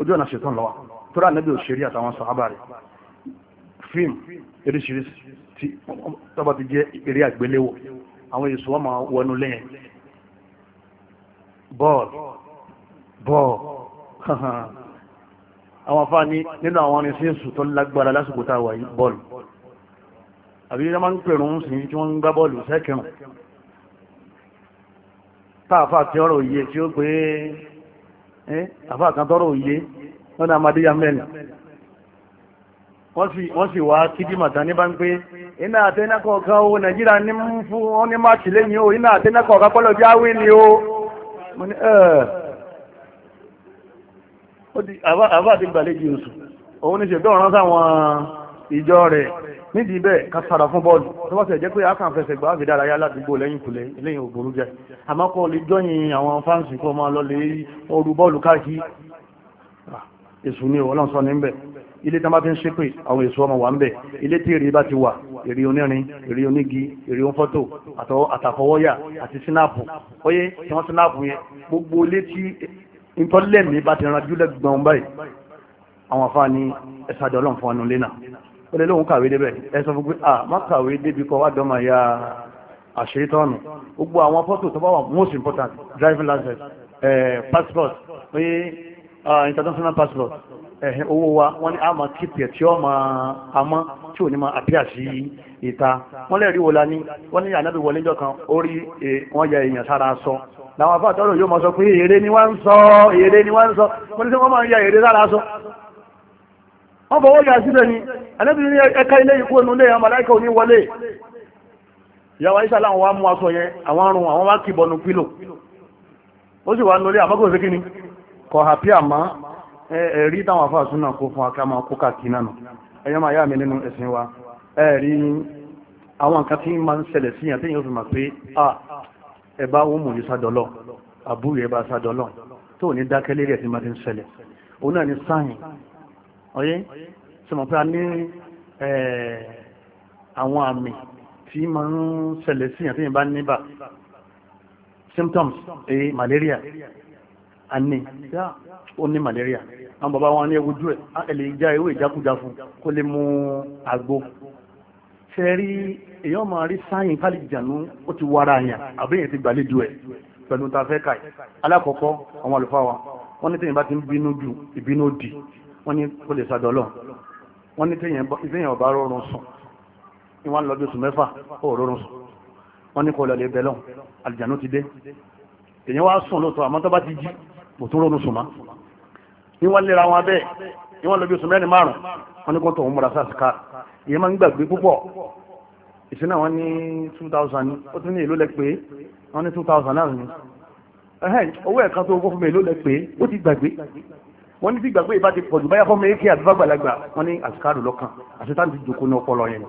ojú ọ̀nà ṣetán lọ́wọ́ tó rà níbi òṣèré àtàwọn sàhábà rẹ̀ fíìmù eréṣiríṣi tí tọ́ba ti jẹ́ eré àgbéléwò àwọn èso wọn máa wọnú lẹ́yìn bọ́ọ̀lù bọ́ọ̀lù àwọn afá ní nínú àwọn arìnrìn sí tó lágbára lásìkò tá yìí bọ́ọ̀lù àbí wọ́n máa ń pèrún sí tí wọ́n ń gbá bọ́ọ̀lù sẹ́kẹ̀rùn táàfà tí ọ̀rọ̀ òye tí ó pé àfà kan tọ́rọ̀ òye wọ́n ní amadéyà wọ́n sì wá kíkí màtà ní bá ń pé iná àtẹ́nàkọ̀ kan o nàìjíríà ní fún wọn ní o iná àtẹ́nàkọ̀ kan pọ́lọ̀ nídìí bẹ́ẹ̀ ká sára fún bọ́ọ̀lù tó bá tẹ̀ jẹ́ pé akàn fẹsẹ̀ gbá fi dárayá ládùúgbò lẹ́yìn kùlẹ̀ lẹ́yìn ògbòrú jẹ́ àmọ́ kọ́ lè jọ́yìn àwọn fáǹsì kọ́ máa lọ lè ooru bọ́ọ̀lù káàkiri ah, èṣù ni ọlọ́run sọ níbẹ̀ ilé tán bá ti ń ṣépè àwọn èṣù ọmọ wà ń bẹ̀ ilé tí èrè bá ti wà èrè onírin èrè onígi èrè onfọ́tò àtàkọwọ́yà àti sínáàpù oyé tí wọ́n afáà ní ẹ̀sàdọ́lọ́n fún ọnù lẹ́nà ó lè lóun kàwé débẹ̀ ẹ sọ fún pé à má kàwé débi kọ wá dọ́mà ya àṣeyítọ́nù gbogbo àwọn fọ́tò tó bá wà most important driving license eh, passport oye uh, international passport ẹ̀hìn owó wa wọ́n ní a máa kíp ẹ̀ tí ó máa amọ́ tí ò ní máa àpíà sí ìta wọ́n lẹ́rí wo la ní wọ́n ní ànábì wọlé jọ kan orí wọ́n yẹ èèyàn sára sọ làwọn afáàtọ́rọ̀ yóò máa sọ pé èrè ni wọ́n ń sọ èrè ni wọ́n ń sọ wọ́n ní sọ wọ́n máa ń ya èrè sára sọ wọ́n bụ wọ́n yà síbẹ̀ ni Ànábì ní ẹka ilé ikú ẹnu lé àwọn màláìkà ò wọlé ìyàwó Àìṣà láwọn wá mú aṣọ yẹn àwọn arùn àwọn wá kì bọnu pílò ó sì wá ń lórí àmọ́kò sí kíni kọ̀ hàpí àmá ẹ̀rí táwọn afá súnà kó fún aká kó káàkiri náà ẹ̀yọ́ máa yá mi nínú ẹ̀sìn wa ẹ̀rí àwọn nǹkan tí máa ń ṣẹlẹ̀ sí yàn pé à mú àbúrò tó ní tí máa ti ń ọyẹ́ sọmọ̀pá ní àwọn àmì tí ma ń ṣẹlẹ̀ sí àti ìbá níbà symptoms eh malaria àní ó ní malaria àwọn bàbá wọn ní ẹwùjú ẹ̀ ẹ̀lẹ̀ ìjá ewé ìjákújá fún kó lè mú àgbo ṣe rí èyàn máa rí sáyìn kálí ìjànú ó ti wára àyàn àbíyàn ti gbàlejò ẹ̀ pẹ̀lú ta fẹ́ káì alákọ̀ọ́kọ́ àwọn àlùfáà wa wọ́n ní tẹ̀yìn bá ti ń bínú ju ìbínú òdì wọ́n ní kó lè sádọ́ lọ wọ́n ní téèyàn ọba rọrùn sùn ní wọ́n lọ bí oṣù mẹ́fà ó rọrùn sùn wọ́n ní kó lọ lè bẹ̀ lọ àlìjànú ti dé èyàn wá sùn lóòótọ́ àmọ́ tó bá ti jí kò tún rọrùn sùn má ní wọ́n lera wọn abẹ́ ní wọ́n lọ bí oṣù mẹ́rin márùn wọ́n ní kó tó ń múra sásìkà ìyẹn máa ń gbàgbé púpọ̀ ìsinà wọn ní 2000 ó tún ní ìlú lẹ pé wọ́n ní 2000 náà ní owó ẹ̀ka tó ogún fún mi ìlú lẹ pé ó ti gbàgbé wọ́n ní tí gbàgbé ìbá ti pọ̀jù báyà fọ́mọ èké àbí bàgbàlagbà wọ́n ní àsìkárù lọ́kàn àṣetán ti jòkó ní ọpọlọ yẹn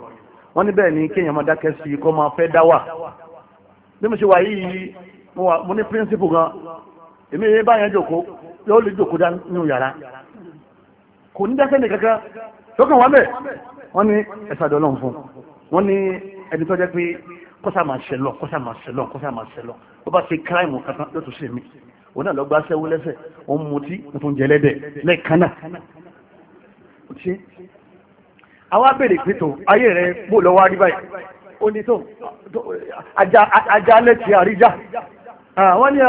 wọ́n ní bẹ́ẹ̀ ni kéèyàn máa dákẹ́ sí kọ́ máa fẹ́ dá wà bí mo ṣe wà yìí mo ní píríncípù gan èmi yẹn bá yẹn jòkó yóò lè jòkó nínú yàrá kò ní dákẹ́ nìkankan lọ́kàn wà bẹ́ẹ̀ wọ́n ní ẹ̀sà dọ́lọ́ fún wọ́n ní ẹni tó jẹ́ pé kọ́sà máa ṣẹlọ kọ́sà máa ṣẹlọ kọ́sà máa ṣẹlọ ó bá ṣe kíráìmù kankan yóò tún ṣe mí òun náà lọ gbá sẹ́wó lẹ́sẹ̀ òun mutí òun jẹ lẹ́dẹ̀ lẹ́ẹ̀kan náà àwa béèrè pé tó ayé rẹ bó lọ wá rí báyìí ó ní tó ajá lẹ́tì àríjà wọ́n ní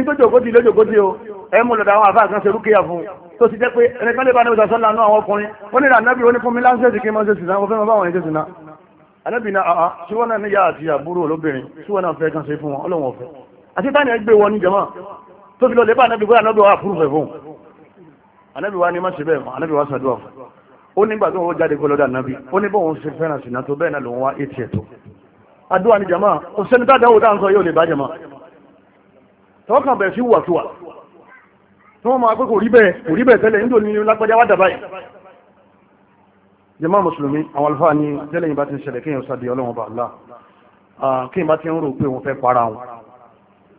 ìgbójòkóti lójòkóti o ẹ mú lọ́dọ̀ àwọn àfáà kan ṣe rúkìá fún un tó ti jẹ́ pé ẹnìkan lè bá ní ìsàsọ́ lánú àwọn ọkùnrin wọ́n ní ìrànlẹ́bí ó ní fún mi láńsẹ̀sì kí n máa ṣe sìnà mo fẹ́ máa bá wọn ṣe sìnà anábìnrin àà tí wọ́n náà níyà àti àbúrò olóbìnrin tí wọ́n náà fẹ́ kan ṣe fún wọn ọlọ́wọ́n ọ̀fẹ́ àti táni ẹgbẹ́ wọn ní jama tó fi lọ lébà anábì wọ́n anábì wọ́n àfúrúfẹ̀ fún anábì wọ́n ni má ṣe bẹ́ẹ̀ mọ́ anábì wọ́n ṣàdúrà fún ó nígbà tó wọ́n jáde kó lọ́dọ̀ anábì ó ní bọ́wọ́n ṣe fẹ́ràn sí nàtó bẹ́ẹ̀ náà lòun wá ètì ẹ̀tọ́ adúwà ní jama kò sẹ́ni tá dáwọ́ tá ń sọ yóò lè bá jama tọ́ kan bẹ̀rẹ̀ sí wùwàkiwà tí wọ́n máa pé kò rí bẹ́ẹ̀ kò rí bẹ́ẹ̀ tẹ́lẹ̀ nítorí lágbájá wá dàbá yìí mùsùlùmí àwọn alfáà ní tẹ́lẹ̀ yìí bá ti ń ṣẹlẹ̀ kéèyàn sáde ọlọ́run bá Allah ah, kéèyàn bá ti ń rò pé òun fẹ́ para wọn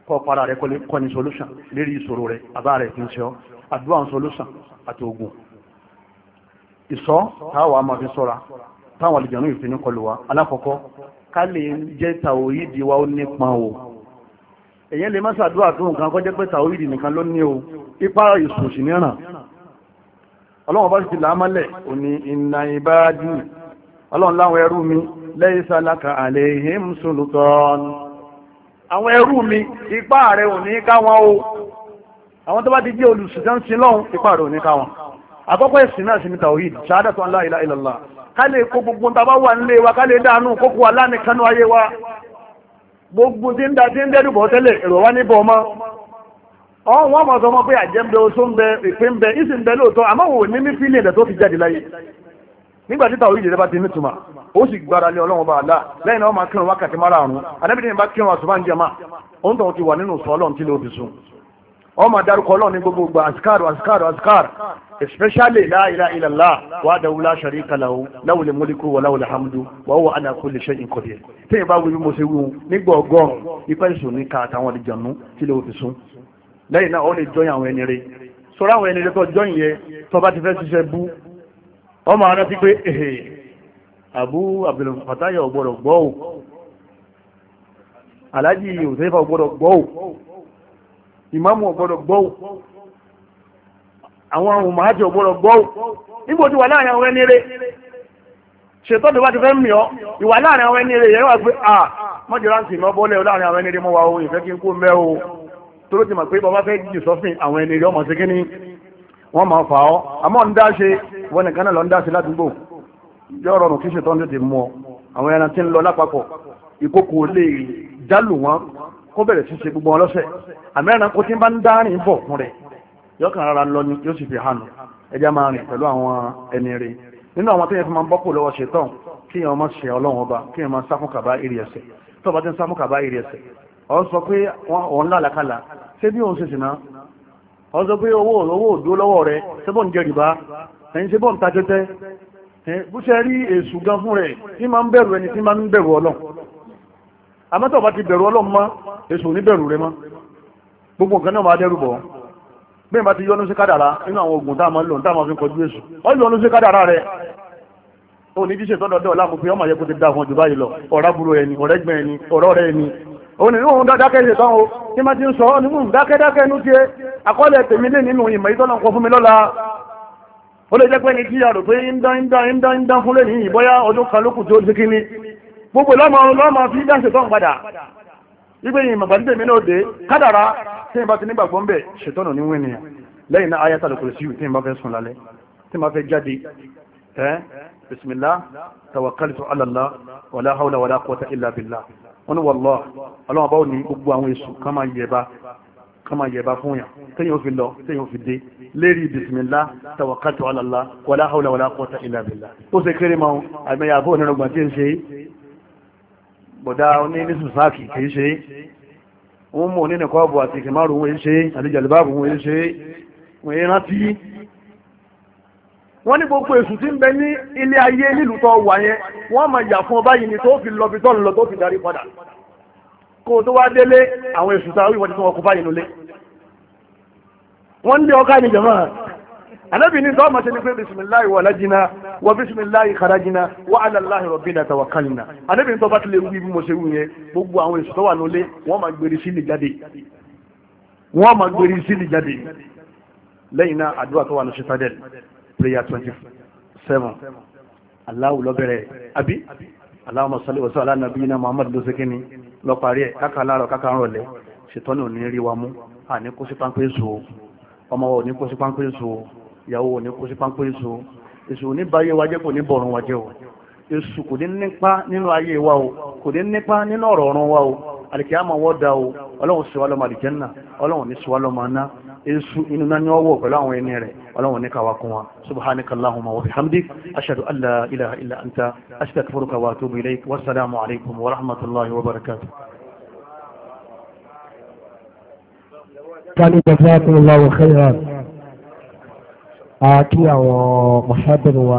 kọ́ ni solution lérí ìṣòro rẹ àbá rẹ̀ kì í ṣe àdúrà solution àti ogun ìṣọ́ táwa máa fi sọra táwọn àlejànú ìfin ní kọlù wa alákọ̀ọ́kọ́ ká lè wa ó nípa o èyàn lè má ṣàdúrà tó nǹkan kọ́ jẹ́ pé nìkan ló ní o ipa ìsòsì níràn ọlọ́run bá sì ti ìbáradì láwọn ẹrú mi lẹ́yìn sálákà àlẹ́ ìhìn àwọn ẹrú mi ipá rẹ̀ ò ní wọn o àwọn tó bá ti jẹ́ olùsùdán ipá rẹ̀ ò ní wọn àkọ́kọ́ ẹ̀sìn náà sí ní tawhid ṣáádàtú an ká lè kó gbogbo tàbá wà nílé wa ká lè dánú kókó wa ayé wa gbogbo tí ń da tí ń dẹ́rù tẹ́lẹ̀ èrò níbọ̀ ọmọ ọ̀hún mọ̀ ń bẹ ìpín nígbà títà orí ìjẹ̀dẹ́ bá ti nítumà ó sì gbára lé ọlọ́run bá àlá lẹ́yìn náà máa kírun wákàtí mara àrùn anábìrin bá kírun àṣùbá ń jẹma ó ń tàn ti wà nínú sọ ọlọ́run tí ló fi sun máa dárúkọ ọlọ́run ní gbogbo gba azkar azkar azkar especially la ilaha illallah wa dawu la sharika lahu lawul mulku wa lawul hamdu wa huwa ala kulli shay'in qadir tí ìbá wí mo ṣe wí nígbà ọgọ́rùn ipa ìṣòro ní ká àtàwọn ìjọ̀nú tí ló fi sun lẹ́yìn náà ó lè jọyìn àwọn ẹni rẹ sọ́ra àwọn ẹni rẹ tó jọyìn yẹ tó bá ti fẹ́ ṣiṣẹ́ bú ọmọ ara ti pé ehe àbú àbìlọ̀fàtáyà ọ̀gbọ̀rọ̀ gbọ́ọ̀ alájì òsèfà ọ̀gbọ̀rọ̀ gbọ́ọ̀ ìmáàmù ọ̀gbọ̀rọ̀ gbọ́ọ̀ àwọn ohun màájì ọ̀gbọ̀rọ̀ gbọ́ọ̀ nígbò tí wà láàrin àwọn ẹni rẹ̀ ṣètọ́ tó bá ti fẹ́ mì ọ́ ìwà láàrin àwọn ẹni rẹ̀ yẹn wà pé à mọ́jọ́ra ń sì mọ́ bọ́lẹ̀ láàrin àwọn ẹni rẹ̀ mọ́ o ìfẹ́ o tó ló ti mọ̀ pé bàbá fẹ́ jù wọ́n nìkan náà lọ ń dá sí ládùúgbò yóò rọrùn kí ṣètọ́ ń tètè ọ àwọn ẹran tí ń lọ lápapọ̀ ìkókò lè jálù wọn kó bẹ̀rẹ̀ sí ṣe gbogbo wọn lọ́sẹ̀ kó tí ń bá ń dá rìn bọ̀ fún rẹ̀ rárá lọ ni yóò sì fi hànú ẹja máa rìn pẹ̀lú àwọn ẹni rẹ̀ nínú àwọn tó yẹ máa ń lọ́wọ́ kí máa ṣe ọlọ́run ọba kí máa kàbá tó bá ti ń kàbá ọ sọ pé ọ sọ pé owó ẹ̀yin ṣe bọ́ ń ta tẹ́tẹ́ bó ṣe rí èṣù gan fún rẹ̀ tí máa ń bẹ̀rù ẹni tí máa ń bẹ̀rù ọlọ́run àmọ́ tó bá ti bẹ̀rù ọlọ́run mọ́ èṣù ní bẹ̀rù rẹ̀ mọ́ gbogbo nǹkan náà máa dẹ́rù bọ̀ bí ìbá ti yọnu sí kádàrá nínú àwọn oògùn táà máa ń lò táà máa fi kọjú èṣù ọ yọnu sí kádàrá rẹ̀ ó ní jíṣe tọ́dọ̀dọ̀ lámùfin ọmọ yẹn kó ti dá fún ọjọ́ báyìí lọ ọ̀rá burú ẹni ọ̀rẹ́gbẹ̀ẹ́ ẹni ọ̀rọ̀ rẹ̀ ẹni òun ni òun dákẹ́ ṣe tán o tí máa ti ń sọ ọ́ nínú dákẹ́dákẹ́ inú tiẹ̀ àkọọ́lẹ̀ tèmi lé nínú ìmọ̀ ìtọ́nà kan fún mi lọ́la ó lè jẹ́ pé ní kí àrò pé ìdán ìdán ìdán ìdán fún lẹ́yìn ìbọ́yá ọdún kan lókùn tó ṣe kíní gbogbo lọ́mọ lọ́mọ fi dáṣe tán padà wípé yìí màgbàdìdè mi náà dé kádàrá tí ìbá ti nígbàgbọ́ ń bẹ̀ ṣètọ́nà ní wíni lẹ́yìn náà ayátà lókùn sí tí ìbá fẹ́ sùn lálẹ́ tí kama yẹba fún yàn tẹ́yìn ó fi lọ tẹ́yìn ó fi dé lérí bisimilá tawakkaltu ala Allah wala hawla wala quwwata illa billah ó ṣe kéré ma àmẹ́yà àbó onírọ̀ gbà tí ń ṣe bọ̀dá oní ní sùsáàkì kì í ṣe wọ́n mú onínà kọ́ọ̀bù àti ìkìmáàrù wọ́n ṣe àdíjàlùbáàbù wọ́n ṣe wọ́n yẹn rántí wọ́n ní gbogbo èsù tí ń bẹ ní ilé ayé nílùú tó wà yẹn wọ́n máa yà fún ọ báyìí ni tó fi lọ tó ń lọ tó fi darí padà kó o tó wá délé àwọn èsù tá a rí wọ́n ti tún ọkọ̀ báyìí nulẹ̀ wọ́n lé ọkà ní jama anabi ní sọ́ọ́ màṣẹ́ ni pé bisimilayi wà lájínà wà bisimilayi kharajina wà alalahi rabbina tawakkalina anabi ní sọ́ọ́ bá tilẹ̀ wí bí mo ṣe wù yẹn gbogbo àwọn èso tó wà nílé wọ́n máa gbèrè sílẹ̀ jáde wọ́n máa gbèrè sílẹ̀ jáde lẹ́yìn náà àdúrà tó wà ní citadel prayer twenty seven aláwù lọ́bẹ̀rẹ̀ àbí aláwùmọ̀ sọ́lé wọ́sọ́ alánàbí náà muhammad ló sékè ní lọ́parí ẹ̀ káka láàrọ̀ káka ń ọmọ wọn ò ní kó sí páńpẹ́ èso ìyàwó ò ní kó sí páńpẹ́ èso èso ò ní bá ayé wa jẹ́ kò ní bọ̀rùn wa jẹ́ o èso kò ní nípa nínú ayé wa o kò ní nípa nínú ọ̀rọ̀ ọ̀run wa o àlìkíyàmọ̀ wọ́n da o ọlọ́run sì wá lọ́mọ àlìjẹ́nà ọlọ́run ní sì wá lọ́mọ aná èso inú náà ni wọ́n pẹ̀lú àwọn ẹni rẹ̀ ọlọ́run ní kàwá kún wa subhanaka wa bihamdik كانوا جزاكم الله خيرا اكيد آه، محبب